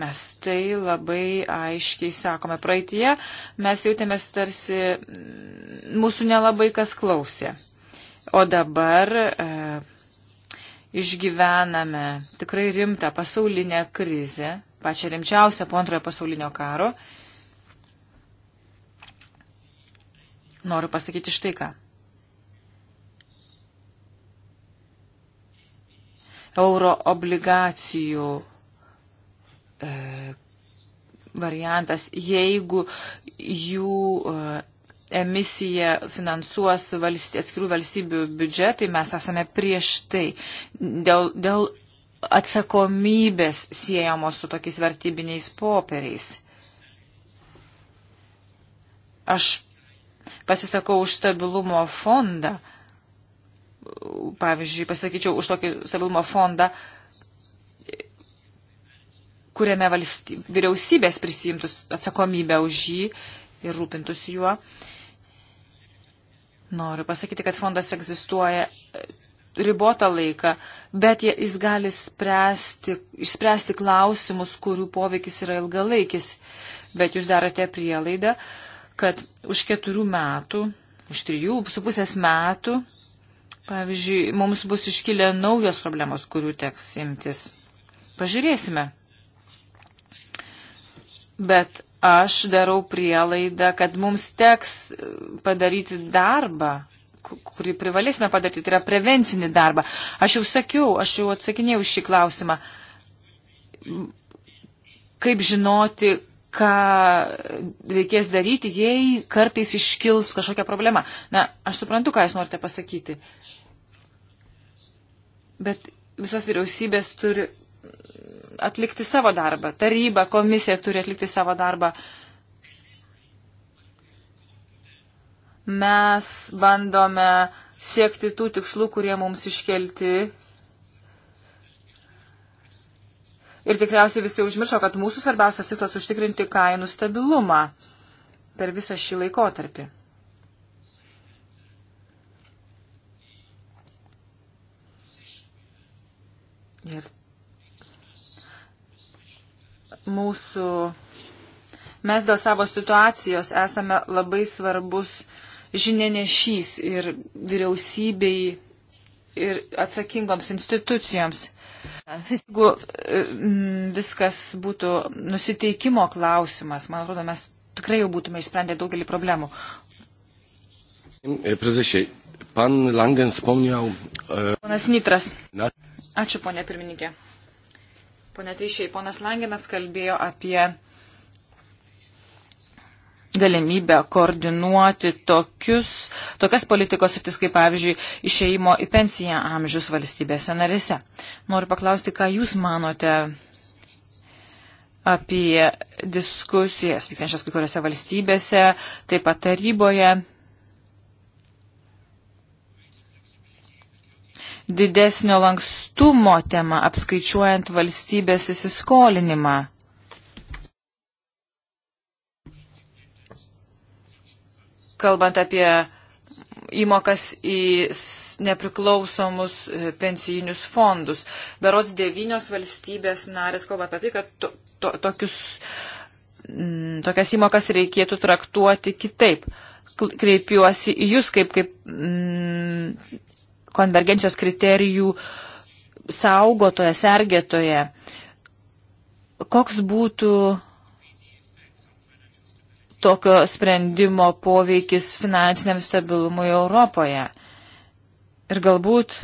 Mes tai labai aiškiai sakome. Praeitie mes jautėmės tarsi mm, mūsų nelabai kas klausė. O dabar e, išgyvename tikrai rimtą pasaulinę krizę, pačią rimčiausią po antrojo pasaulinio karo, noriu pasakyti štai ką. Euro obligacijų e, variantas, jeigu jų e, emisiją finansuos valsty, atskirų valstybių biudžetai, mes esame prieš tai. Dėl, dėl atsakomybės siejamos su tokiais vertybiniais popieriais. Aš pasisakau už stabilumo fondą, pavyzdžiui, pasakyčiau už tokį stabilumo fondą, kuriame valsty, vyriausybės prisijimtus atsakomybę už jį ir rūpintus juo. Noriu pasakyti, kad fondas egzistuoja ribotą laiką, bet jis gali spręsti, išspręsti klausimus, kurių poveikis yra ilgalaikis. Bet jūs darote prielaidą, kad už keturių metų, už trijų su pusės metų, pavyzdžiui, mums bus iškilę naujos problemos, kurių teks imtis. Pažiūrėsime. Bet aš darau prielaidą, kad mums teks e, padaryti darbą kurį privalėsime padaryti, tai yra prevencinį darbą. Aš jau sakiau, aš jau atsakinėjau šį klausimą. Kaip žinoti, ką reikės daryti, jei kartais iškils kažkokia problema. Na, aš suprantu, ką jūs norite pasakyti. Bet visos vyriausybės turi atlikti savo darbą. Taryba, komisija turi atlikti savo darbą. Uh, mes bandome siekti tų tikslų, kurie mums iškelti. Ir tikriausiai visi užmiršo, kad mūsų svarbiausias tikslas užtikrinti kainų stabilumą per visą šį laikotarpį. Ir mūsų, mes dėl savo situacijos esame labai svarbus žinianešys ir vyriausybei ir atsakingoms institucijoms. Jeigu e, viskas būtų nusiteikimo klausimas, man atrodo, mes tikrai jau būtume išsprendę daugelį problemų. E, Prezešiai, pan Langen spomniau. E, ponas Nitras. Ačiū, ponė pirmininkė. Pone Teišiai, ponas Langenas kalbėjo apie galimybę koordinuoti tokius, tokias politikos sutis, kaip pavyzdžiui, išeimo į pensiją amžius valstybėse narise. Noriu paklausti, ką Jūs manote apie diskusijas vykstančias kai kuriuose valstybėse, taip pat taryboje. Didesnio lankstumo tema apskaičiuojant valstybės įsiskolinimą. kalbant apie įmokas į nepriklausomus e, pensijinius fondus. Berots devynios valstybės narės kalba apie tai, kad to, to, tokius, m, mm, tokias įmokas reikėtų traktuoti kitaip. Kreipiuosi į Jūs kaip, kaip m, mm, konvergencijos kriterijų saugotoje, sergėtoje. Koks būtų tokio sprendimo poveikis finansiniam stabilumui Europoje. Ir galbūt.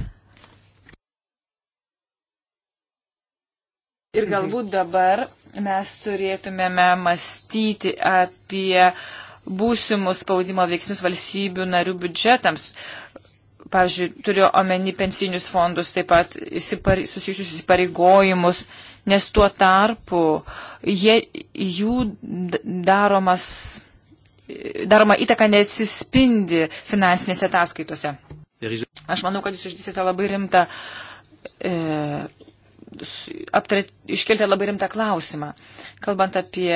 Ir galbūt dabar mes turėtumėme mąstyti apie būsimus spaudimo veiksnius valstybių narių biudžetams. Pavyzdžiui, turiu omeny pensinius fondus, taip pat susijusius įsipareigojimus nes tuo tarpu jie, jų daromas, daroma įtaka neatsispindi finansinėse ataskaitose. Aš manau, kad jūs išdysite labai rimtą, e, aptart, iškelti labai rimtą klausimą, kalbant apie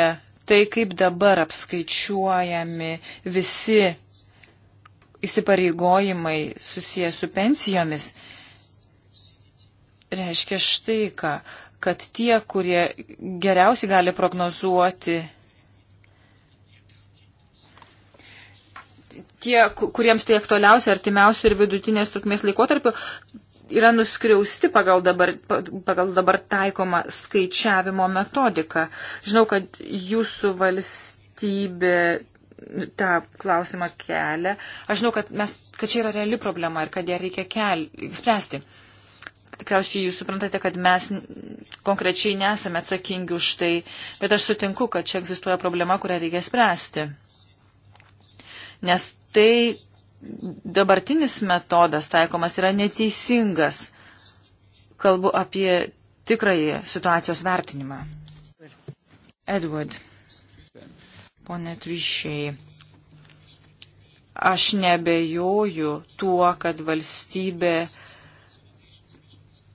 tai, kaip dabar apskaičiuojami visi įsipareigojimai susijęs su pensijomis reiškia štai ką kad tie, kurie geriausiai gali prognozuoti, tie, kuriems tai aktualiausia artimiausia ir vidutinės trukmės laikotarpiu, yra nuskriausti pagal dabar, pagal dabar taikomą skaičiavimo metodiką. Žinau, kad jūsų valstybė tą klausimą kelia. Aš žinau, kad, mes, kad čia yra reali problema ir kad ją reikia kel, spręsti tikriausiai jūs suprantate, kad mes konkrečiai nesame atsakingi už tai, bet aš sutinku, kad čia egzistuoja problema, kurią reikia spręsti. Nes tai dabartinis metodas taikomas yra neteisingas. Kalbu apie tikrąjį situacijos vertinimą. Edward. Pone Trišiai, aš nebejoju tuo, kad valstybė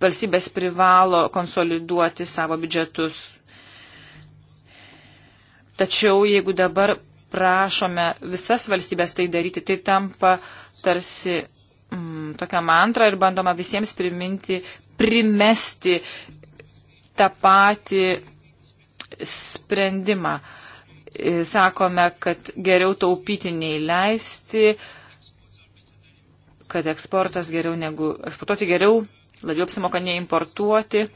valstybės privalo konsoliduoti savo biudžetus. Tačiau jeigu dabar prašome visas valstybės tai daryti, tai tampa tarsi mm, tokia mantra ir bandoma visiems priminti, primesti tą patį sprendimą. E, sakome, kad geriau taupyti nei leisti, kad eksportas geriau negu, eksportuoti geriau labiau apsimoka neimportuoti.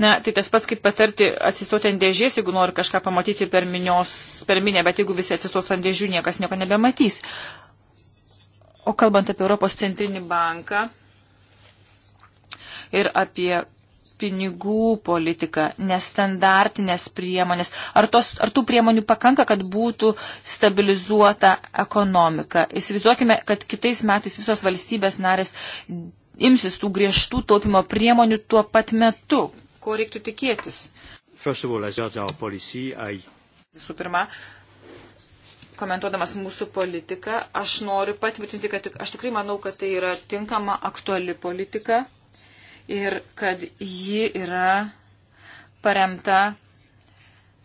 Na, tai tas pats kaip patarti atsistoti ant dėžės, jeigu nori kažką pamatyti per, minios, per minę, bet jeigu visi atsistos ant dėžių, niekas nieko nebematys. O kalbant apie Europos centrinį banką ir apie pinigų politika, nestandartinės priemonės. Ar, tos, ar tų priemonių pakanka, kad būtų stabilizuota ekonomika? Įsivaizduokime, kad kitais metais visos valstybės narės imsis tų griežtų taupimo priemonių tuo pat metu. Ko reiktų tikėtis? All, policy, I... Visų pirma, komentuodamas mūsų politiką, aš noriu patvirtinti, kad aš tikrai manau, kad tai yra tinkama, aktuali politika ir kad ji yra paremta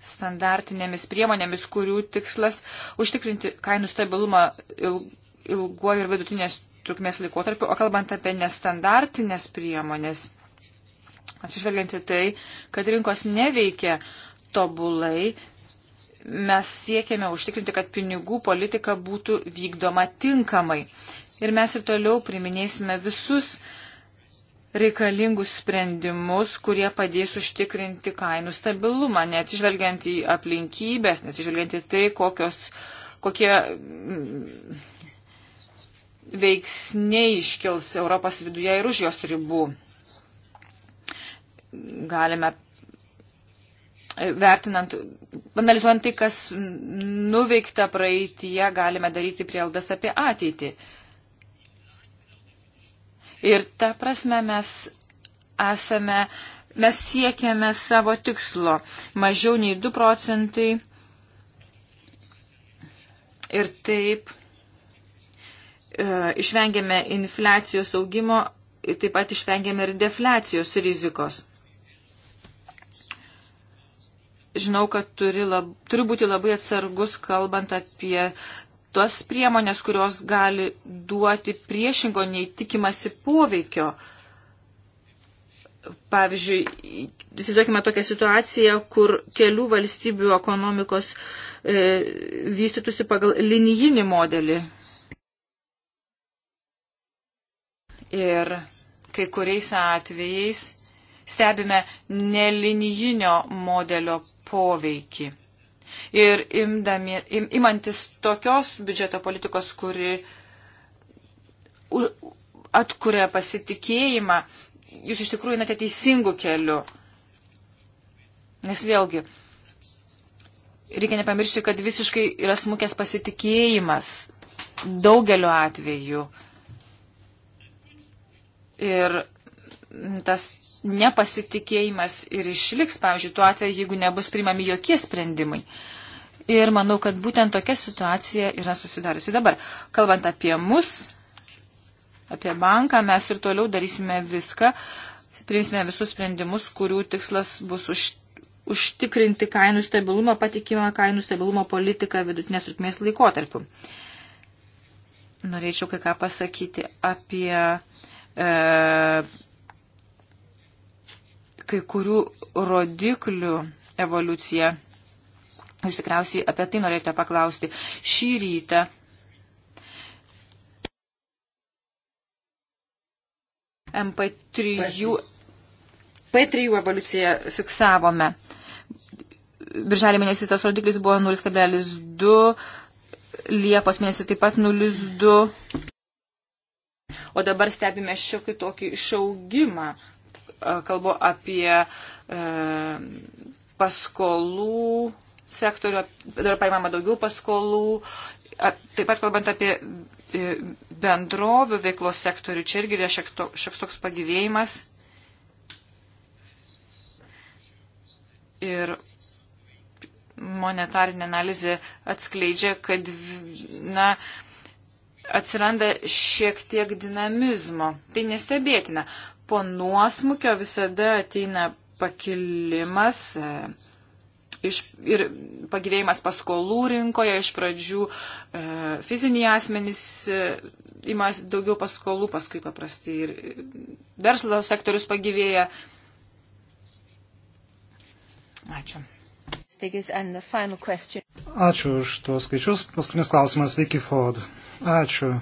standartinėmis priemonėmis, kurių tikslas užtikrinti kainų stabilumą ilguoju ir vidutinės trukmės laikotarpiu, o kalbant apie nestandartinės priemonės, atsižvelgiant į tai, kad rinkos neveikia tobulai, mes siekėme užtikrinti, kad pinigų politika būtų vykdoma tinkamai. Ir mes ir toliau priminėsime visus reikalingus sprendimus, kurie padės užtikrinti kainų stabilumą, neatsižvelgiant į aplinkybės, neatsižvelgiant į tai, kokios, kokie mm, veiksniai iškils Europos viduje ir už jos ribų. Galime e, vertinant, analizuojant tai, kas nuveikta praeitie, galime daryti prieldas apie ateitį. Uh, Ir ta prasme mes esame, mes siekiame savo tikslo. Mažiau nei 2 procentai. Ir taip e, išvengėme infliacijos augimo, taip pat išvengėme ir defliacijos rizikos. Žinau, kad turi, lab, turi būti labai atsargus, kalbant apie tos priemonės, kurios gali duoti priešingo neįtikimasi poveikio. Pavyzdžiui, įsivaizduokime tokią situaciją, kur kelių valstybių ekonomikos e, vystytųsi pagal linijinį modelį. Ir kai kuriais atvejais stebime nelinijinio modelio poveikį. Ir imdami, im, imantis tokios biudžeto politikos, kuri atkuria pasitikėjimą, jūs iš tikrųjų einate teisingų kelių. Nes vėlgi, reikia nepamiršti, kad visiškai yra smukęs pasitikėjimas daugeliu atveju. Ir tas nepasitikėjimas ir išliks, pavyzdžiui, tuo atveju, jeigu nebus primami jokie sprendimai. Ir manau, kad būtent tokia situacija yra susidariusi dabar. Kalbant apie mus, apie banką, mes ir toliau darysime viską, priimsime visus sprendimus, kurių tikslas bus už, užtikrinti kainų stabilumą, patikimą kainų stabilumo politiką vidutinės trukmės laikotarpiu. Norėčiau kai ką pasakyti apie e, kai kurių rodiklių evoliucija. Jūs tikriausiai apie tai norėjote paklausti. Šį rytą MP3, P3 evoliuciją fiksavome. Birželio mėnesį tas rodiklis buvo 0,2, Liepos mėnesį taip pat 0,2. O dabar stebime šiokį tokį išaugimą kalbu apie e, paskolų sektorių, dar paimama daugiau paskolų, taip pat kalbant apie e, bendrovių veiklos sektorių, čia irgi yra šioks toks pagyvėjimas. Ir monetarinė analizė atskleidžia, kad na, atsiranda šiek tiek dinamizmo. Tai nestebėtina po nuosmukio visada ateina pakilimas e, iš, ir pagyvėjimas paskolų rinkoje. Iš pradžių e, fiziniai asmenys e, ima daugiau paskolų, paskui paprastai ir verslo sektorius pagyvėja. Ačiū. Ačiū už tuos skaičius. Paskutinis klausimas, Vicky Ford. Ačiū.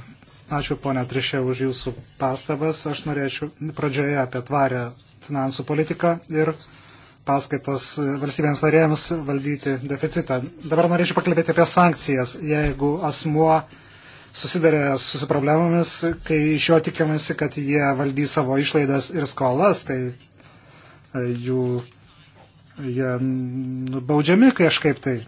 Ačiū, ponia Trišė, už jūsų pastabas. Aš norėčiau pradžioje apie tvarę finansų politiką ir paskaitas valstybėms narėms valdyti deficitą. Dabar norėčiau pakalbėti apie sankcijas. Jeigu asmuo susidarė su problemomis, kai iš jo tikimasi, kad jie valdys savo išlaidas ir skolas, tai e, jų jie nubaudžiami kažkaip tai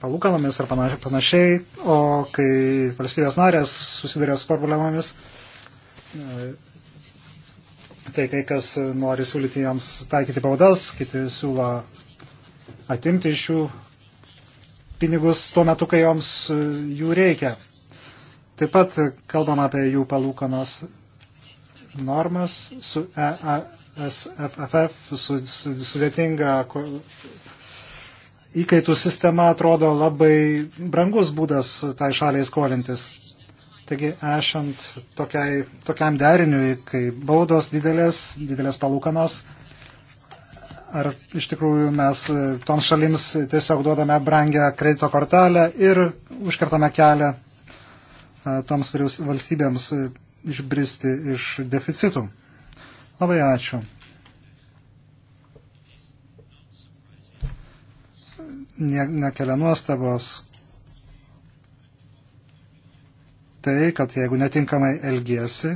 palūkanomis ar panašiai, o kai valstybės narės susiduria su problemomis, e, tai kai kas nori siūlyti joms taikyti baudas, kiti siūlo atimti iš jų pinigus tuo metu, kai joms e, jų reikia. Taip pat kalbam apie jų palūkanos normas su EASFF, su, su, sudėtinga įkaitų sistema atrodo labai brangus būdas tai šaliai skolintis. Taigi, esant tokiai, tokiam deriniui, kai baudos didelės, didelės palūkanos, ar iš tikrųjų mes toms šalims tiesiog duodame brangę kredito kortelę ir užkertame kelią toms valstybėms e, išbristi iš deficitų. Labai ačiū. ne, nekelia nuostabos tai, kad jeigu netinkamai elgiesi,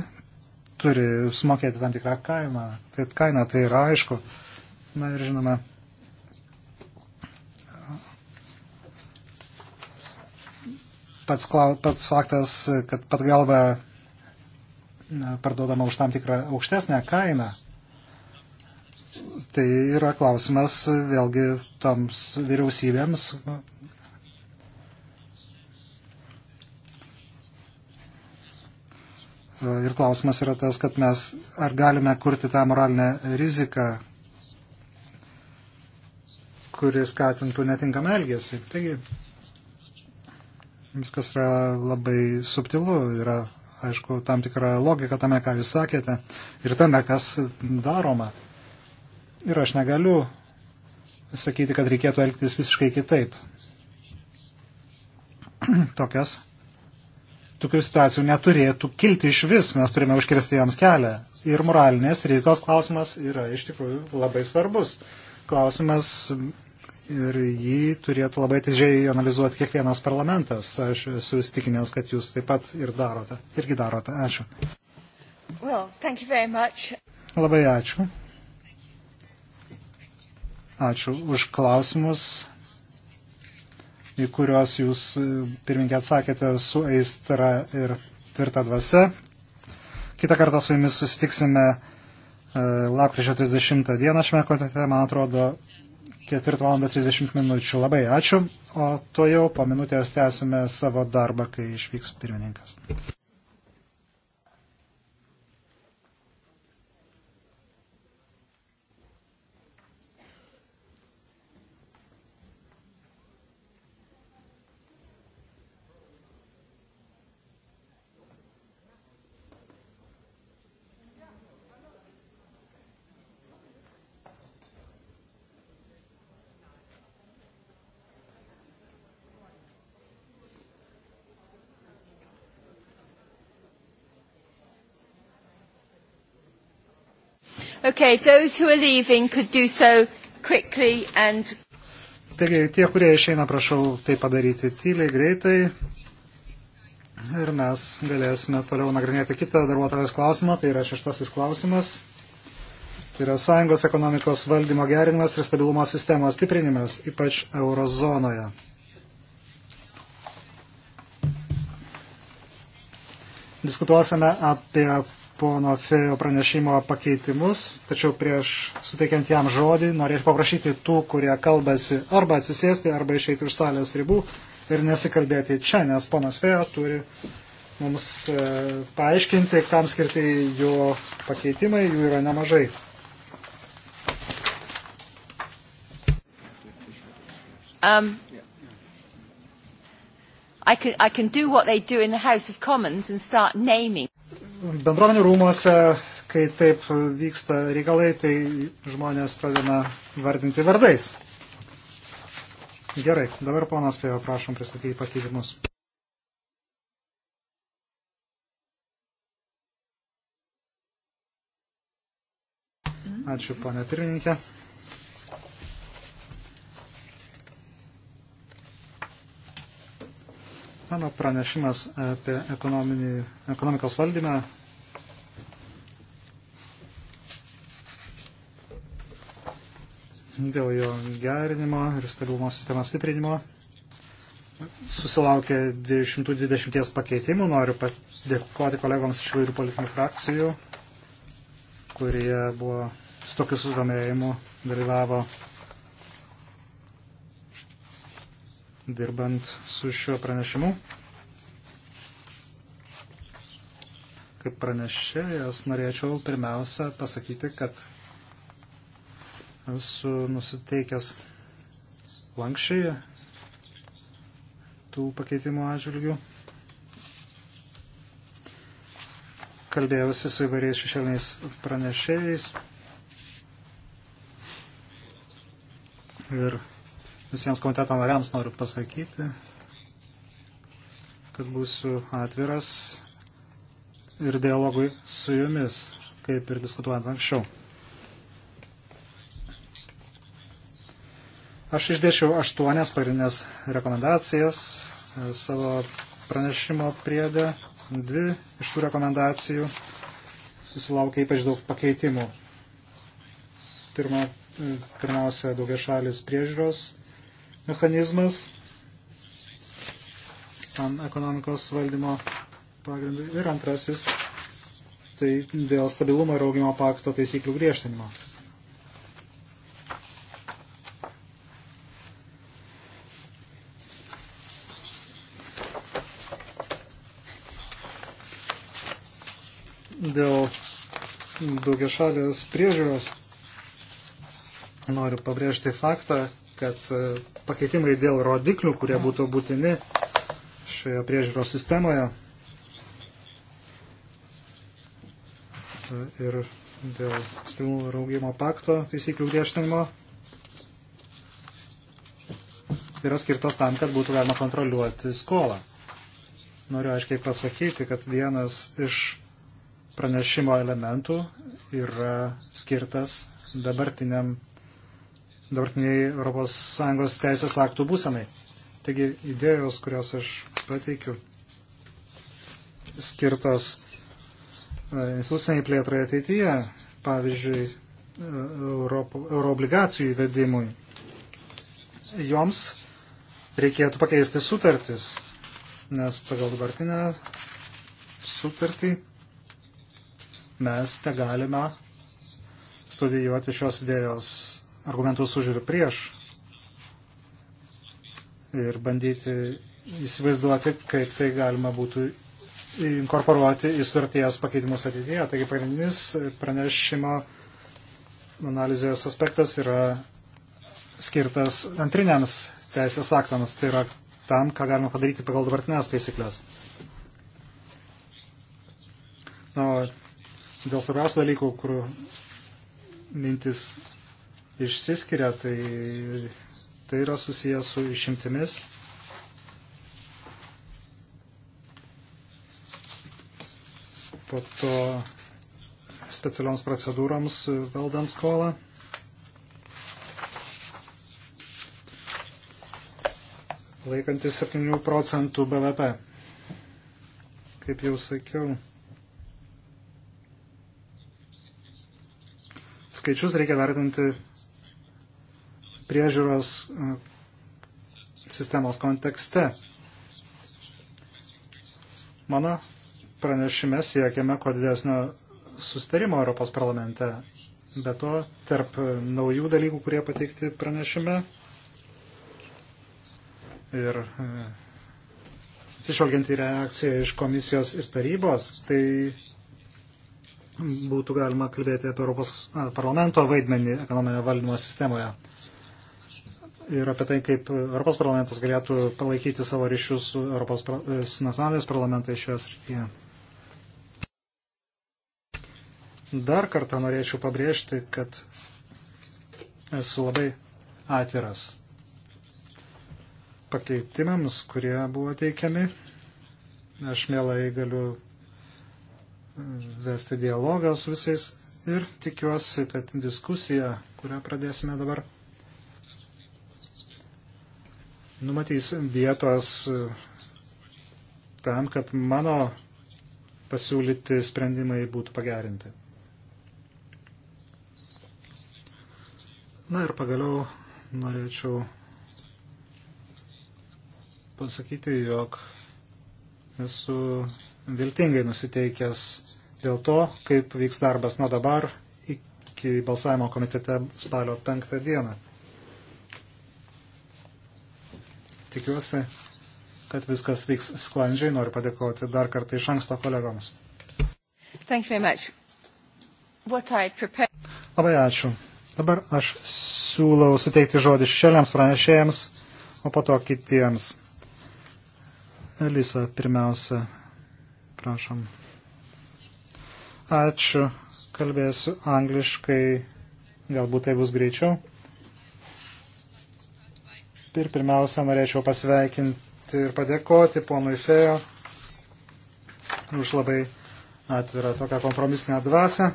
turi sumokėti tam tikrą kainą. Tai kaina tai yra aišku. Na ir žinoma, pats, klau, pats faktas, kad pat galva parduodama už tam tikrą aukštesnę kainą, Tai yra klausimas vėlgi toms vyriausybėms. Ir klausimas yra tas, kad mes ar galime kurti tą moralinę riziką, kuris skatintų netinkamą elgesį. Taigi, viskas yra labai subtilu, yra, aišku, tam tikra logika tame, ką jūs sakėte ir tame, kas daroma. Ir aš negaliu sakyti, kad reikėtų elgtis visiškai kitaip. Tokias. Tokių situacijų neturėtų kilti iš vis, mes turime užkirsti joms kelią. Ir moralinės rizikos klausimas yra iš tikrųjų labai svarbus. Klausimas ir jį turėtų labai atidžiai analizuoti kiekvienas parlamentas. Aš esu įstikinęs, kad jūs taip pat ir darote. Irgi darote. Ačiū. Well, labai ačiū. Ačiū už klausimus, į kuriuos jūs e, pirmininkė atsakėte su aistra ir tvirta dvasia. Kita kartą su jumis susitiksime e, lapkričio 30 dieną šiame komitete, man atrodo, 4 val. 30 minučių. Labai ačiū, o to jau po minutės tęsime savo darbą, kai išvyks pirmininkas. Okay, those who are leaving could do so quickly and. Taigi, tie, kurie išeina, prašau tai padaryti tyliai, greitai. Ir mes galėsime toliau nagrinėti kitą darbuotojas klausimą, tai yra šeštasis klausimas. Tai yra sąjungos ekonomikos valdymo gerinimas ir stabilumo sistemos stiprinimas, ypač eurozonoje. Diskutuosime apie pono Fejo pranešimo pakeitimus, tačiau prieš suteikiant jam žodį norėčiau paprašyti tų, kurie kalbasi arba atsisėsti, arba išeiti už salės ribų ir nesikalbėti čia, nes ponas Fejo turi mums e, paaiškinti, kam skirti jo pakeitimai, jų yra nemažai. Um. I can, I can do what they do in the House of Commons and start naming bendruomenių rūmose, kai taip vyksta reikalai, tai žmonės pradeda vardinti vardais. Gerai, dabar ponas Pėjo, prašom pristatyti pakeitimus. Ačiū, ponė pirmininkė. Mano pranešimas apie ekonomikos valdymą dėl jo gerinimo ir stabilumo sistemos stiprinimo susilaukė 220 pakeitimų. Noriu padėkoti kolegoms iš vairių politinių frakcijų, kurie buvo su tokiu susidomėjimu dalyvavo dirbant su šiuo pranešimu. Kaip pranešėjas norėčiau pirmiausia pasakyti, kad esu nusiteikęs lankščiai tų pakeitimų atžvilgių. Kalbėjausi su įvairiais šešėliniais pranešėjais ir visiems komiteto nariams noriu pasakyti, kad būsiu atviras ir dialogui su jumis, kaip ir diskutuojant anksčiau. Aš išdėšiau aštuonias pagrindinės rekomendacijas e, savo pranešimo priedę. Dvi iš tų rekomendacijų susilaukė ypač daug pakeitimų. Pirma, e, pirmiausia, daugia šalis priežiūros mechanizmas tam ekonomikos valdymo pagrindui. Ir antrasis, tai dėl stabilumo ir augimo pakto taisyklių griežtinimo. Dėl daugiašalės priežiūros noriu pabrėžti faktą, kad e, pakeitimai dėl rodiklių, kurie būtų būtini šioje priežiūros sistemoje e, ir dėl stimulų ir augimo pakto taisyklių griežtinimo yra skirtos tam, kad būtų galima kontroliuoti skolą. Noriu aiškiai pasakyti, kad vienas iš pranešimo elementų yra skirtas dabartiniam dabartiniai ES teisės aktų būsenai. Taigi idėjos, kurias aš pateikiu, skirtos e, instituciniai plėtrai ateityje, pavyzdžiui, e, euroobligacijų euro įvedimui. Joms reikėtų pakeisti sutartis, nes pagal dabartinę sutartį mes negalime studijuoti šios idėjos argumentus už ir prieš ir bandyti įsivaizduoti, kaip tai galima būtų inkorporuoti į sutarties pakeitimus ateityje. Taigi pagrindinis pranešimo analizės aspektas yra skirtas antriniams teisės aktams, tai yra tam, ką galima padaryti pagal dabartinės taisyklės. Na, dėl svarbiausių dalykų, kur mintis išsiskiria, tai, tai yra susijęs su išimtimis. Po to specialioms procedūroms valdant skolą. laikantis 7 procentų BVP. Kaip jau sakiau, skaičius reikia vertinti priežiūros e, sistemos kontekste. Mano pranešime siekiame kuo didesnio sustarimo Europos parlamente. Be to, tarp naujų dalykų, kurie pateikti pranešime ir e, atsižvelgiant į reakciją iš komisijos ir tarybos, tai būtų galima kalbėti apie Europos parlamento vaidmenį ekonominio valdymo sistemoje ir apie tai, kaip Europos parlamentas galėtų palaikyti savo ryšius su, Europos, e, su nacionalinės parlamentai šioje srityje. Dar kartą norėčiau pabrėžti, kad esu labai atviras pakeitimams, kurie buvo teikiami. Aš mielai galiu e, vesti dialogą su visais ir tikiuosi, kad diskusija, kurią pradėsime dabar, numatys vietos e, tam, kad mano pasiūlyti sprendimai būtų pagerinti. Na ir pagaliau norėčiau pasakyti, jog esu viltingai nusiteikęs dėl to, kaip vyks darbas nuo dabar iki balsavimo komitete spalio penktą dieną. tikiuosi, kad viskas vyks sklandžiai. Noriu padėkoti dar kartą iš anksto kolegoms. Labai ačiū. Dabar aš siūlau suteikti žodį šešėliams pranešėjams, o po to kitiems. Elisa, pirmiausia, prašom. Ačiū. Kalbėsiu angliškai. Galbūt tai bus greičiau. Ir pirmiausia, norėčiau pasveikinti ir padėkoti ponui Fejo už labai atvirą tokią kompromisinę dvasę.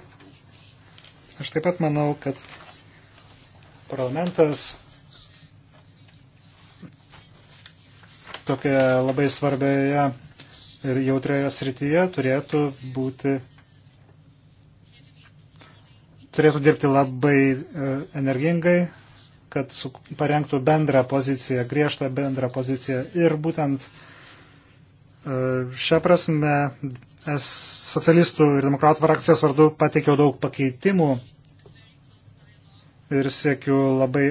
Aš taip pat manau, kad parlamentas tokia labai svarbioje ir jautrioje srityje turėtų būti turėtų dirbti labai e, energingai kad su, parengtų bendrą poziciją, griežtą bendrą poziciją. Ir būtent e, šią prasme socialistų ir demokratų frakcijos vardu pateikiau daug pakeitimų ir siekiu labai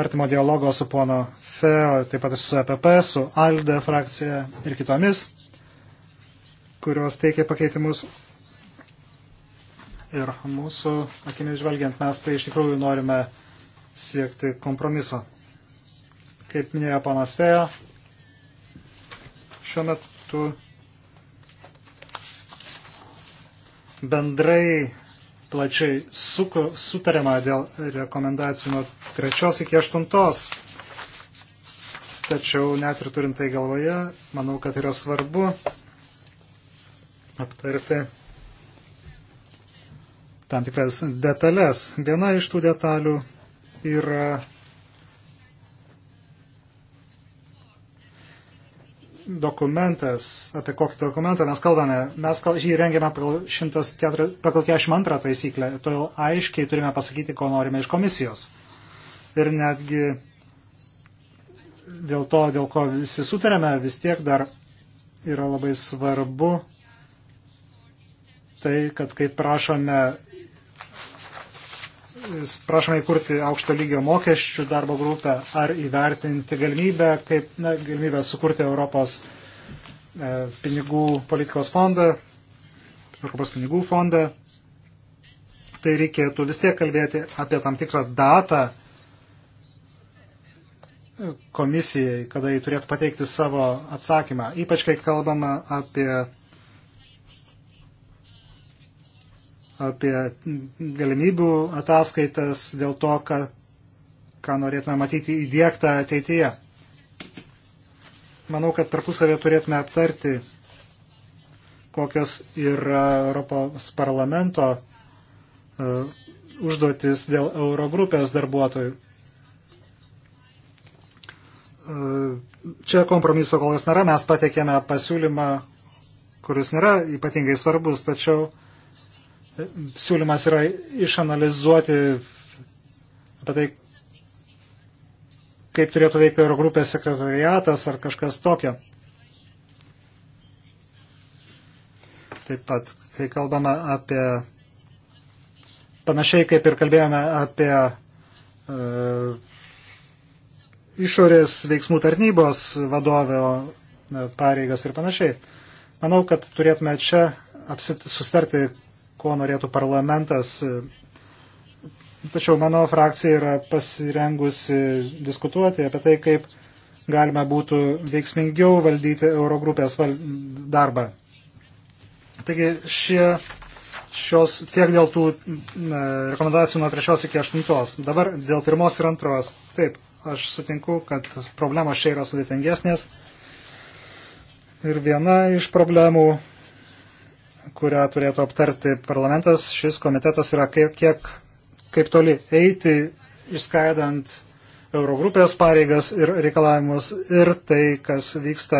artimo dialogo su pono Feo, taip pat ir su EPP, su ALDE frakcija ir kitomis, kurios teikia pakeitimus ir mūsų akimis žvelgiant mes tai iš tikrųjų norime siekti kompromiso. Kaip minėjo panas Feja, šiuo metu bendrai plačiai suko, sutariama dėl rekomendacijų nuo trečios iki aštuntos. Tačiau net ir turint tai galvoje, manau, kad yra svarbu aptarti tam tikras detalės. Viena iš tų detalių yra dokumentas, apie kokį dokumentą mes kalbame. Mes kal, jį rengiame pagal 142 taisyklę, todėl aiškiai turime pasakyti, ko norime iš komisijos. Ir netgi dėl to, dėl ko visi sutarėme, vis tiek dar yra labai svarbu tai, kad kai prašome prašome įkurti aukšto lygio mokesčių darbo grupę ar įvertinti galimybę, kaip, na, galimybę sukurti Europos e, pinigų politikos fondą, Europos pinigų fondą. Tai reikėtų vis tiek kalbėti apie tam tikrą datą komisijai, kada jį turėtų pateikti savo atsakymą. Ypač, kai kalbama apie apie galimybių ataskaitas dėl to, ką, ką norėtume matyti įdėktą ateityje. Manau, kad tarpusavė turėtume aptarti, kokios yra Europos parlamento uh, užduotis dėl Eurogrupės darbuotojų. E, čia kompromiso kol kas nėra, mes pateikėme pasiūlymą, kuris nėra ypatingai svarbus, tačiau uh, siūlymas yra išanalizuoti apie tai, kaip turėtų veikti Eurogrupės sekretariatas ar kažkas tokio. Taip pat, kai kalbame apie, panašiai kaip ir kalbėjome apie e, išorės veiksmų tarnybos vadovio e, pareigas ir panašiai. Manau, kad turėtume čia susitarti, ko norėtų parlamentas. Tačiau mano frakcija yra pasirengusi diskutuoti apie tai, kaip galima būtų veiksmingiau valdyti Eurogrupės val darbą. Taigi šie, šios tiek dėl tų na, rekomendacijų nuo 3 iki 8. Dabar dėl pirmos ir antros. Taip, aš sutinku, kad problemos čia yra sudėtingesnės. Ir viena iš problemų kurią turėtų aptarti parlamentas, šis komitetas yra kaip, kiek, kaip toli eiti, išskaidant Eurogrupės pareigas ir reikalavimus ir tai, kas vyksta,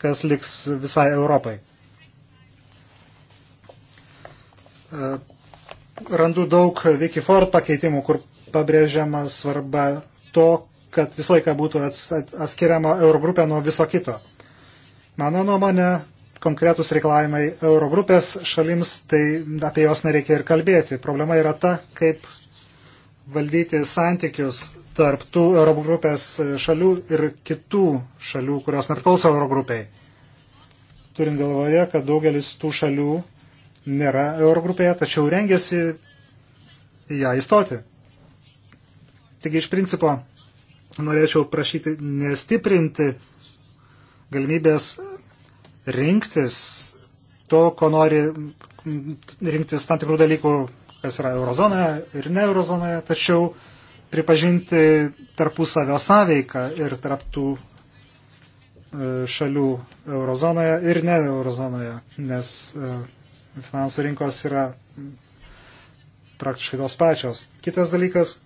kas liks visai Europai. E, randu daug Wikifort pakeitimų, kur pabrėžiama svarba to, kad visą laiką būtų atskiriama Eurogrupė nuo viso kito. Mano nuomonė, konkretus reikalavimai Eurogrupės šalims, tai apie juos nereikia ir kalbėti. Problema yra ta, kaip valdyti santykius tarp tų Eurogrupės šalių ir kitų šalių, kurios nepriklauso Eurogrupiai. Turint galvoje, kad daugelis tų šalių nėra Eurogrupėje, tačiau rengiasi į ją įstoti. Taigi iš principo norėčiau prašyti nestiprinti galimybės rinktis to, ko nori rinktis tam tikrų dalykų, kas yra eurozonoje ir ne eurozonoje, tačiau pripažinti tarpusavio sąveiką ir tarptų e, šalių eurozonoje ir ne eurozonoje, nes e, finansų rinkos yra praktiškai tos pačios. Kitas dalykas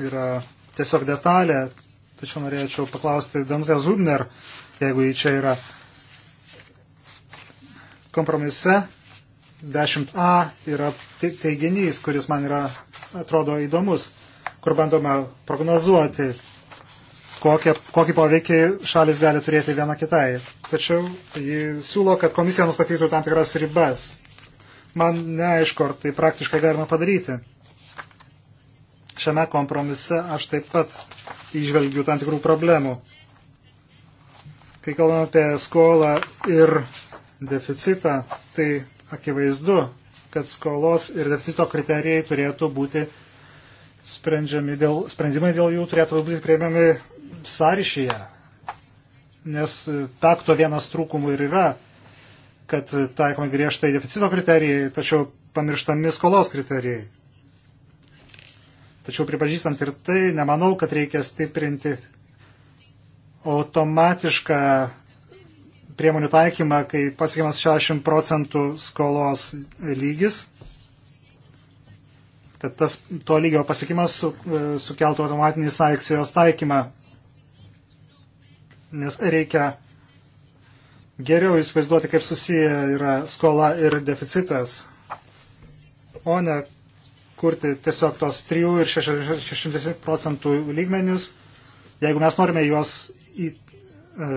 yra tiesiog detalė, tačiau norėčiau paklausti Danutės Hubner, jeigu jį čia yra kompromise. 10a yra teiginys, kuris man yra, atrodo įdomus, kur bandoma prognozuoti, kokie, kokį poveikį šalis gali turėti viena kitai. Tačiau jį siūlo, kad komisija nustatytų tam tikras ribas. Man neaišku, ar tai praktiškai galima padaryti. Šiame kompromise aš taip pat išvelgiu tam tikrų problemų. Kai kalbame apie skolą ir deficitą, tai akivaizdu, kad skolos ir deficito kriterijai turėtų būti sprendžiami dėl, sprendimai dėl jų turėtų būti prieimiami sąryšyje. Nes takto vienas trūkumų ir yra, kad taikomi griežtai deficito kriterijai, tačiau pamirštami skolos kriterijai. Tačiau pripažįstant ir tai, nemanau, kad reikia stiprinti automatišką priemonių taikymą, kai pasiekiamas 60 procentų skolos lygis, kad tas to lygio pasiekimas su, e, sukeltų automatinį sankcijos taikymą, nes reikia geriau įsivaizduoti, kaip susiję yra skola ir deficitas, o ne kurti tiesiog tos 3 ir 60 procentų lygmenius. Jeigu mes norime juos į, e,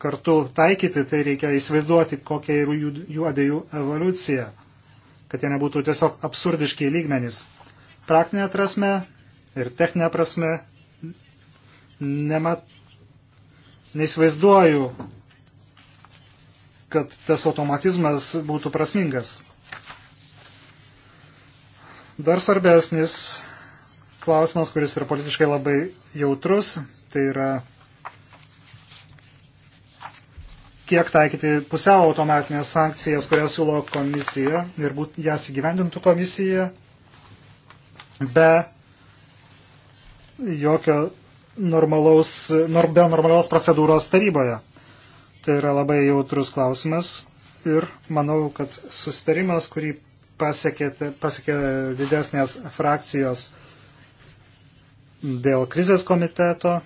kartu taikyti, tai reikia įsivaizduoti, kokia yra jų, jų abiejų evoliucija, kad jie nebūtų tiesiog absurdiški lygmenys. Praktinė prasme ir techninė prasme nemat, neįsivaizduoju, kad tas automatizmas būtų prasmingas. Dar svarbesnis klausimas, kuris yra politiškai labai jautrus, tai yra kiek taikyti pusiau automatinės sankcijas, kurias siūlo komisija ir būt jas įgyvendintų komisija be jokio normalaus, nor, be normalios procedūros taryboje. Tai yra labai jautrus klausimas ir manau, kad sustarimas, kurį pasiekė, pasiekė didesnės frakcijos dėl krizės komiteto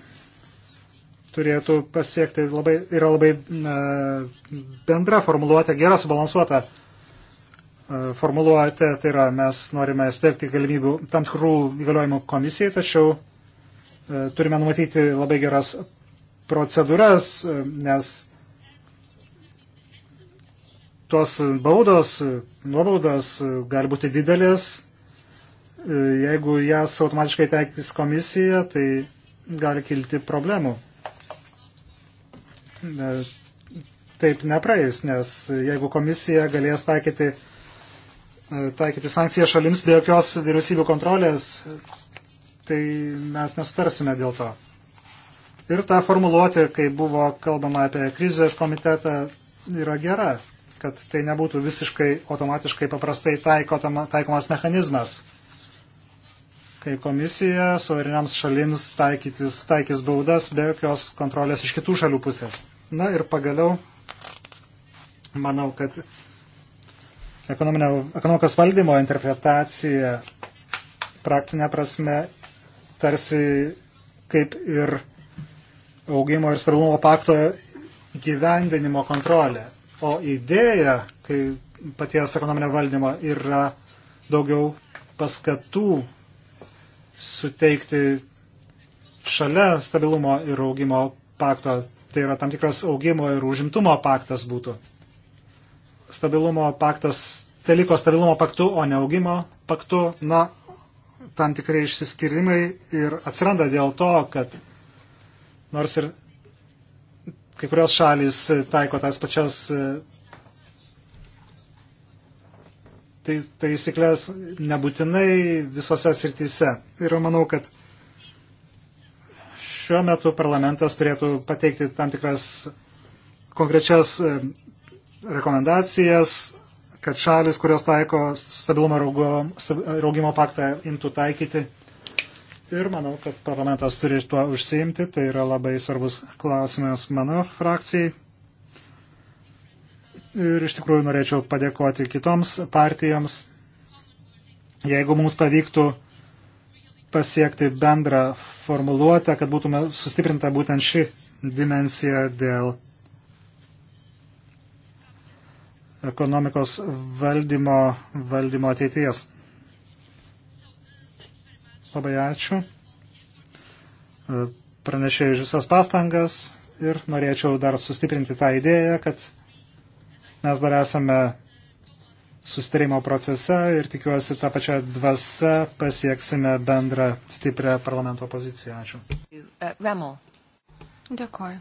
turėtų pasiekti, labai, yra labai bendra formuluotė, gera subalansuota e, formuluotė, tai yra mes norime suteikti galimybių tam tikrų įgaliojimų komisijai, tačiau e, turime numatyti labai geras procedūras, e, nes tos baudos, nuobaudos gali būti didelės. Jeigu jas automatiškai teiktis komisija, tai gali kilti problemų taip nepraeis, nes jeigu komisija galės taikyti, e, taikyti sankciją šalims be jokios vyriausybių kontrolės, tai mes nesutarsime dėl to. Ir ta formuluotė, kai buvo kalbama apie krizės komitetą, yra gera, kad tai nebūtų visiškai automatiškai paprastai taikomas mechanizmas, kai komisija suveriniams šalims taikytis, taikys baudas be jokios kontrolės iš kitų šalių pusės. Na ir pagaliau, manau, kad ekonomikos valdymo interpretacija praktinė prasme tarsi kaip ir augimo ir stabilumo pakto gyvendinimo kontrolė. O idėja, kai paties ekonominio valdymo yra daugiau paskatų suteikti šalia stabilumo ir augimo pakto tai yra tam tikras augimo ir užimtumo paktas būtų. Stabilumo paktas, tai liko stabilumo paktu, o ne augimo paktu. Na, tam tikrai išsiskirimai ir atsiranda dėl to, kad nors ir kai kurios šalis taiko tas pačias tai taisyklės nebūtinai visose srityse. Ir manau, kad šiuo metu parlamentas turėtų pateikti tam tikras konkrečias e, rekomendacijas, kad šalis, kurios taiko stabilumo raugo, raugimo paktą, imtų taikyti. Ir manau, kad parlamentas turi tuo užsiimti. Tai yra labai svarbus klausimas mano frakcijai. Ir iš tikrųjų norėčiau padėkoti kitoms partijoms. Jeigu mums pavyktų uh, pasiekti bendrą formuluotę, kad būtume sustiprinta būtent ši dimensija dėl ekonomikos valdymo, valdymo ateities. Labai ačiū. Pranešėjau iš visas pastangas ir norėčiau dar sustiprinti tą idėją, kad mes dar esame sustarimo procese ir tikiuosi tą pačią dvasę pasieksime bendrą stiprią parlamento poziciją. Ačiū. Uh, Remo. Dėkoju.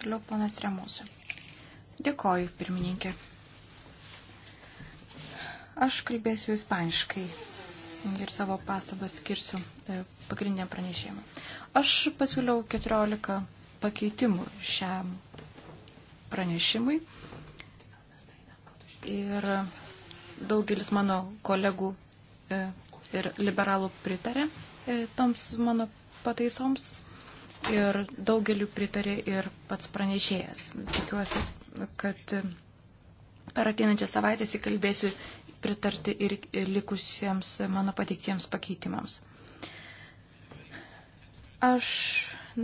Toliau ponas Tremusi. Dėkoju, pirmininkė. Aš kalbėsiu ispaniškai, ir savo pastabas skirsiu e, pagrindiniam pranešėjimui. Aš pasiūliau 14 pakeitimų šiam pranešimui ir daugelis mano kolegų e, ir liberalų pritarė e, toms mano pataisoms ir daugeliu pritarė ir pats pranešėjas. Tikiuosi, kad per ateinančią savaitę įsikalbėsiu pritarti ir likusiems mano pateiktiems pakeitimams. Aš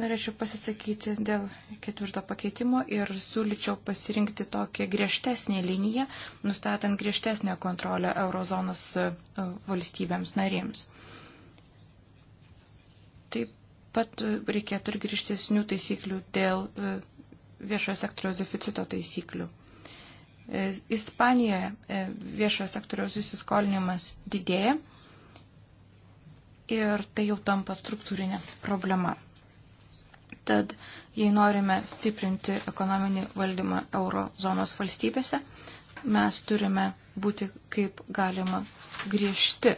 norėčiau pasisakyti dėl ketvirto pakeitimo ir siūlyčiau pasirinkti tokią griežtesnį liniją, nustatant griežtesnę kontrolę eurozonos e, valstybėms narėms. Taip pat reikėtų ir griežtesnių taisyklių dėl e, viešojo sektoriaus deficito taisyklių. E, Ispanijoje e, viešojo sektoriaus įsiskolinimas didėja ir tai jau tampa struktūrinė problema. Tad, jei norime stiprinti ekonominį valdymą eurozonos valstybėse, mes turime būti kaip galima griežti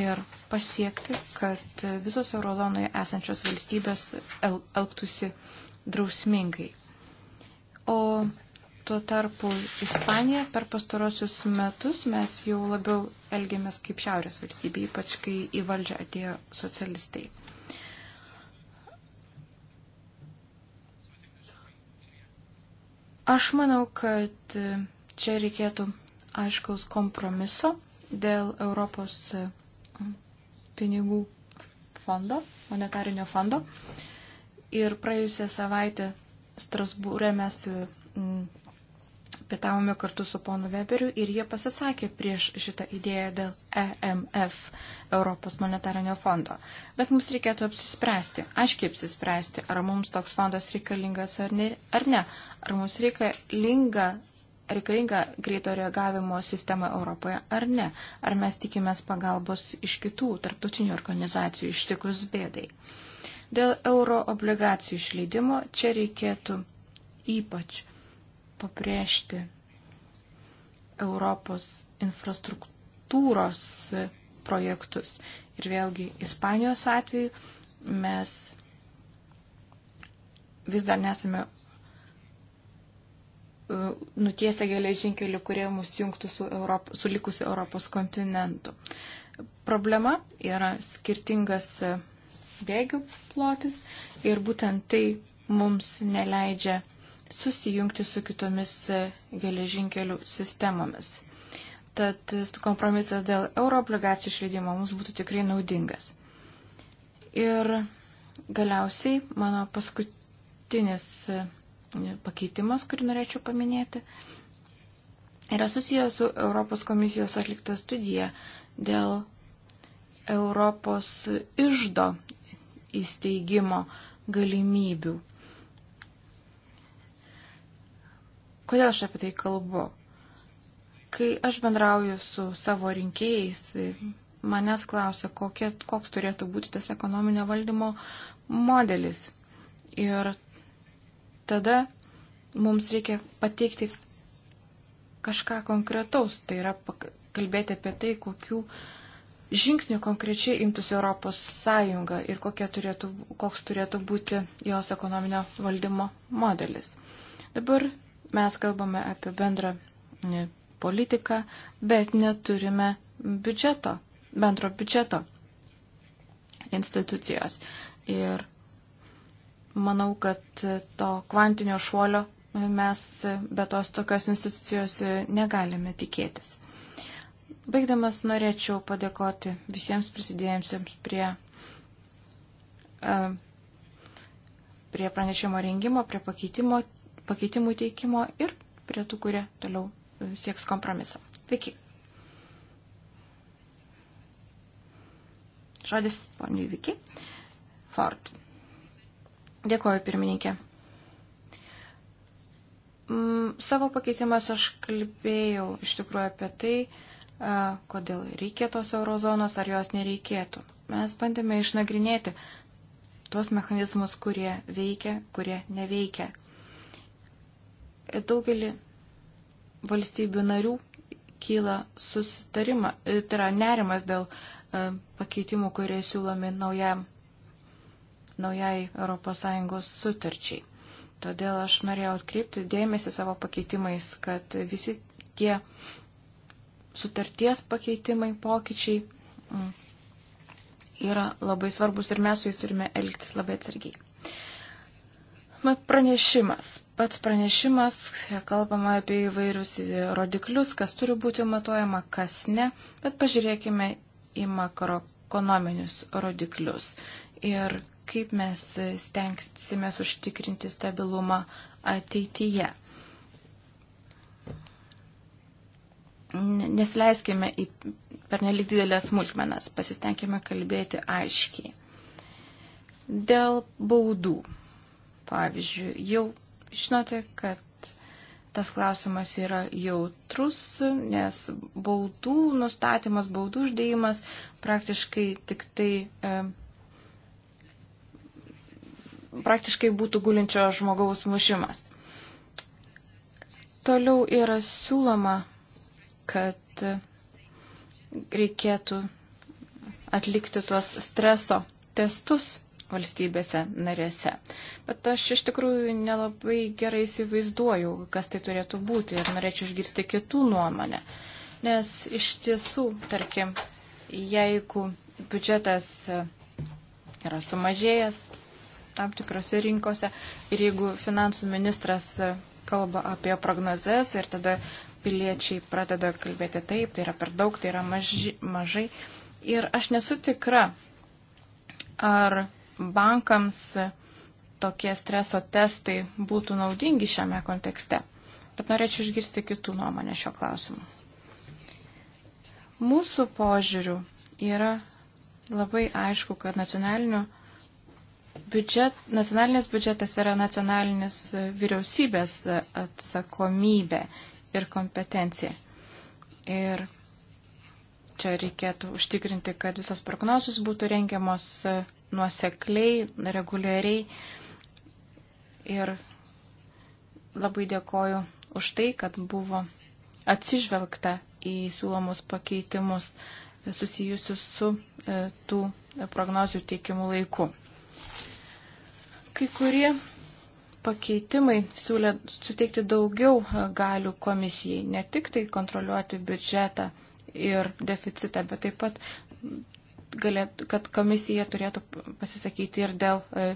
ir pasiekti, kad visos eurozonoje esančios valstybės el elgtųsi drausmingai. O Tuo tarpu Ispanija per pastarosius metus mes jau labiau elgiamės kaip šiaurės valstybė, ypač kai į valdžią atėjo socialistai. Aš manau, kad čia reikėtų aiškaus kompromiso dėl Europos pinigų fondo, monetarinio fondo. Ir praėjusią savaitę Strasbūrė mes mm, pietavome kartu su ponu Weberiu ir jie pasisakė prieš šitą idėją dėl EMF, Europos monetarinio fondo. Bet mums reikėtų apsispręsti, aiškiai apsispręsti, ar mums toks fondas reikalingas ar ne, ar ne. ar mums reikalinga, reikalinga greito reagavimo sistema Europoje ar ne, ar mes tikimės pagalbos iš kitų tarptautinių organizacijų ištikus bėdai. Dėl euro obligacijų išleidimo čia reikėtų ypač pabrėžti Europos infrastruktūros projektus. Ir vėlgi Ispanijos atveju mes vis dar nesame e, nutiesę geležinkelių, kurie mus jungtų su, Europo, su likusiu Europos kontinentu. Problema yra skirtingas e, bėgių plotis ir būtent tai mums neleidžia susijungti su kitomis e, geležinkelių sistemomis. Tad e, kompromisas dėl euroobligacijų išleidimo mums būtų tikrai naudingas. Ir galiausiai mano paskutinis e, pakeitimas, kurį norėčiau paminėti, yra susijęs su Europos komisijos atlikta studija dėl Europos išdo įsteigimo galimybių. Kodėl aš apie tai kalbu? Kai aš bendrauju su savo rinkėjais, manęs klausia, kokie, koks turėtų būti tas ekonominio valdymo modelis. Ir tada mums reikia pateikti kažką konkretaus, tai yra kalbėti apie tai, kokių žingsnių konkrečiai imtųsi Europos Sąjunga ir turėtų, koks turėtų būti jos ekonominio valdymo modelis. Dabar Mes kalbame apie bendrą e, politiką, bet neturime biudžeto, bendro biudžeto institucijos. Ir manau, kad to kvantinio šuolio mes be tos tokios institucijos negalime tikėtis. Baigdamas norėčiau padėkoti visiems prisidėjusiems prie, e, prie pranešimo rengimo, prie pakeitimo pakeitimų teikimo ir prie tų, kurie toliau sieks kompromiso. Viki. Žodis poniai Viki. Ford. Dėkuoju, pirmininkė. Mm, savo pakeitimas aš kalbėjau iš tikrųjų apie tai, kodėl reikia tos eurozonos ar jos nereikėtų. Mes bandėme išnagrinėti tuos mechanizmus, kurie veikia, kurie neveikia, daugelį valstybių narių kyla susitarima, e, tai yra nerimas dėl e, pakeitimų, kurie siūlomi naujam, naujai ES sutarčiai. Todėl aš norėjau atkreipti dėmesį savo pakeitimais, kad visi tie sutarties pakeitimai, pokyčiai mm, yra labai svarbus ir mes su jais turime elgtis labai atsargiai. Pranešimas Pats pranešimas, kalbama apie įvairius rodiklius, kas turi būti matuojama, kas ne, bet pažiūrėkime į makroekonominius rodiklius ir kaip mes stengsime užtikrinti stabilumą ateityje. Nesileiskime į pernelik didelės smulkmenas, pasistengime kalbėti aiškiai. Dėl baudų, pavyzdžiui, jau žinote, kad tas klausimas yra jautrus, nes baudų nustatymas, baudų uždėjimas praktiškai tik tai. E, praktiškai būtų gulinčio žmogaus mušimas. Toliau yra siūloma, kad reikėtų atlikti tuos streso testus valstybėse narėse. Bet aš iš tikrųjų nelabai gerai įsivaizduoju, kas tai turėtų būti ir norėčiau išgirsti kitų nuomonę. Nes iš tiesų, tarkim, jeigu biudžetas e, yra sumažėjęs tam tikrose rinkose ir jeigu finansų ministras e, kalba apie prognozes ir tada piliečiai pradeda kalbėti taip, tai yra per daug, tai yra maži, mažai. Ir aš nesu tikra, ar bankams tokie streso testai būtų naudingi šiame kontekste. Bet norėčiau išgirsti kitų nuomonę šio klausimu. Mūsų požiūrių yra labai aišku, kad nacionalinių biudžet, nacionalinis biudžetas yra nacionalinis e, vyriausybės e, atsakomybė ir kompetencija. Ir čia reikėtų užtikrinti, kad visos prognozijos būtų rengiamos e, nuosekliai, reguliariai. Ir labai dėkoju už tai, kad buvo atsižvelgta į siūlomus pakeitimus susijusius su e, tų prognozių teikimų laiku. Kai kurie pakeitimai siūlė suteikti daugiau e, galių komisijai, ne tik tai kontroliuoti biudžetą ir deficitą, bet taip pat galėtų, kad komisija turėtų pasisakyti ir dėl e,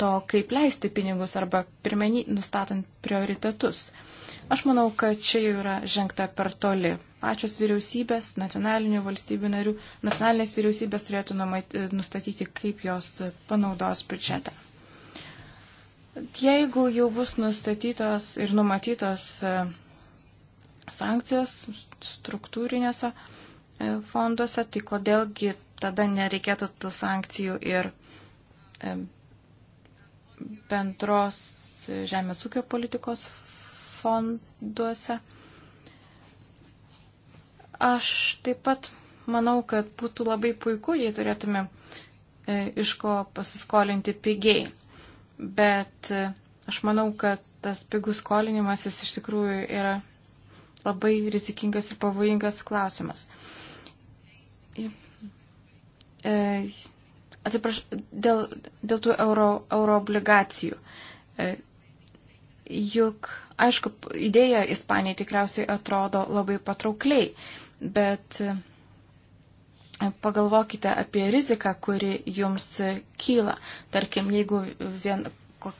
to, kaip leisti pinigus arba pirmenį nustatant prioritetus. Aš manau, kad čia jau yra žengta per toli. Pačios vyriausybės, nacionalinių valstybių narių, nacionalinės vyriausybės turėtų nustatyti, kaip jos panaudos biudžetą. Jeigu jau bus nustatytos ir numatytos e, sankcijos struktūrinėse E, fonduose, tai kodėlgi tada nereikėtų tų sankcijų ir e, bendros žemės ūkio politikos fonduose. Aš taip pat manau, kad būtų labai puiku, jei turėtume e, iš ko pasiskolinti pigiai. Bet aš manau, kad tas pigus skolinimas jis iš tikrųjų yra labai rizikingas ir pavojingas klausimas. E, Atsiprašau, dėl, dėl tų euro, euro obligacijų. E, juk, aišku, idėja Ispanijai tikriausiai atrodo labai patraukliai, bet e, pagalvokite apie riziką, kuri jums kyla. Tarkim, jeigu vien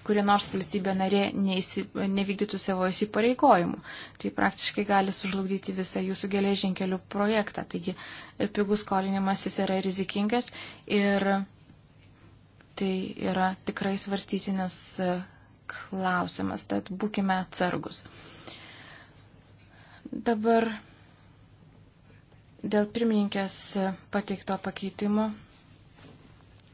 kuri nors valstybė narė neįsi, nevykdytų savo įsipareigojimų. Tai praktiškai gali sužlugdyti visą jūsų geležinkelių projektą. Taigi e, pigus skolinimas jis yra rizikingas ir tai yra tikrai svarstytinas e, klausimas, tad būkime atsargus. Dabar dėl pirmininkės e, pateikto pakeitimo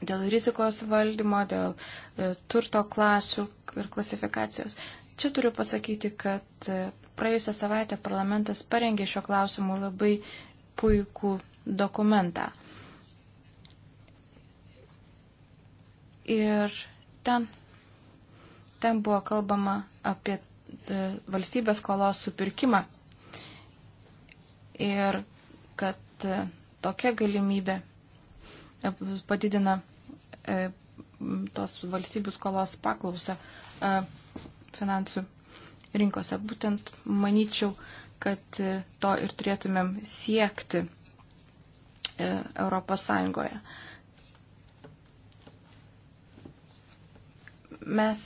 dėl rizikos valdymo, dėl e, turto klasių ir klasifikacijos. Čia turiu pasakyti, kad e, praėjusią savaitę parlamentas parengė šio klausimu labai puikų dokumentą. Ir ten, ten buvo kalbama apie e, valstybės skolos supirkimą ir kad tokia galimybė padidina e, tos valstybių skolos paklausą e, finansų rinkose. Būtent manyčiau, kad e, to ir turėtumėm siekti Europos Sąjungoje. Mes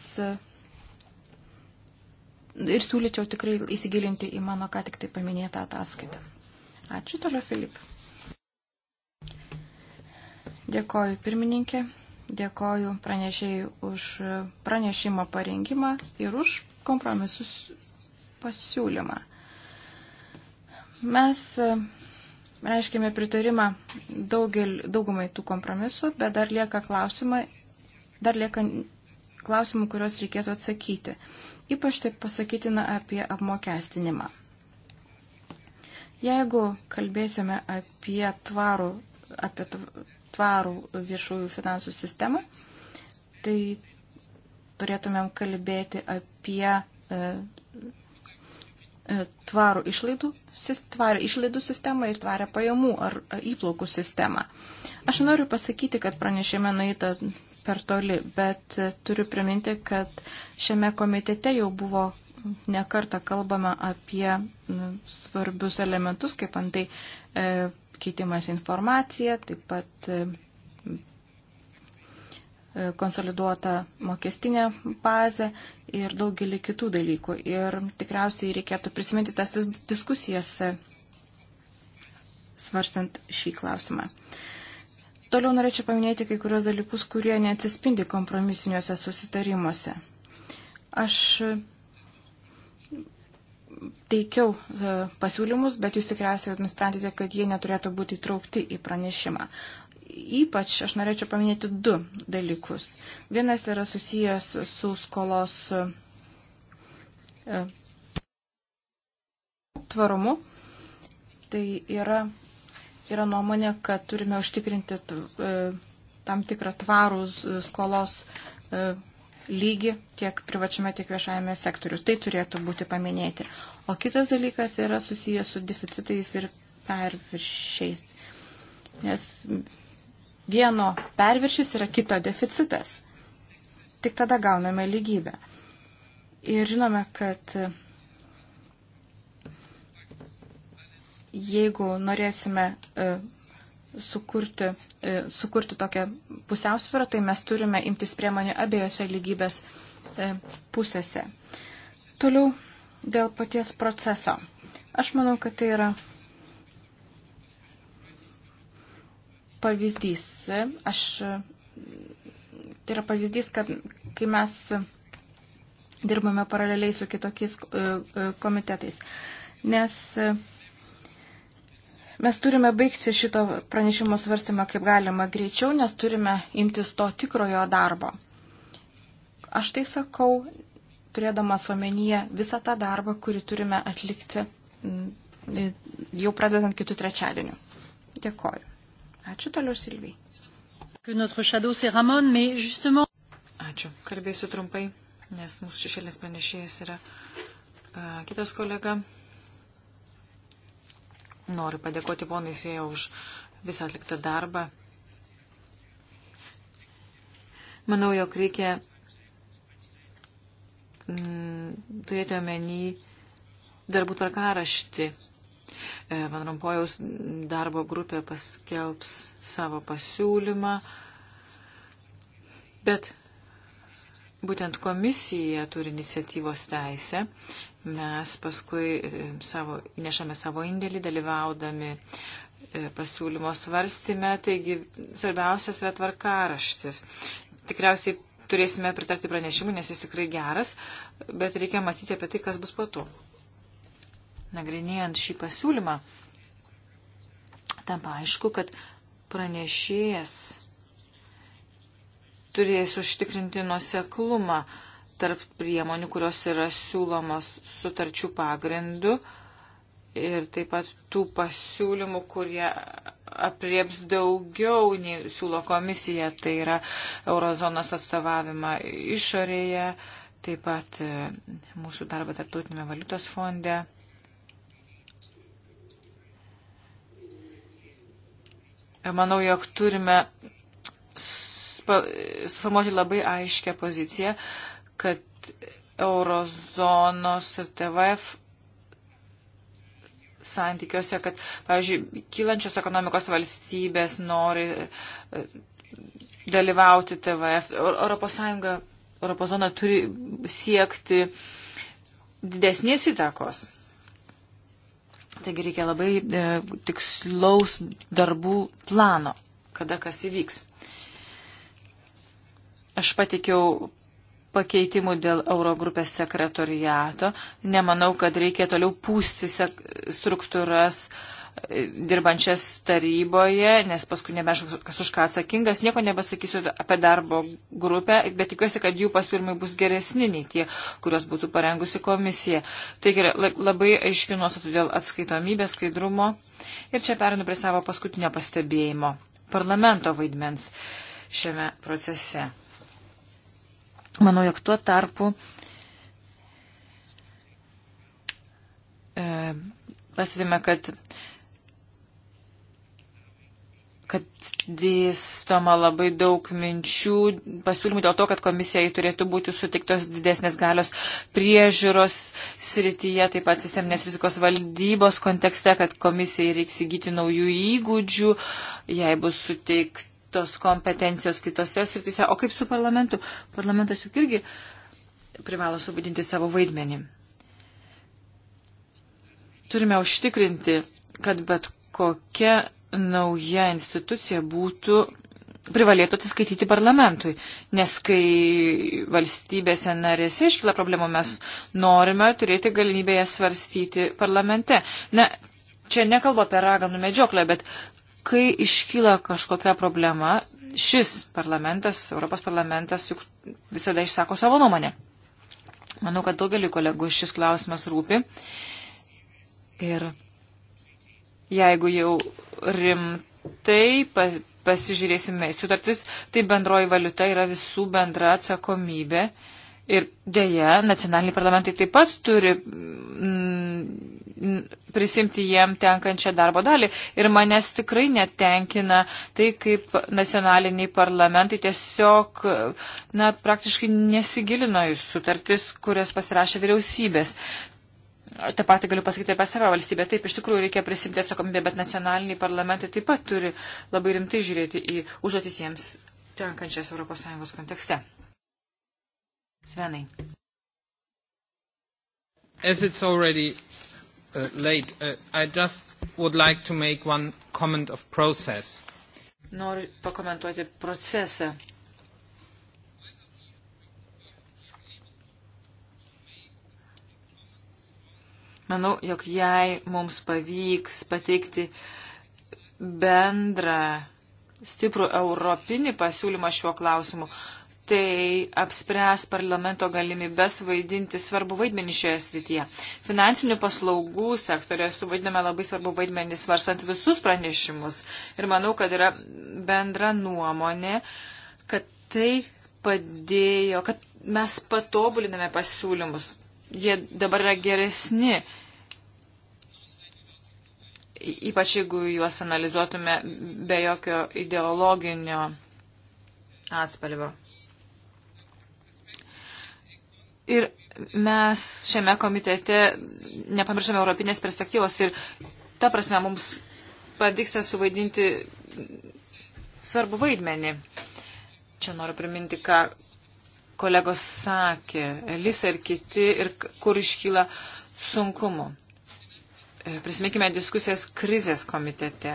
ir siūlyčiau tikrai įsigilinti į mano ką tik tai paminėtą ataskaitą. Ačiū toliau, Filip. Dėkoju pirmininkė, dėkoju pranešėjai už pranešimo parengimą ir už kompromisus pasiūlymą. Mes e, reiškėme pritarimą daugel, daugumai tų kompromisų, bet dar lieka, klausimai, dar lieka klausimų, kuriuos reikėtų atsakyti. Ypač tai pasakytina apie apmokestinimą. Jeigu kalbėsime apie tvarų, apie tvarų tvarų viešųjų finansų sistemą, tai turėtumėm kalbėti apie e, e, tvarų išlaidų, tvarę išlaidų sistemą ir tvarę pajamų ar e, įplaukų sistemą. Aš noriu pasakyti, kad pranešime nueita per toli, bet turiu priminti, kad šiame komitete jau buvo nekarta kalbama apie svarbius elementus, kaip antai e, keitimas informacija, taip pat e, konsoliduota mokestinė bazė ir daugelį kitų dalykų. Ir tikriausiai reikėtų prisiminti tas diskusijas e, svarstant šį klausimą. Toliau norėčiau paminėti kai kurios dalykus, kurie neatsispindi kompromisiniuose susitarimuose. Aš teikiau e, pasiūlymus, bet jūs tikriausiai nusprendėte, kad jie neturėtų būti įtraukti į pranešimą. Ypač aš norėčiau paminėti du dalykus. Vienas yra susijęs su skolos e, tvarumu. Tai yra, yra nuomonė, kad turime užtikrinti e, tam tikrą tvarų skolos lygį tiek privačiame, tiek viešajame sektoriu. Tai turėtų būti paminėti. O kitas dalykas yra susijęs su deficitais ir perviršiais. Nes vieno perviršis yra kito deficitas. Tik tada gauname lygybę. Ir žinome, kad jeigu norėsime e, sukurti, e, sukurti tokią pusiausvyrą, tai mes turime imtis priemonių abiejose lygybės e, pusėse. Toliau dėl paties proceso. Aš manau, kad tai yra pavyzdys. Aš, tai yra pavyzdys, kad kai mes dirbame paraleliai su kitokiais e, komitetais. Nes Mes turime baigti šito pranešimo svarstymą kaip galima greičiau, nes turime imtis to tikrojo darbo. Aš tai sakau, turėdamas omenyje visą tą darbą, kurį turime atlikti mm, jau pradedant kitų trečiadienių. Dėkoju. Ačiū toliau Silvijai. Ačiū. Kalbėsiu trumpai, nes mūsų šešėlės pranešėjas yra uh, kitas kolega. Noriu padėkoti ponui Fėjo už visą atliktą darbą. Manau, jog reikia mm, turėti omeny darbų tvarkaraštį. E, Van Rompojaus darbo grupė paskelbs savo pasiūlymą, bet būtent komisija turi iniciatyvos teisę Mes paskui e, savo, nešame savo indėlį, dalyvaudami e, pasiūlymo svarstymę, taigi svarbiausias yra tvarkaraštis. Tikriausiai turėsime pritarti pranešimui, nes jis tikrai geras, bet reikia mąstyti apie tai, kas bus po to. Nagrinėjant šį pasiūlymą, tampa aišku, kad pranešėjas turės užtikrinti nuoseklumą tarp priemonių, kurios yra siūlomas sutarčių pagrindu ir taip pat tų pasiūlymų, kurie aprieps daugiau nei siūlo komisija, tai yra eurozonos atstovavimą išorėje, taip pat e, mūsų darbą tarptautinėme valiutos fonde. Manau, jog turime suformuoti labai aiškę poziciją, kad eurozonos ir TVF santykiuose, kad, pavyzdžiui, kylančios ekonomikos valstybės nori e, dalyvauti TVF. Europos Sąjunga, Europos zona turi siekti didesnės įtakos. Taigi reikia labai e, tikslaus darbų plano, kada kas įvyks. Aš patikiau pakeitimų dėl Eurogrupės sekretoriato. Nemanau, kad reikia toliau pūsti struktūras e, dirbančias taryboje, nes paskui nebežinau, kas už ką atsakingas. Nieko nebesakysiu apie darbo grupę, bet tikiuosi, kad jų pasiūlymai bus geresni nei tie, kuriuos būtų parengusi komisija. Taigi labai aiškiu nuostatų dėl atskaitomybės, skaidrumo. Ir čia perinu prie savo paskutinio pastebėjimo. Parlamento vaidmens šiame procese. Manau, jog tuo tarpu e, pasivime, kad kad dėstoma labai daug minčių, pasiūlymų dėl to, kad komisijai turėtų būti sutiktos didesnės galios priežiūros srityje, taip pat sisteminės rizikos valdybos kontekste, kad komisijai reiks įgyti naujų įgūdžių, jai bus suteikti tos kompetencijos kitose srityse. O kaip su parlamentu? Parlamentas juk irgi privalo subidinti savo vaidmenį. Turime užtikrinti, kad bet kokia nauja institucija būtų privalėtų atsiskaityti parlamentui, nes kai valstybėse narėse iškila problemų, mes norime turėti galimybę jas svarstyti parlamente. Na, čia nekalbu apie raganų medžioklę, bet Kai iškyla kažkokia problema, šis parlamentas, Europos parlamentas juk visada išsako savo nuomonę. Manau, kad daugeliu kolegų šis klausimas rūpi. Ir jeigu jau rimtai pasižiūrėsime į sutartis, tai bendroji valiuta yra visų bendra atsakomybė. Ir dėja, nacionaliniai parlamentai taip pat turi mm, prisimti jiem tenkančią darbo dalį. Ir manęs tikrai netenkina tai, kaip nacionaliniai parlamentai tiesiog, na, praktiškai nesigilino į sutartis, kurias pasirašė vyriausybės. Ta pati galiu pasakyti apie savo valstybę. Taip, iš tikrųjų reikia prisimti atsakomybę, bet nacionaliniai parlamentai taip pat turi labai rimtai žiūrėti į užduotis jiems tenkančias ES kontekste. Svenai. As it's already uh, late. Uh, I just would like to make one comment of process. Noriu pakomentuoti procesą. Manau, jog jei mums pavyks pateikti bendrą stiprų europinį pasiūlymą šiuo klausimu, uh, tai apspręs parlamento galimybės vaidinti svarbu vaidmenį šioje srityje. Finansinių paslaugų sektorėje suvaidiname labai svarbu vaidmenį svarstant visus pranešimus. Ir manau, kad yra bendra nuomonė, kad tai padėjo, kad mes patobuliname pasiūlymus. Jie dabar yra geresni. Ypač jeigu juos analizuotume be jokio ideologinio atspalvio. Ir mes šiame komitete nepamiršame europinės perspektyvos ir ta prasme mums pavyksta suvaidinti svarbu vaidmenį. Čia noriu priminti, ką kolegos sakė, Elisa ir kiti, ir kur iškyla sunkumu. E, prisiminkime diskusijas krizės komitete.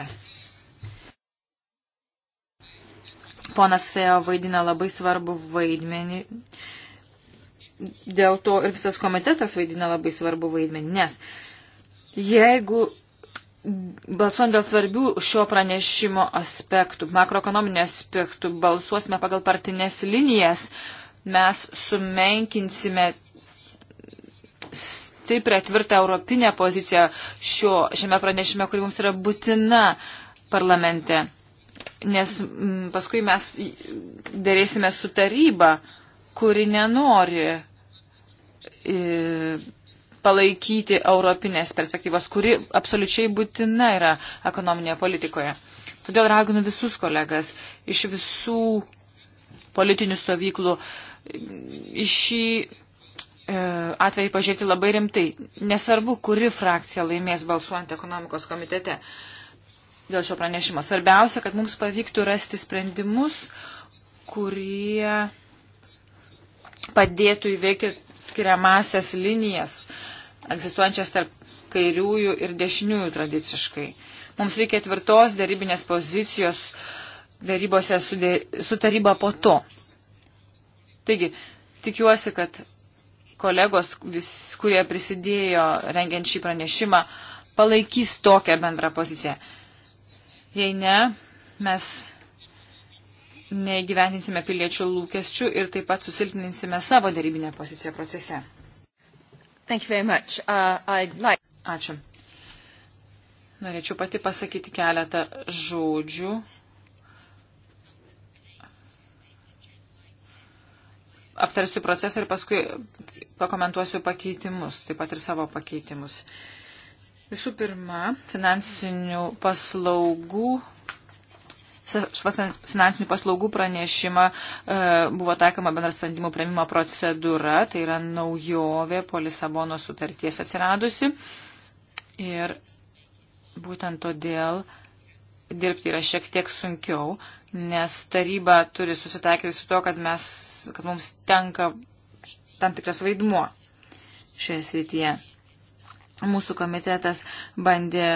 Ponas Fejo vaidina labai svarbu vaidmenį dėl to ir visas komitetas vaidina labai svarbu vaidmenį, nes jeigu balsuojant dėl svarbių šio pranešimo aspektų, makroekonominių aspektų, balsuosime pagal partinės linijas, mes sumenkinsime stiprią, tvirtą europinę poziciją šio, šiame pranešime, kuri mums yra būtina parlamente. Nes m, mm, paskui mes dėrėsime su taryba kuri nenori e, palaikyti europinės perspektyvos, kuri absoliučiai būtina yra ekonominėje politikoje. Todėl raginu visus kolegas iš visų politinių stovyklų e, šį e, atvejį pažiūrėti labai rimtai. Nesvarbu, kuri frakcija laimės balsuojant ekonomikos komitete dėl šio pranešimo. Svarbiausia, kad mums pavyktų rasti sprendimus, kurie padėtų įveikti skiriamasias linijas, egzistuojančias tarp kairiųjų ir dešiniųjų tradiciškai. Mums reikia tvirtos darybinės pozicijos darybose su, dė, su taryba po to. Taigi, tikiuosi, kad kolegos, vis, kurie prisidėjo rengiant šį pranešimą, palaikys tokią bendrą poziciją. Jei ne, mes neįgyvendinsime piliečių lūkesčių ir taip pat susilpninsime savo darybinę poziciją procese. Uh, like... Ačiū. Norėčiau pati pasakyti keletą žodžių. Aptarsiu procesą ir paskui pakomentuosiu pakeitimus, taip pat ir savo pakeitimus. Visų pirma, finansinių paslaugų finansinių paslaugų pranešimą e, buvo taikoma bendras sprendimų prieimimo procedūra, tai yra naujovė po Lisabono sutarties atsiradusi. Ir būtent todėl dirbti yra šiek tiek sunkiau, nes taryba turi susitaikyti su to, kad, mes, kad mums tenka tam tikras vaidmuo šioje srityje. Mūsų komitetas bandė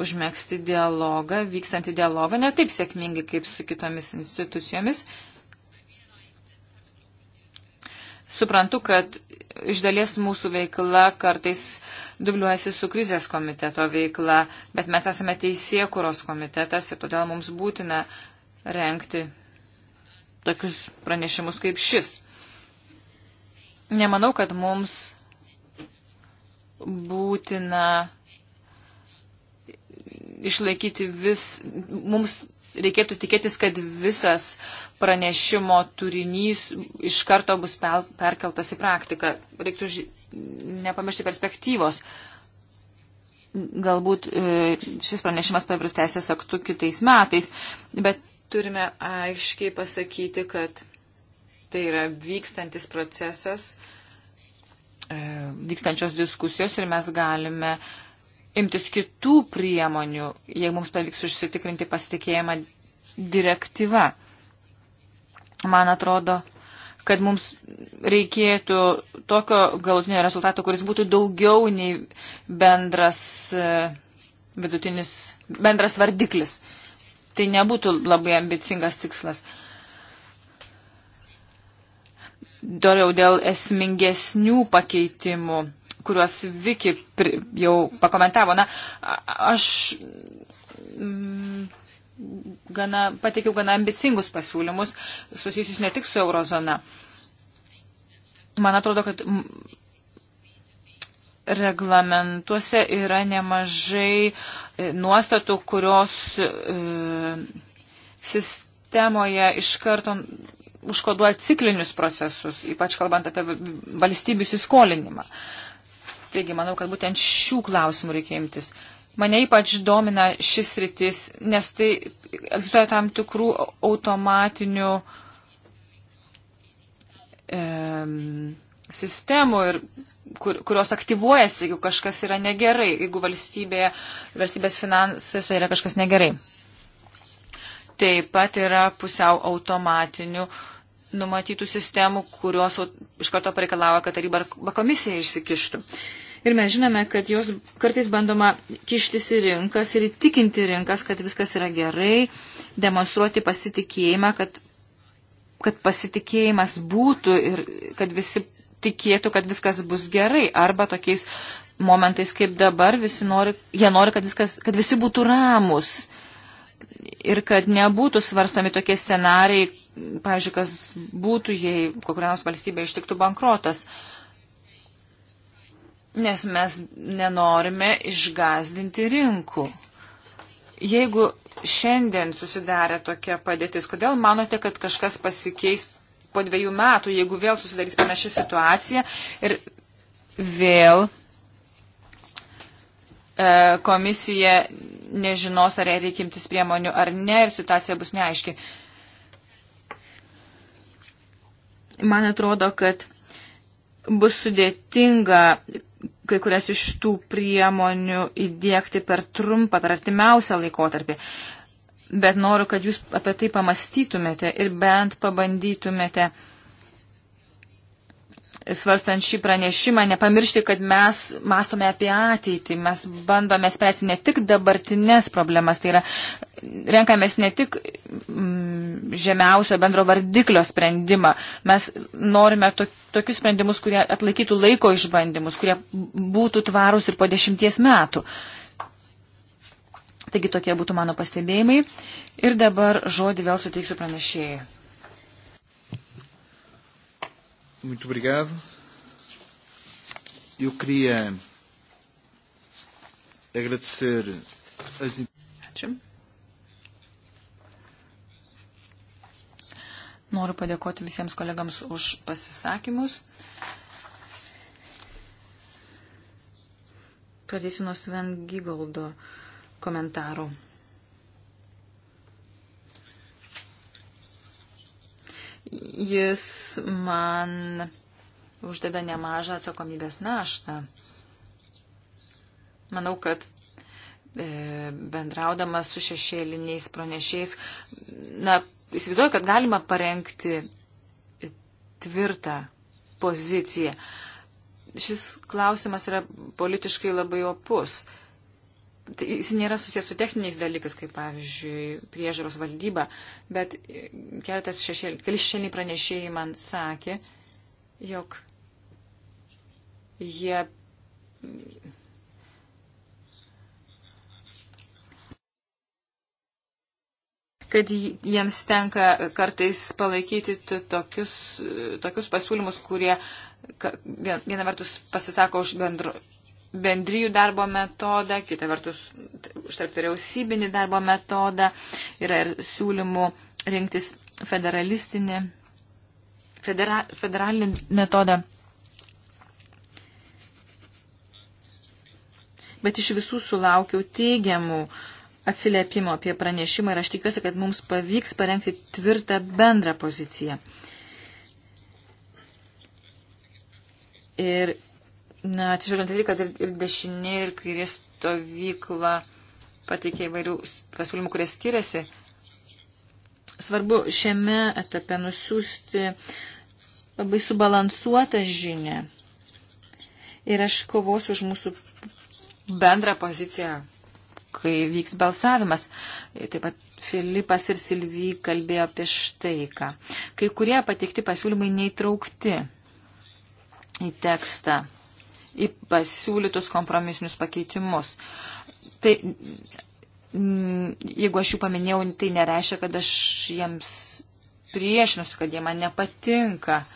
užmėgsti dialogą, vykstantį dialogą, ne taip sėkmingai kaip su kitomis institucijomis. Suprantu, kad iš dalies mūsų veikla kartais dubliuojasi su krizės komiteto veikla, bet mes esame teisėkuros komitetas ir todėl mums būtina renkti tokius pranešimus kaip šis. Nemanau, kad mums būtina išlaikyti vis, mums reikėtų tikėtis, kad visas pranešimo turinys iš karto bus perkeltas į praktiką. Reiktų ži... nepamiršti perspektyvos. Galbūt e, šis pranešimas pavirus teisės aktų kitais metais, bet turime aiškiai pasakyti, kad tai yra vykstantis procesas, e, vykstančios diskusijos ir mes galime uh, imtis kitų priemonių, jei mums pavyks užsitikrinti pasitikėjimą direktyva. Man atrodo, kad mums reikėtų tokio galutinio rezultato, kuris būtų daugiau nei bendras e, vidutinis, bendras vardiklis. Tai nebūtų labai ambicingas tikslas. Doriau dėl esmingesnių pakeitimų kuriuos Viki jau pakomentavo. Na, aš mm, gana, pateikiau gana ambicingus pasiūlymus susijusius ne tik su eurozona. Man atrodo, kad reglamentuose yra nemažai e, nuostatų, kurios e, sistemoje iš karto užkoduoja ciklinius procesus, ypač kalbant apie valstybių įsiskolinimą. E, Taigi, manau, kad būtent šių klausimų reikia imtis. Mane ypač domina šis rytis, nes tai egzistuoja tam tikrų automatinių e, sistemų, ir, kur, kurios aktyvuojasi, jeigu kažkas yra negerai, jeigu valstybė, valstybės finansose yra kažkas negerai. Taip pat yra pusiau automatinių e, numatytų sistemų, kurios iš karto pareikalavo, kad taryba arba komisija išsikištų. Ir mes žinome, kad jos kartais bandoma kištis į rinkas ir įtikinti rinkas, kad viskas yra gerai, demonstruoti pasitikėjimą, kad, kad pasitikėjimas būtų ir kad visi tikėtų, kad viskas bus gerai. Arba tokiais momentais kaip dabar visi nori, jie nori, kad, viskas, kad visi būtų ramus ir kad nebūtų svarstomi tokie scenarijai, pavyzdžiui, kas būtų, jei kokios valstybė ištiktų bankrotas. Nes mes nenorime išgazdinti rinkų. Jeigu šiandien susidarė tokia padėtis, kodėl manote, kad kažkas pasikeis po dviejų metų, jeigu vėl susidarys panaši situacija ir vėl e, komisija nežinos, ar reikia imtis priemonių ar ne ir situacija bus neaiški. E, Man atrodo, kad bus sudėtinga kai kurias iš tų priemonių įdėkti per trumpą, per artimiausią laikotarpį. Bet noriu, kad jūs apie tai pamastytumėte ir bent pabandytumėte uh, svarstant šį pranešimą, nepamiršti, kad mes mastome apie ateitį, mes bandome spręsti ne tik dabartinės problemas, tai yra renkamės ne tik mm, žemiausio bendro vardiklio sprendimą, mes norime to, tokius sprendimus, kurie atlaikytų laiko išbandymus, kurie būtų tvarūs ir po dešimties metų. Taigi tokie būtų mano pastebėjimai. Ir dabar žodį vėl suteiksiu pranešėjai. Muito obrigado. Eu queria agradecer as. Ačiū. Noriu padėkoti visiems kolegams už pasisakymus. Pradėsiu nuo Sven Gigoldo komentarų. Jis man uždeda nemažą atsakomybės naštą. Manau, kad e, bendraudamas su šešėliniais pranešiais, na, įsivaizduoju, kad galima parengti tvirtą poziciją. Šis klausimas yra politiškai labai opus. Tai jis nėra susijęs su techniniais dalykais, kaip pavyzdžiui priežaros valdyba, bet e, keletas šešėlį, keli šešėlį pranešėjai man sakė, jog jie. kad jiems tenka kartais palaikyti tokius, tokius pasiūlymus, kurie viena vertus pasisako už bendro, bendrijų darbo metodą, kita vertus užtarp vyriausybinį darbo metodą, yra ir siūlymų rinktis federalistinį, federa, federalinį metodą. Bet iš visų sulaukiau teigiamų atsiliepimo apie pranešimą ir aš tikiuosi, kad mums pavyks parengti tvirtą bendrą poziciją. Ir Na, atsižvelgiant tai, kad ir, ir dešinė, ir kairė stovykla pateikė įvairių pasiūlymų, kurie skiriasi. Svarbu šiame etape nusiųsti labai subalansuotą žinę. Ir aš kovosiu už mūsų bendrą poziciją, kai vyks balsavimas. Taip pat Filipas ir Silvy kalbėjo apie štai ką. Kai kurie pateikti pasiūlymai neįtraukti į tekstą į pasiūlytus kompromisinius pakeitimus. Tai, mm, jeigu aš jų paminėjau, tai nereiškia, kad aš jiems priešinusi, kad jie man nepatinka. Uh,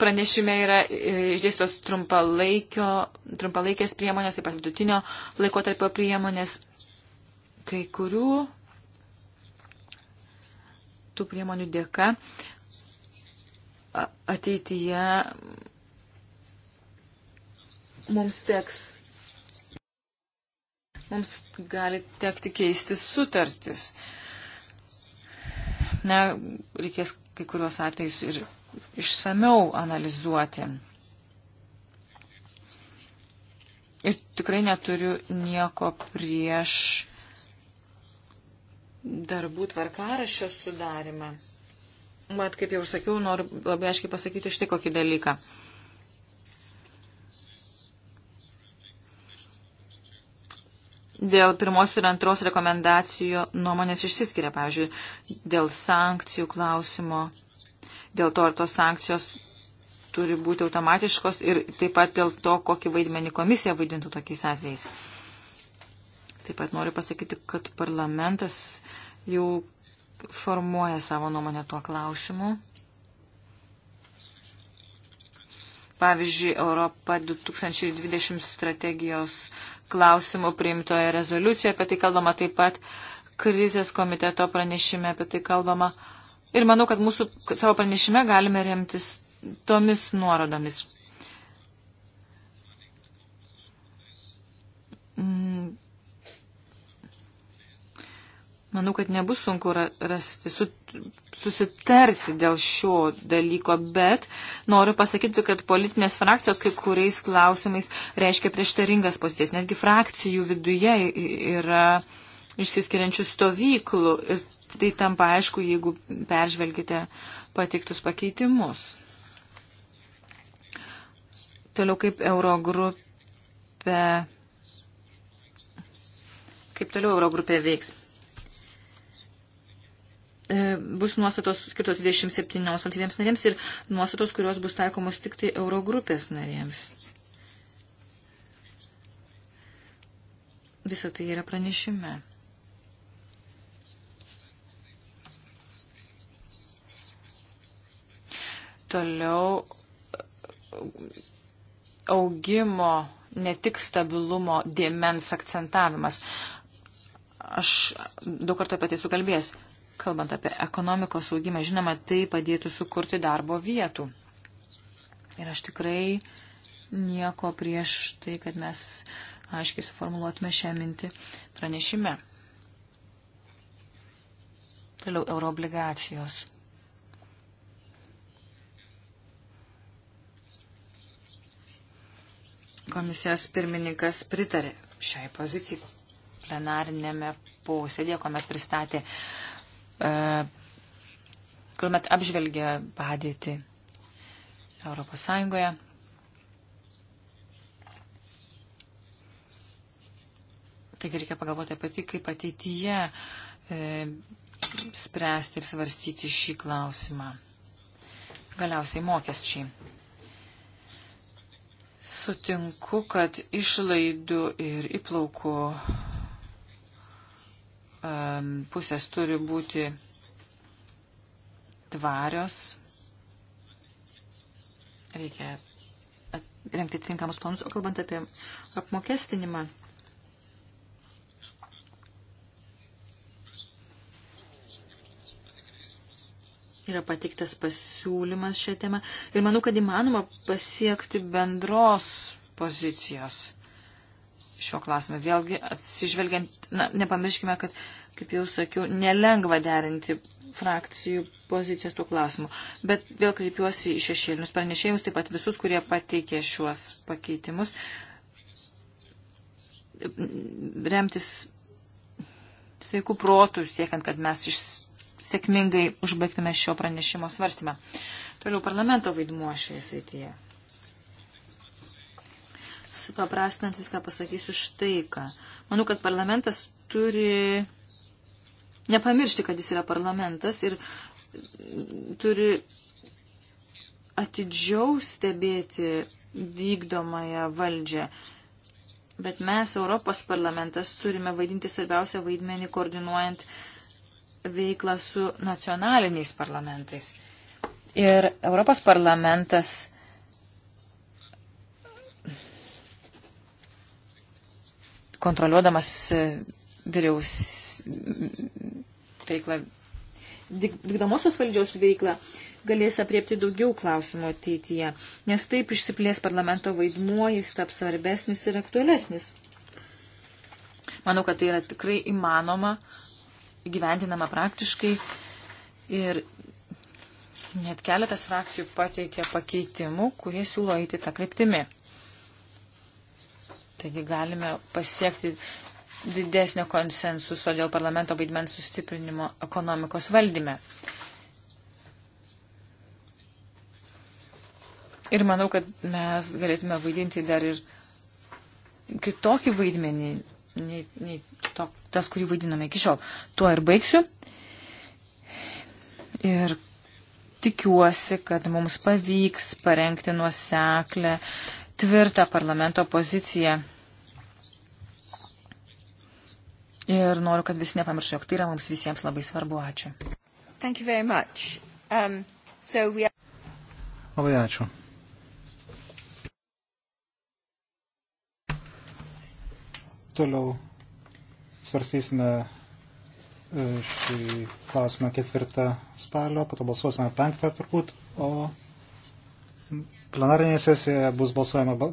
Pranešime yra e, išdėstos trumpalaikės priemonės, taip pat vidutinio laikotarpio priemonės. Kai kurių tų priemonių dėka ateityje mums teks. Mums gali tekti keisti sutartis. Na, reikės kai kuriuos atvejus ir išsameu analizuoti. Ir tikrai neturiu nieko prieš darbų tvarkarašio sudarimą. Mat, kaip jau sakiau, noriu labai aiškiai pasakyti štai kokį dalyką. Dėl pirmos ir antros rekomendacijų nuomonės išsiskiria, pavyzdžiui, dėl sankcijų klausimo dėl to ar tos sankcijos turi būti automatiškos ir taip pat dėl to, kokį vaidmenį komisija vaidintų tokiais atvejais. Taip pat noriu pasakyti, kad parlamentas jau formuoja savo nuomonę tuo klausimu. Pavyzdžiui, Europa 2020 strategijos klausimų priimtoje rezoliucijoje apie tai kalbama taip pat krizės komiteto pranešime apie tai kalbama. Uh, Ir manau, kad mūsų kad savo pranešime galime remtis tomis nuorodomis. Mm. Manau, kad nebus sunku rasti, su, susitarti dėl šio dalyko, bet noriu pasakyti, kad politinės frakcijos kai kuriais klausimais reiškia prieštaringas pozicijas. Netgi frakcijų viduje yra išsiskiriančių stovyklų ir tai tampa aišku, jeigu peržvelgite pateiktus pakeitimus. Toliau kaip Eurogrupė, kaip toliau Eurogrupė veiks. E, bus nuostatos skirtos 27 valstybėms narėms ir nuostatos, kurios bus taikomos tik tai Eurogrupės narėms. Visą tai yra pranešime. Toliau augimo, ne tik stabilumo dėmens akcentavimas. Aš daug kartų apie tai sukalbės. Kalbant apie ekonomikos augimą, žinoma, tai padėtų sukurti darbo vietų. Ir aš tikrai nieko prieš tai, kad mes aiškiai suformuluotume šią mintį pranešime. Toliau euroobligacijos. Komisijos pirmininkas pritarė šiai pozicijai plenarinėme posėdėje, kuomet pristatė, e, kuomet apžvelgė padėtį Europos Sąjungoje. Taigi reikia pagalvoti apie tai, kaip ateityje e, spręsti ir svarstyti šį klausimą. Galiausiai mokesčiai. Sutinku, kad išlaidų ir įplaukų pusės turi būti tvarios. Reikia rengti tinkamus planus, o kalbant apie apmokestinimą, yra pateiktas pasiūlymas šią temą ir manau, kad įmanoma pasiekti bendros pozicijos šio klausimu. Vėlgi, atsižvelgiant, na, nepamirškime, kad, kaip jau sakiau, nelengva derinti frakcijų pozicijas tuo klausimu. Bet vėl kreipiuosi į šešėlinius pranešėjimus, taip pat visus, kurie pateikė šiuos pakeitimus, remtis sveikų protų, siekiant, kad mes iš sėkmingai užbaigtume šio pranešimo svarstymą. Toliau parlamento vaidmuo šioje srityje. Supaprastinant viską pasakysiu štai ką. Manau, kad parlamentas turi nepamiršti, kad jis yra parlamentas ir turi atidžiau stebėti vykdomąją valdžią. Bet mes, Europos parlamentas, turime vaidinti svarbiausią vaidmenį koordinuojant veiklą su nacionaliniais parlamentais. Ir Europos parlamentas kontroliuodamas e, vyriaus veiklą, vykdomosios valdžios veiklą, galės apriepti daugiau klausimų ateityje, nes taip išsiplės parlamento vaidmuo, jis taps svarbesnis ir aktualesnis. Manau, kad tai yra tikrai įmanoma, gyventinama praktiškai ir net keletas frakcijų pateikė pakeitimų, kurie siūlo eiti tą kryptimį. Taigi galime pasiekti didesnio konsensuso dėl parlamento vaidmens sustiprinimo ekonomikos valdyme. Ir manau, kad mes galėtume vaidinti dar ir kitokį vaidmenį, nei, nei to, tas, kurį vaidinome iki šiol. Tuo ir baigsiu. Ir tikiuosi, kad mums pavyks parengti nuoseklę, tvirtą parlamento poziciją. Ir noriu, kad visi nepamirštų, jog tai yra mums visiems labai svarbu. Ačiū. Um, so we... Labai ačiū. Toliau svarstysime e, šį klausimą ketvirtą spalio, po to balsuosime penktą turbūt, o plenarinėje sesijoje bus balsuojama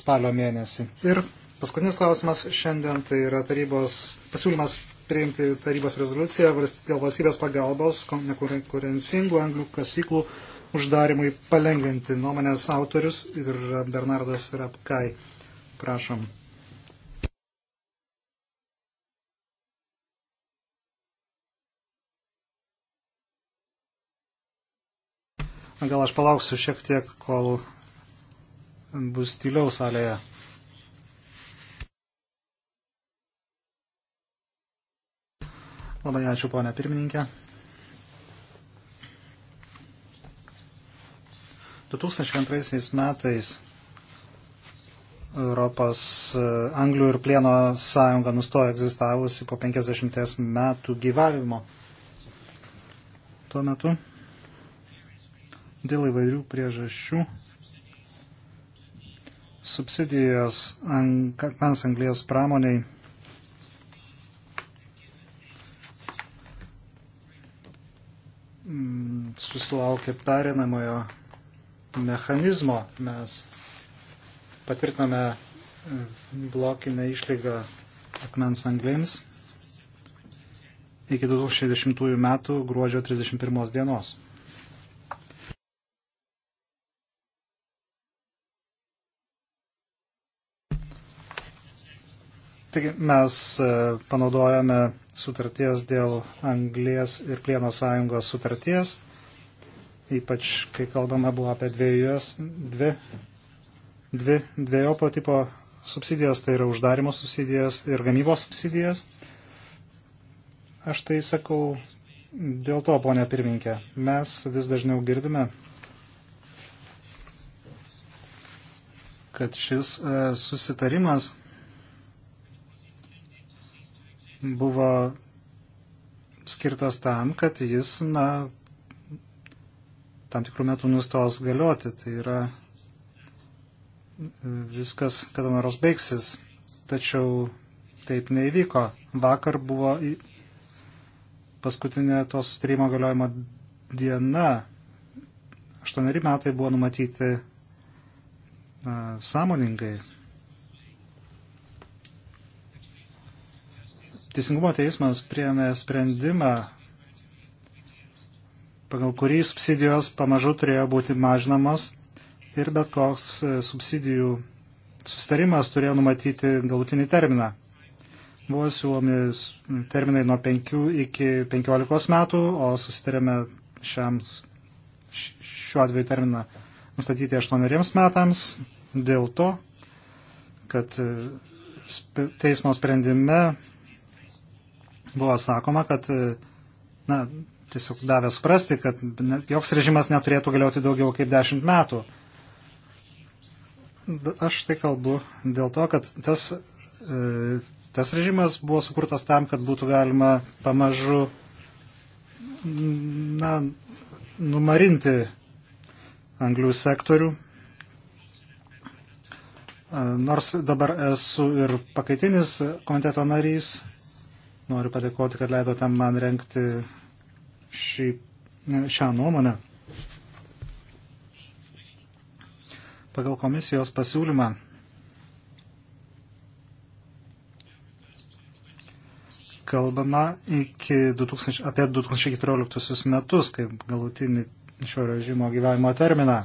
spalio mėnesį. Ir paskutinis klausimas šiandien tai yra tarybos pasiūlymas priimti tarybos rezoliuciją dėl valstybės pagalbos nekonkurencingų anglių kasyklų uždarimui palengventi nuomonės autorius ir Bernardas Rapkai. Prašom. Gal aš palauksiu šiek tiek, kol bus tyliau salėje. Labai ačiū, ponė pirmininkė. 2002 metais Europos e, Anglių ir Plieno sąjunga nustojo egzistavusi po 50 metų gyvavimo. Tuo metu dėl įvairių priežasčių subsidijos akmens anglės pramoniai mm, susilaukė perinamojo mechanizmo. Mes patvirtiname e, blokinę išlygą akmens anglėms iki 2060 metų gruodžio 31 dienos. Taigi mes e, panaudojame sutarties dėl anglės ir plieno sąjungos sutarties, ypač kai kalbama buvo apie dviejus, dvi, dvi, dviejopo tipo subsidijas, tai yra uždarimo subsidijas ir gamybos subsidijas. Aš tai sakau dėl to, ponia pirminkė, mes vis dažniau girdime, kad šis e, susitarimas buvo skirtas tam, kad jis, na, tam tikrų metų nustos galioti. Tai yra e, viskas kada nors baigsis. Tačiau taip neįvyko. Vakar buvo paskutinė to sustarimo galiojimo diena. Aštuoneri metai buvo numatyti a, e, sąmoningai Teisingumo teismas priėmė sprendimą, pagal kurį subsidijos pamažu turėjo būti mažinamos ir bet koks e, subsidijų sustarimas turėjo numatyti galutinį terminą. Buvo siūlomi terminai nuo 5 iki 15 metų, o susitarėme šiam, šiuo atveju terminą nustatyti 8 metams dėl to, kad e, teismo sprendime buvo sakoma, kad, e, na, tiesiog davė suprasti, kad joks režimas neturėtų galioti daugiau kaip 10 metų. Aš tai kalbu dėl to, kad tas, e, tas režimas buvo sukurtas tam, kad būtų galima pamažu na, numarinti anglių sektorių. E, nors dabar esu ir pakaitinis komiteto narys, Noriu padėkoti, kad leidote man renkti šį, šią nuomonę. Pagal komisijos pasiūlymą kalbama iki 2000, apie 2014 metus, kaip galutinį šio režimo gyvavimo terminą,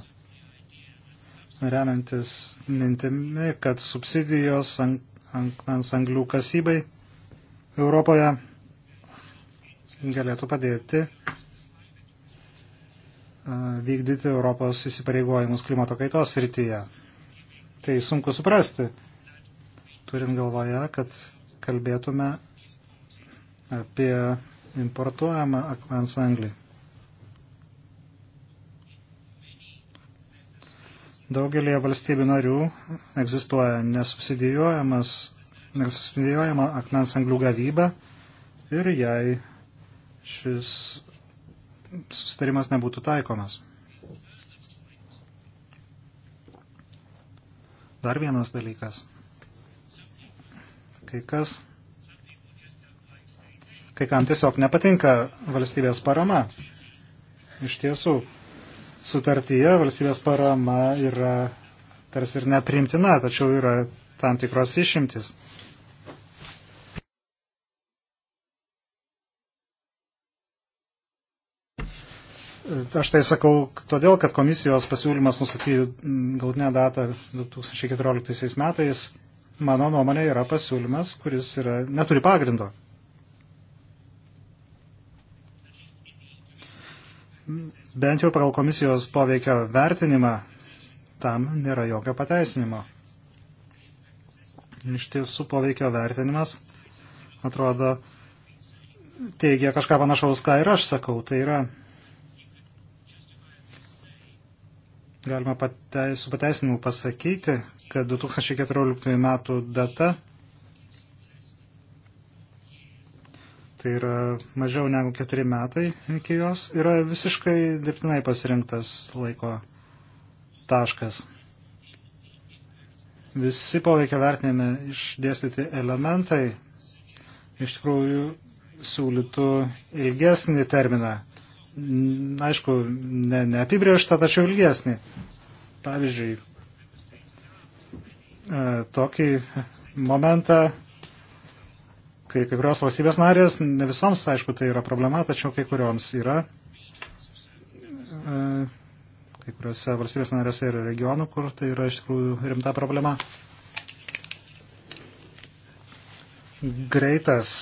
remiantis mintimi, kad subsidijos ant, ant, ant anglių kasybai Europoje galėtų padėti e, vykdyti Europos įsipareigojimus klimato kaitos srityje. Tai sunku suprasti, turint galvoje, kad kalbėtume apie importuojamą akmens anglį. Daugelėje valstybių narių egzistuoja nesusidijuojamas nesusvėjojama akmens anglių gavybą ir jei šis sustarimas nebūtų taikomas. Dar vienas dalykas. Kai kas, kai kam tiesiog nepatinka valstybės parama. Iš tiesų, sutartyje valstybės parama yra tarsi ir neprimtina, tačiau yra tam tikros išimtis. Aš tai sakau todėl, kad komisijos pasiūlymas nustatyti mm, galutinę datą 2014 metais, mano nuomonė, yra pasiūlymas, kuris yra, neturi pagrindo. Bent jau pagal komisijos poveikio vertinimą tam nėra jokio pateisinimo. Iš tiesų poveikio vertinimas atrodo teigia kažką panašaus, ką ir aš sakau. Tai yra galima pateis, su pateisinimu pasakyti, kad 2014 metų data tai yra mažiau negu keturi metai iki jos, yra visiškai dirbtinai pasirinktas laiko taškas. Visi poveikia vertinime išdėstyti elementai iš tikrųjų siūlytų ilgesnį terminą aišku, ne, neapibriešta, tačiau ilgesnį. Pavyzdžiui, e, tokį momentą, kai kai kurios valstybės narės, ne visoms, aišku, tai yra problema, tačiau kai kurioms yra, e, kai kuriuose valstybės narėse yra regionų, kur tai yra iš tikrųjų rimta problema. Greitas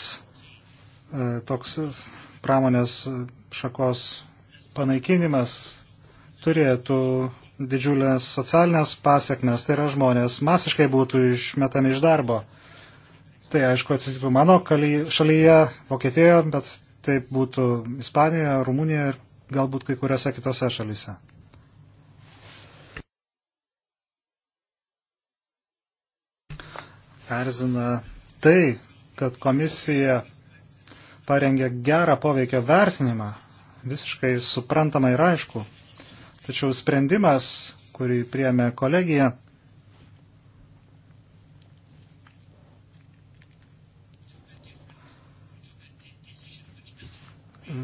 e, toks pramonės šakos panaikinimas turėtų didžiulės socialinės pasiekmes, tai yra žmonės masiškai būtų išmetami iš darbo. Tai aišku atsitiktų mano šalyje, Vokietijoje, bet taip būtų Ispanijoje, Rumunijoje ir galbūt kai kuriuose kitose šalyse. Erzina tai, kad komisija parengė gerą poveikio vertinimą, visiškai suprantama ir aišku. Tačiau sprendimas, kurį priemė kolegija,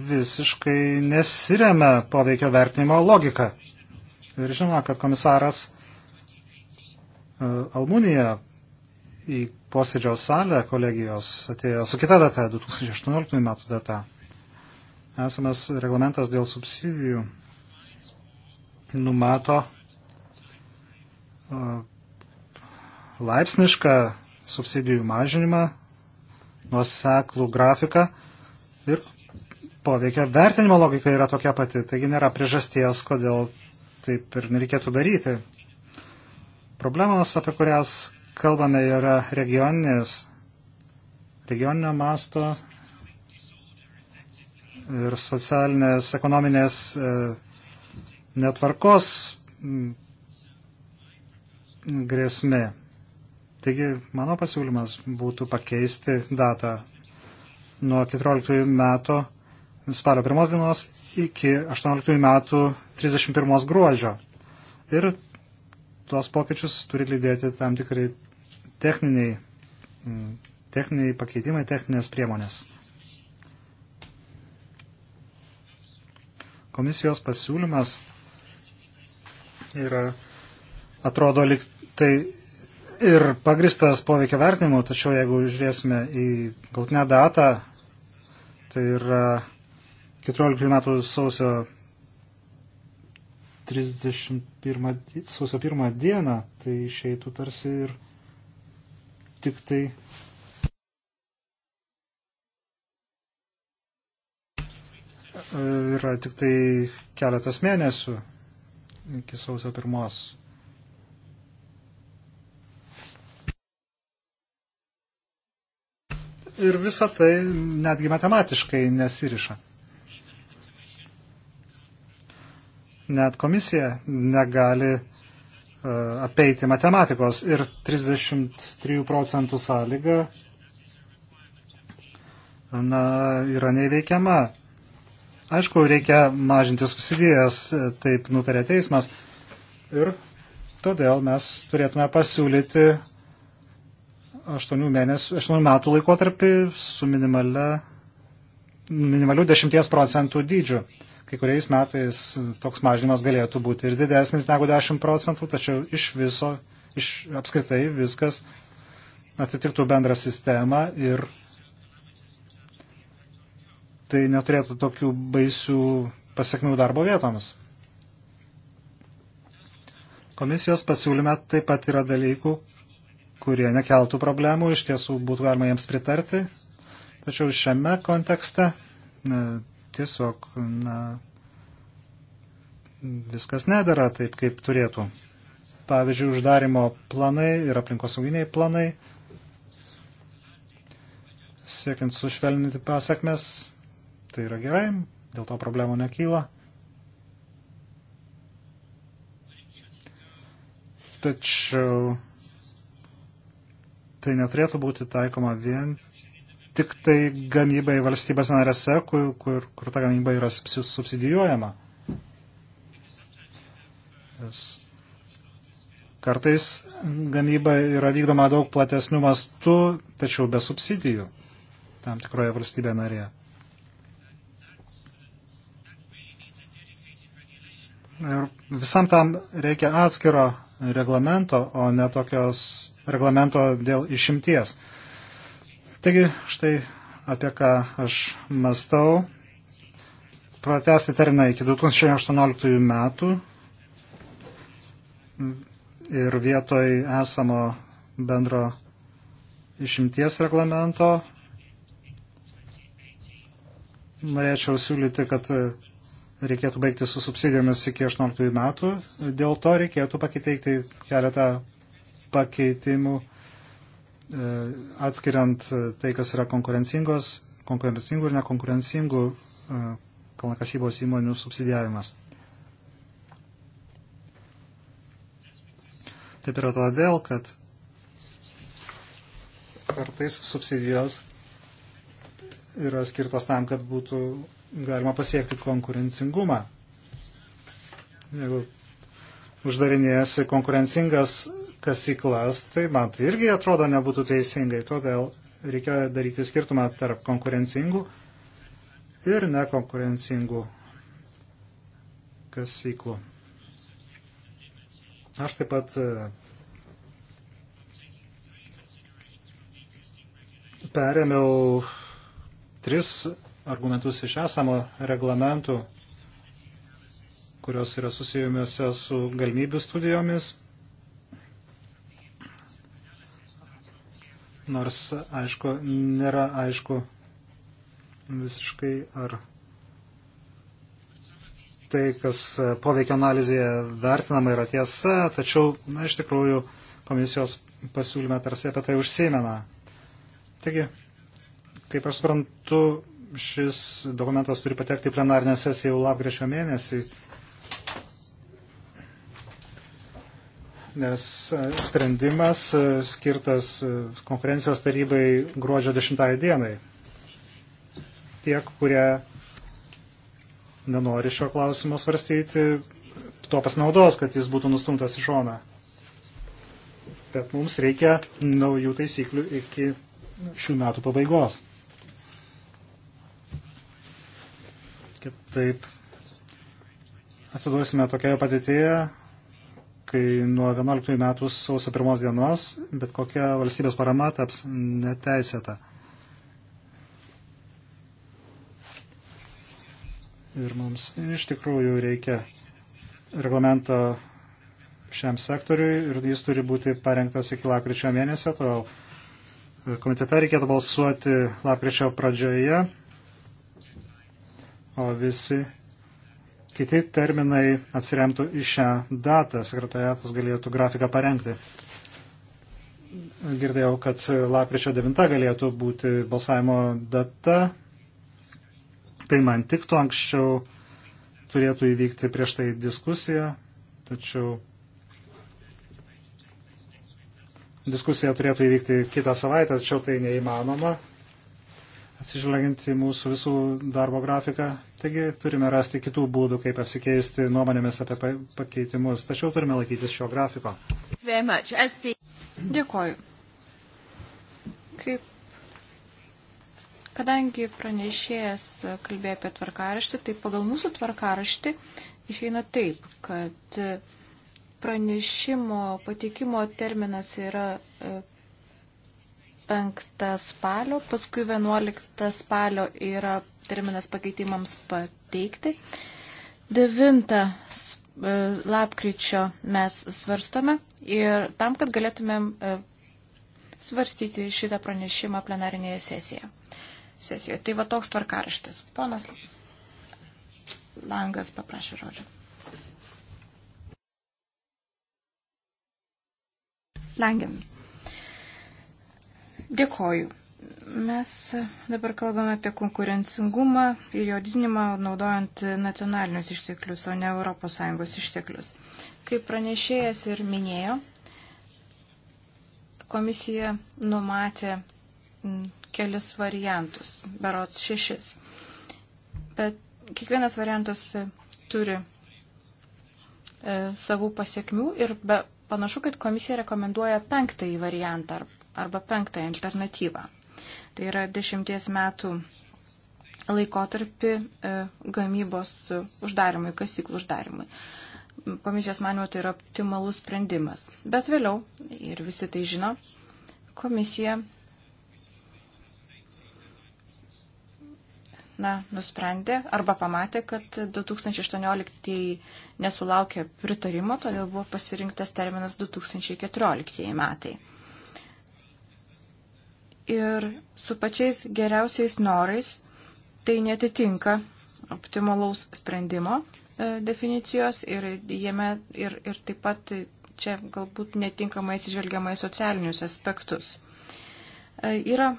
visiškai nesiremia poveikio vertinimo logika. Ir žinoma, kad komisaras e, Almunija į posėdžio salę kolegijos atėjo su kita data, 2018 metų data. Esamas reglamentas dėl subsidijų numato uh, laipsnišką subsidijų mažinimą, nuoseklų grafiką ir poveikia vertinimo logika yra tokia pati, taigi nėra priežasties, kodėl taip ir nereikėtų daryti. Problemos, apie kurias kalbame, yra regioninės, regioninio masto ir socialinės, ekonominės e, netvarkos mm, grėsmė. Taigi mano pasiūlymas būtų pakeisti datą nuo 14 metų spalio 1 dienos iki 18 metų 31 gruodžio. Ir tuos pokyčius turi lydėti tam tikrai techniniai, mm, techniniai pakeitimai, techninės priemonės. Komisijos pasiūlymas yra, atrodo, lyg tai ir pagristas poveikio vertinimu, tačiau jeigu žiūrėsime į galtinę datą, tai yra 14 metų sausio 31 sausio 1 dieną, tai išeitų tarsi ir tik tai. Yra tik tai keletas mėnesių iki sausio pirmos. Ir visa tai netgi matematiškai nesiriša. Net komisija negali uh, apeiti matematikos ir 33 procentų sąlyga na, yra neįveikiama. Aišku, reikia mažinti subsidijas, taip nutarė teismas. Ir todėl mes turėtume pasiūlyti 8, mėnesių, 8 metų laikotarpį su minimaliu 10 procentų dydžiu. Kai kuriais metais toks mažinimas galėtų būti ir didesnis negu 10 procentų, tačiau iš viso, iš apskritai viskas atitiktų bendrą sistemą ir tai neturėtų tokių baisių pasiekmių darbo vietoms. Komisijos pasiūlyme taip pat yra dalykų, kurie nekeltų problemų, iš tiesų būtų galima jiems pritarti, tačiau šiame kontekste tiesiog na, viskas nedara taip, kaip turėtų. Pavyzdžiui, uždarimo planai ir aplinkosauginiai planai, siekiant sušvelninti pasiekmes, tai yra gerai, dėl to problemų nekyla. Tačiau tai neturėtų būti taikoma vien tik tai gamybai valstybės narėse, kur, kur, kur ta gamyba yra subsidijuojama. Kartais gamyba yra vykdoma daug platesnių mastų, tačiau be subsidijų tam tikroje valstybėje narėje. Ir visam tam reikia atskiro reglamento, o ne tokios reglamento dėl išimties. Taigi, štai apie ką aš mastau. Pratesti terminą iki 2018 metų ir vietoj esamo bendro išimties reglamento norėčiau siūlyti, kad reikėtų baigti su subsidijomis iki 18 metų. Dėl to reikėtų pakeiteikti keletą pakeitimų E, atskiriant e, tai, kas yra konkurencingos, konkurencingų ir nekonkurencingų e, kalnakasybos įmonių subsidijavimas. Taip yra todėl, kad kartais subsidijos yra skirtos tam, kad būtų galima pasiekti konkurencingumą. Jeigu uždarinėjasi konkurencingas kasyklas, tai man tai irgi atrodo nebūtų teisingai. Todėl reikia daryti skirtumą tarp konkurencingų ir nekonkurencingų kasyklų. Aš taip pat e, perėmiau tris argumentus iš esamo reglamentų, kurios yra susijusios su galimybių studijomis nors, aišku, nėra aišku visiškai ar tai, kas poveikio analizėje vertinama yra tiesa, tačiau, na, iš tikrųjų, komisijos pasiūlyme tarsi apie tai užsimena. Taigi, kaip aš suprantu, šis dokumentas turi patekti į plenarinę sesiją jau lapkričio mėnesį. nes e, sprendimas e, skirtas e, konkurencijos tarybai gruodžio 10 dienai. Tie, kurie nenori šio klausimo svarstyti, tuo pasinaudos, kad jis būtų nustumtas į šoną. Bet mums reikia naujų taisyklių iki šių metų pabaigos. Kitaip atsiduosime tokioje padėtėje, kai nuo 11 metų sausio pirmos dienos bet kokia valstybės parama taps neteisėta. Ir mums iš tikrųjų reikia reglamento šiam sektoriui ir jis turi būti parengtas iki lakryčio mėnesio, todėl komitete reikėtų balsuoti lakryčio pradžioje, o visi kiti terminai atsiremtų į šią datą, sekretariatas galėtų grafiką parengti. Girdėjau, kad lapkričio 9 galėtų būti balsavimo data. Tai man tiktų anksčiau turėtų įvykti prieš tai diskusija, tačiau diskusija turėtų įvykti kitą savaitę, tačiau tai neįmanoma, atsižvelgiant į mūsų visų darbo grafiką. Taigi turime rasti kitų būdų, kaip apsikeisti nuomonėmis apie pakeitimus, tačiau turime laikytis šio grafiko. Dėkoju. Kaip Kadangi pranešėjas kalbėjo apie tvarkaraštį, tai pagal mūsų tvarkaraštį išeina taip, kad e, pranešimo patikimo terminas yra 5 e, spalio, paskui 11 spalio yra terminas pakeitimams pateikti. 9 e, lapkričio mes svarstome ir tam, kad galėtumėm e, svarstyti šitą pranešimą plenarinėje sesijoje. sesijoje. Tai va toks tvarkaraštis. Ponas Langas paprašė žodžio. Langiam. Dėkoju. Mes dabar kalbame apie konkurencingumą ir jo didinimą naudojant nacionalinius išteklius, o ne ES išteklius. Kaip pranešėjas ir minėjo, komisija numatė mm, kelis variantus, berots šešis. Bet kiekvienas variantas turi e, savų pasiekmių ir be, panašu, kad komisija rekomenduoja penktąjį variantą arba penktąją alternatyvą. Tai yra dešimties metų laikotarpį e, gamybos uždarimui, kasyklų uždarimui. Komisijos manimo tai yra optimalus sprendimas. Bet vėliau, ir visi tai žino, komisija na, nusprendė arba pamatė, kad 2018 nesulaukė pritarimo, todėl buvo pasirinktas terminas 2014 metai ir su pačiais geriausiais norais tai netitinka optimalaus sprendimo e, definicijos ir jame ir, ir taip pat čia galbūt netinkamai atsižvelgiama į socialinius aspektus. E, yra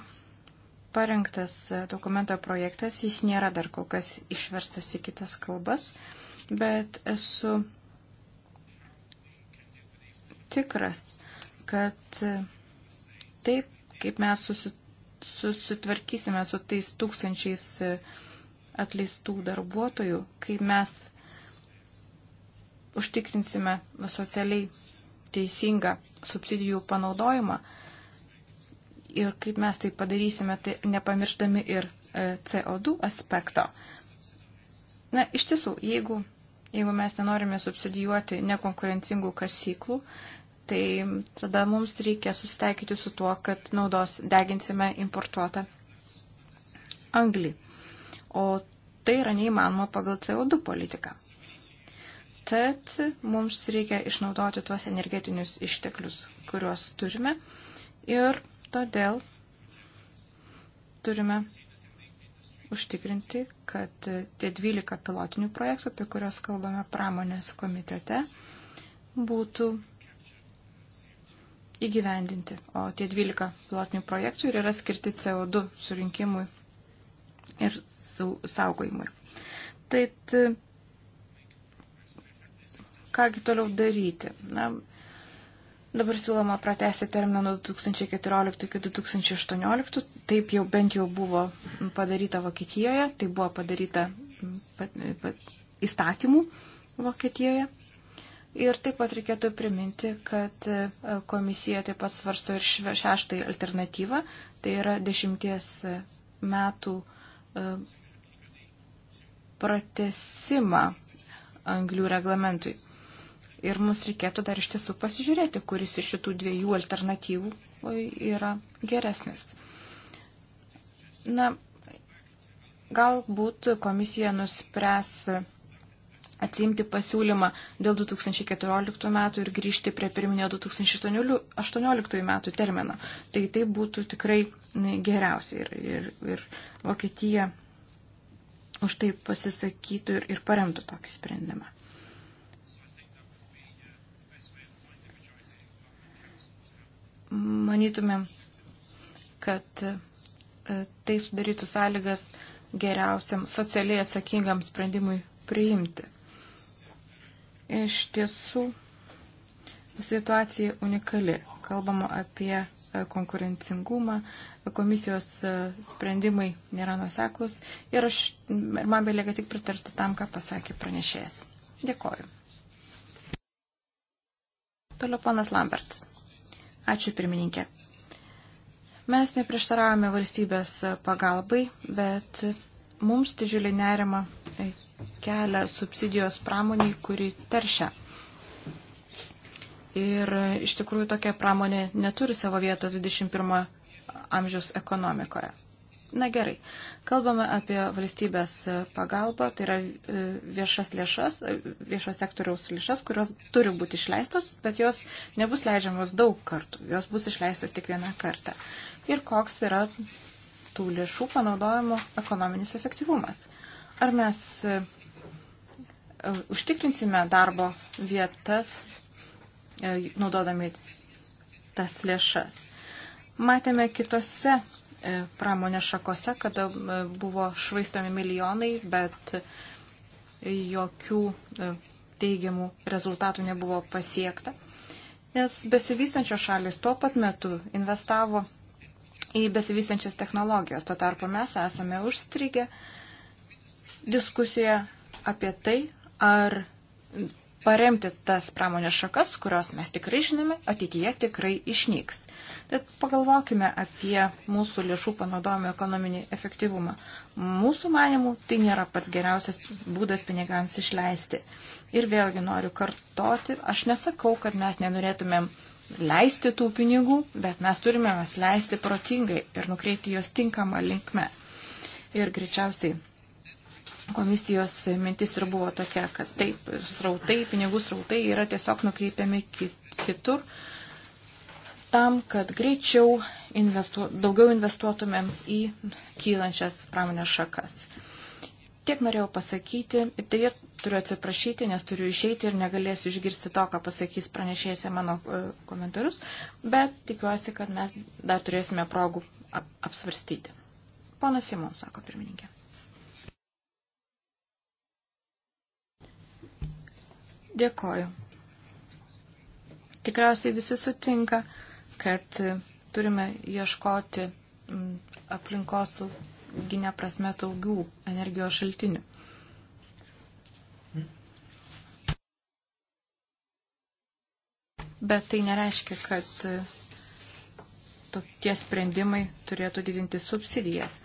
parengtas e, dokumento projektas, jis nėra dar kol kas išverstas į kitas kalbas, bet esu tikras, kad e, taip kaip mes susitvarkysime su tais tūkstančiais e, atleistų darbuotojų, kaip mes užtikrinsime socialiai teisingą subsidijų panaudojimą ir kaip mes tai padarysime, tai nepamirštami ir e, CO2 aspekto. Na, iš tiesų, jeigu, jeigu mes nenorime subsidijuoti nekonkurencingų kasyklų, tai tada mums reikia susitaikyti su tuo, kad naudos deginsime importuotą anglį. O tai yra neįmanoma pagal CO2 politiką. Tad mums reikia išnaudoti tuos energetinius išteklius, kuriuos turime ir todėl turime užtikrinti, kad tie 12 pilotinių projektų, apie kuriuos kalbame pramonės komitete, būtų įgyvendinti. O tie 12 pilotinių projektų ir yra skirti CO2 surinkimui ir saugojimui. Tai kągi toliau daryti? Na, dabar siūloma pratesti terminus 2014-2018. Taip jau bent jau buvo padaryta Vokietijoje, tai buvo padaryta pat, pat, įstatymų Vokietijoje. Ir taip pat reikėtų priminti, kad e, komisija taip pat svarsto ir šeštąjį alternatyvą, tai yra dešimties e, metų e, pratesimą anglių reglamentui. Ir mums reikėtų dar iš tiesų pasižiūrėti, kuris iš šitų dviejų alternatyvų yra geresnis. Na, galbūt komisija nuspręs atsiimti pasiūlymą dėl 2014 metų ir grįžti prie pirminio 2018 metų termino. Tai tai būtų tikrai geriausia ir, ir, ir Vokietija už tai pasisakytų ir, ir paremtų tokį sprendimą. Manytumėm, kad e, tai sudarytų sąlygas geriausiam socialiai atsakingam sprendimui priimti. Iš tiesų, situacija unikali. Kalbama apie e, konkurencingumą, komisijos e, sprendimai nėra nuseklus ir aš, man belieka tik pritarti tam, ką pasakė pranešėjas. Dėkoju. Toliau ponas Lamberts. Ačiū pirmininkė. Mes neprieštaravome valstybės pagalbai, bet mums didžiulį nerimą kelia subsidijos pramoniai, kuri teršia. Ir iš tikrųjų tokia pramonė neturi savo vietos 21 amžiaus ekonomikoje. Na gerai, kalbame apie valstybės pagalbą, tai yra e, viešas lėšas, e, viešas sektoriaus lėšas, kurios turi būti išleistos, bet jos nebus leidžiamos daug kartų, jos bus išleistos tik vieną kartą. Ir koks yra tų lėšų panaudojimo ekonominis efektyvumas. Ar mes e, e, užtikrinsime darbo vietas, e, naudodami tas lėšas? Matėme kitose pramonės šakose, kada buvo švaistomi milijonai, bet jokių teigiamų rezultatų nebuvo pasiekta, nes besivystančios šalis tuo pat metu investavo į besivystančias technologijas, tuo tarpu mes esame užstrigę diskusija apie tai, ar paremti tas pramonės šakas, kurios mes tikrai žinome, ateityje tikrai išnyks. Tad pagalvokime apie mūsų lėšų panaudojimo ekonominį efektyvumą. Mūsų manimų tai nėra pats geriausias būdas pinigams išleisti. Ir vėlgi noriu kartoti, aš nesakau, kad mes nenorėtumėm leisti tų pinigų, bet mes turime juos leisti protingai ir nukreipti juos tinkamą linkmę. Ir greičiausiai Komisijos mintis ir buvo tokia, kad taip, srautai, pinigų srautai yra tiesiog nukreipiami kitur tam, kad greičiau investuo, daugiau investuotumėm į kylančias pramonės šakas. Tiek norėjau pasakyti, tai turiu atsiprašyti, nes turiu išeiti ir negalėsiu išgirsti to, ką pasakys pranešėjasi mano e, komentarus, bet tikiuosi, kad mes dar turėsime progų apsvarstyti. Ponas Simon, sako pirmininkė. Dėkoju. Tikriausiai visi sutinka, kad turime ieškoti mm, aplinkos ginę prasme saugių energijos šaltinių. Bet tai nereiškia, kad e, tokie sprendimai turėtų didinti subsidijas.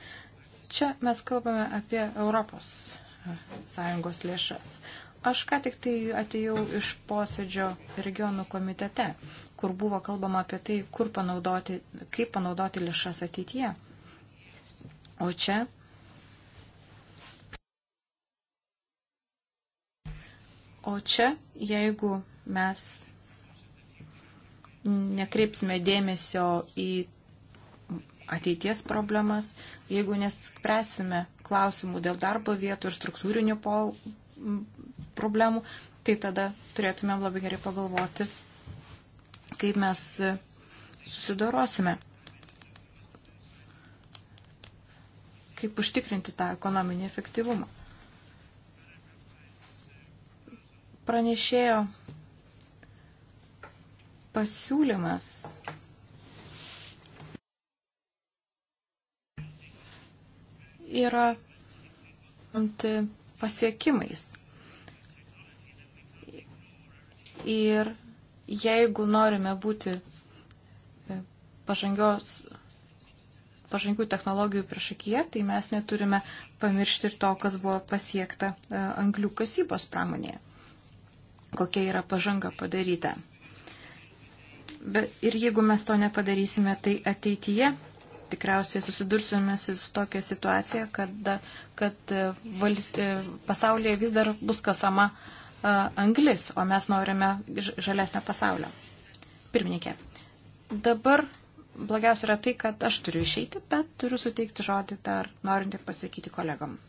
Čia mes kalbame apie Europos e, Sąjungos lėšas. Aš ką tik tai atėjau iš posėdžio regionų komitete, kur buvo kalbama apie tai, kur panaudoti, kaip panaudoti lėšas ateityje. O čia. O čia, jeigu mes nekreipsime dėmesio į ateities problemas, jeigu nespręsime klausimų dėl darbo vietų ir struktūrinių problemų, tai tada turėtumėm labai gerai pagalvoti, kaip mes susidorosime. Kaip užtikrinti tą ekonominį efektyvumą. Pranešėjo pasiūlymas yra ant pasiekimais. Ir jeigu norime būti e, pažangios, pažangių technologijų priešakyje, tai mes neturime pamiršti ir to, kas buvo pasiekta e, anglių kasybos pramonėje, kokia yra pažanga padaryta. Bet ir jeigu mes to nepadarysime, tai ateityje tikriausiai susidursime su tokia situacija, kad, kad e, valis, e, pasaulyje vis dar bus kasama e, anglis, o mes norime žalesnio pasaulio. Pirmininkė, dabar blogiausia yra tai, kad aš turiu išeiti, bet turiu suteikti žodį dar norint ir pasakyti kolegom.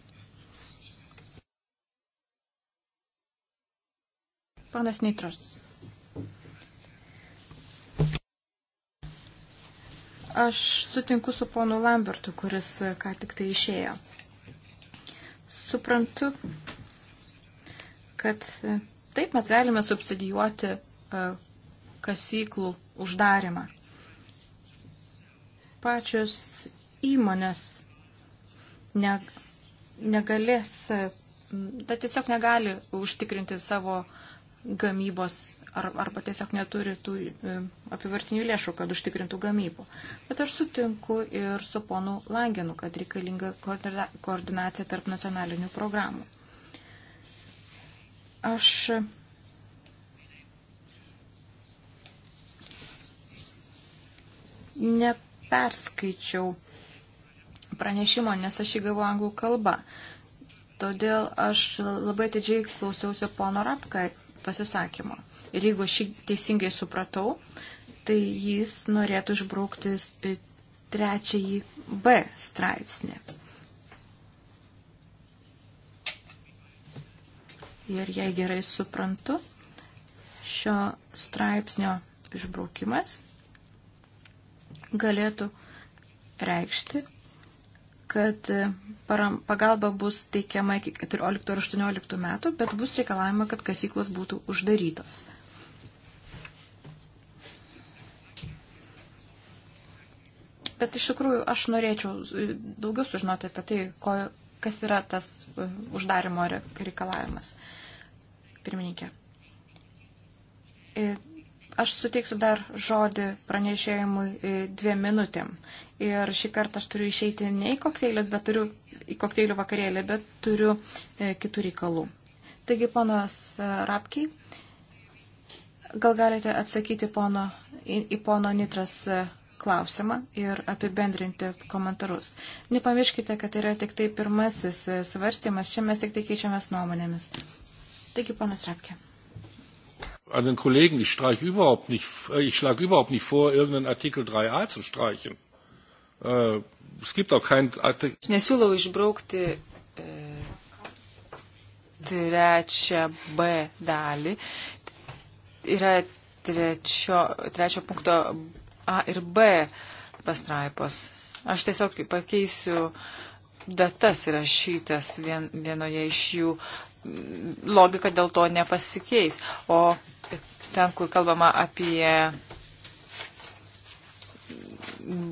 Panas Nitros. Aš sutinku su ponu Lambertu, kuris ką tik tai išėjo. Suprantu, kad taip mes galime subsidijuoti e, kasyklų uždarimą. Pačios įmonės ne, negalės, ta tiesiog negali užtikrinti savo gamybos ar, arba tiesiog neturi tų e, apivartinių lėšų, kad užtikrintų gamybų. Bet aš sutinku ir su ponu Langenu, kad reikalinga koordinacija tarp nacionalinių programų. Aš neperskaičiau pranešimo, nes aš jį gavau anglų kalbą. Todėl aš labai atidžiai klausiausi pono Rapka pasisakymo. Ir jeigu aš teisingai supratau, tai jis norėtų išbraukti e, trečiąjį B straipsnį. Ir jei gerai suprantu, šio straipsnio išbraukimas galėtų reikšti, kad e, pagalba bus teikiama iki 14 ar 18 metų, bet bus reikalavima, kad kasyklos būtų uždarytos. Bet iš tikrųjų aš norėčiau e, daugiau sužinoti apie tai, ko, kas yra tas e, uždarimo reikalavimas. Pirmininkė. E, aš suteiksiu dar žodį pranešėjimui dviem minutėm. Ir šį kartą aš turiu išeiti ne į kokteilius, bet turiu į kokteilių vakarėlį, bet turiu kitų reikalų. Taigi, ponas Rapkiai, gal galite atsakyti pono, į, į pono Nitras klausimą ir apibendrinti komentarus. Nepamirškite, kad yra tik tai pirmasis e, svarstymas, čia mes tik tai keičiamės nuomonėmis. Taigi, panas Rapkė. An den Kollegen, ich, überhaupt nicht, äh, ich schlage überhaupt nicht vor, irgendeinen Artikel 3a zu streichen. Äh, es gibt auch keinen Artikel. Ich nesiūlau išbraukti e, trečią B dalį. Yra trečio, trečio punkto A ir B pastraipos. Aš tiesiog pakeisiu datas įrašytas vien, vienoje iš jų. Logika dėl to nepasikeis. O ten, kur kalbama apie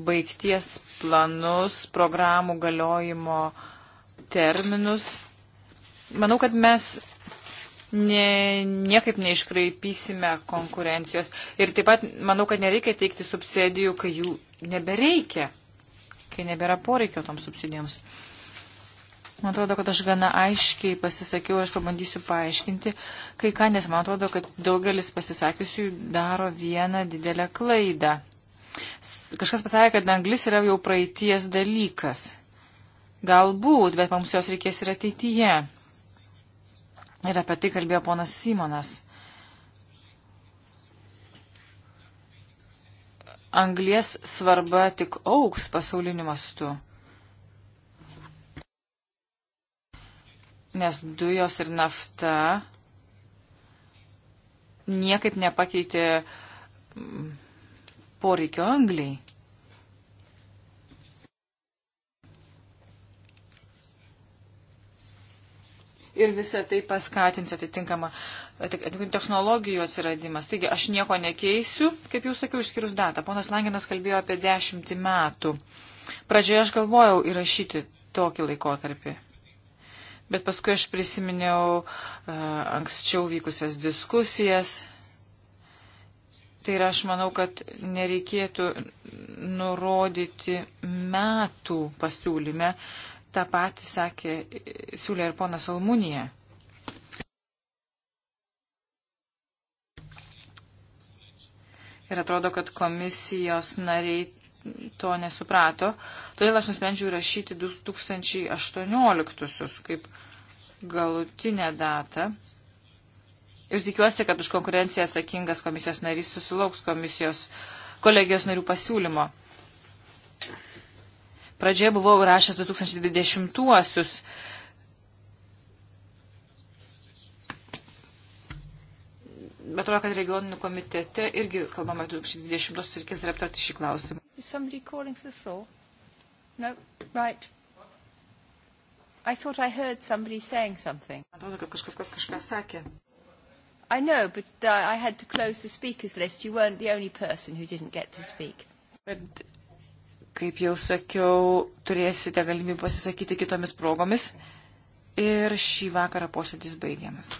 baigties planus, programų galiojimo terminus, manau, kad mes ne, niekaip neiškraipysime konkurencijos. Ir taip pat manau, kad nereikia teikti subsidijų, kai jų nebereikia, kai nebėra poreikio toms subsidijoms. Man atrodo, kad aš gana aiškiai pasisakiau, aš pabandysiu paaiškinti kai ką, nes man atrodo, kad daugelis pasisakiusių daro vieną didelę klaidą. Kažkas pasakė, kad anglis yra jau praeities dalykas. Galbūt, bet mums jos reikės ir ateityje. Ir apie tai kalbėjo ponas Simonas. Anglies svarba tik auks pasauliniu mastu. Nes dujos ir nafta niekaip nepakeitė mm, poreikio angliai. ir visą tai paskatins atitinkamą technologijų atsiradimas. Taigi aš nieko nekeisiu, kaip jau sakiau, išskyrus datą. Ponas Langinas kalbėjo apie dešimtį metų. Pradžioje aš galvojau įrašyti tokį laikotarpį. Bet paskui aš prisiminiau uh, anksčiau vykusias diskusijas. Tai yra, aš manau, kad nereikėtų nurodyti metų pasiūlyme, uh, Ta pati sakė, siūlė ir ponas Almunija. Ir atrodo, kad komisijos nariai to nesuprato. Todėl aš nusprendžiau rašyti 2018 kaip galutinę datą. Ir tikiuosi, kad už konkurenciją atsakingas komisijos narys susilauks komisijos kolegijos narių pasiūlymo. Pradžioje buvau rašęs 2020-uosius. Bet atrodo, kad regioninių komitete irgi kalbama 2020-uosius ir reikės dar aptarti šį klausimą. No, right. I thought I heard somebody saying something. Atrodo, kad kažkas kas kažką sakė. I know, but uh, I had to close the speakers list. You weren't the only person who didn't get to speak. Bet Kaip jau sakiau, turėsite galimybę pasisakyti kitomis progomis. Ir šį vakarą posėdis baigiamas.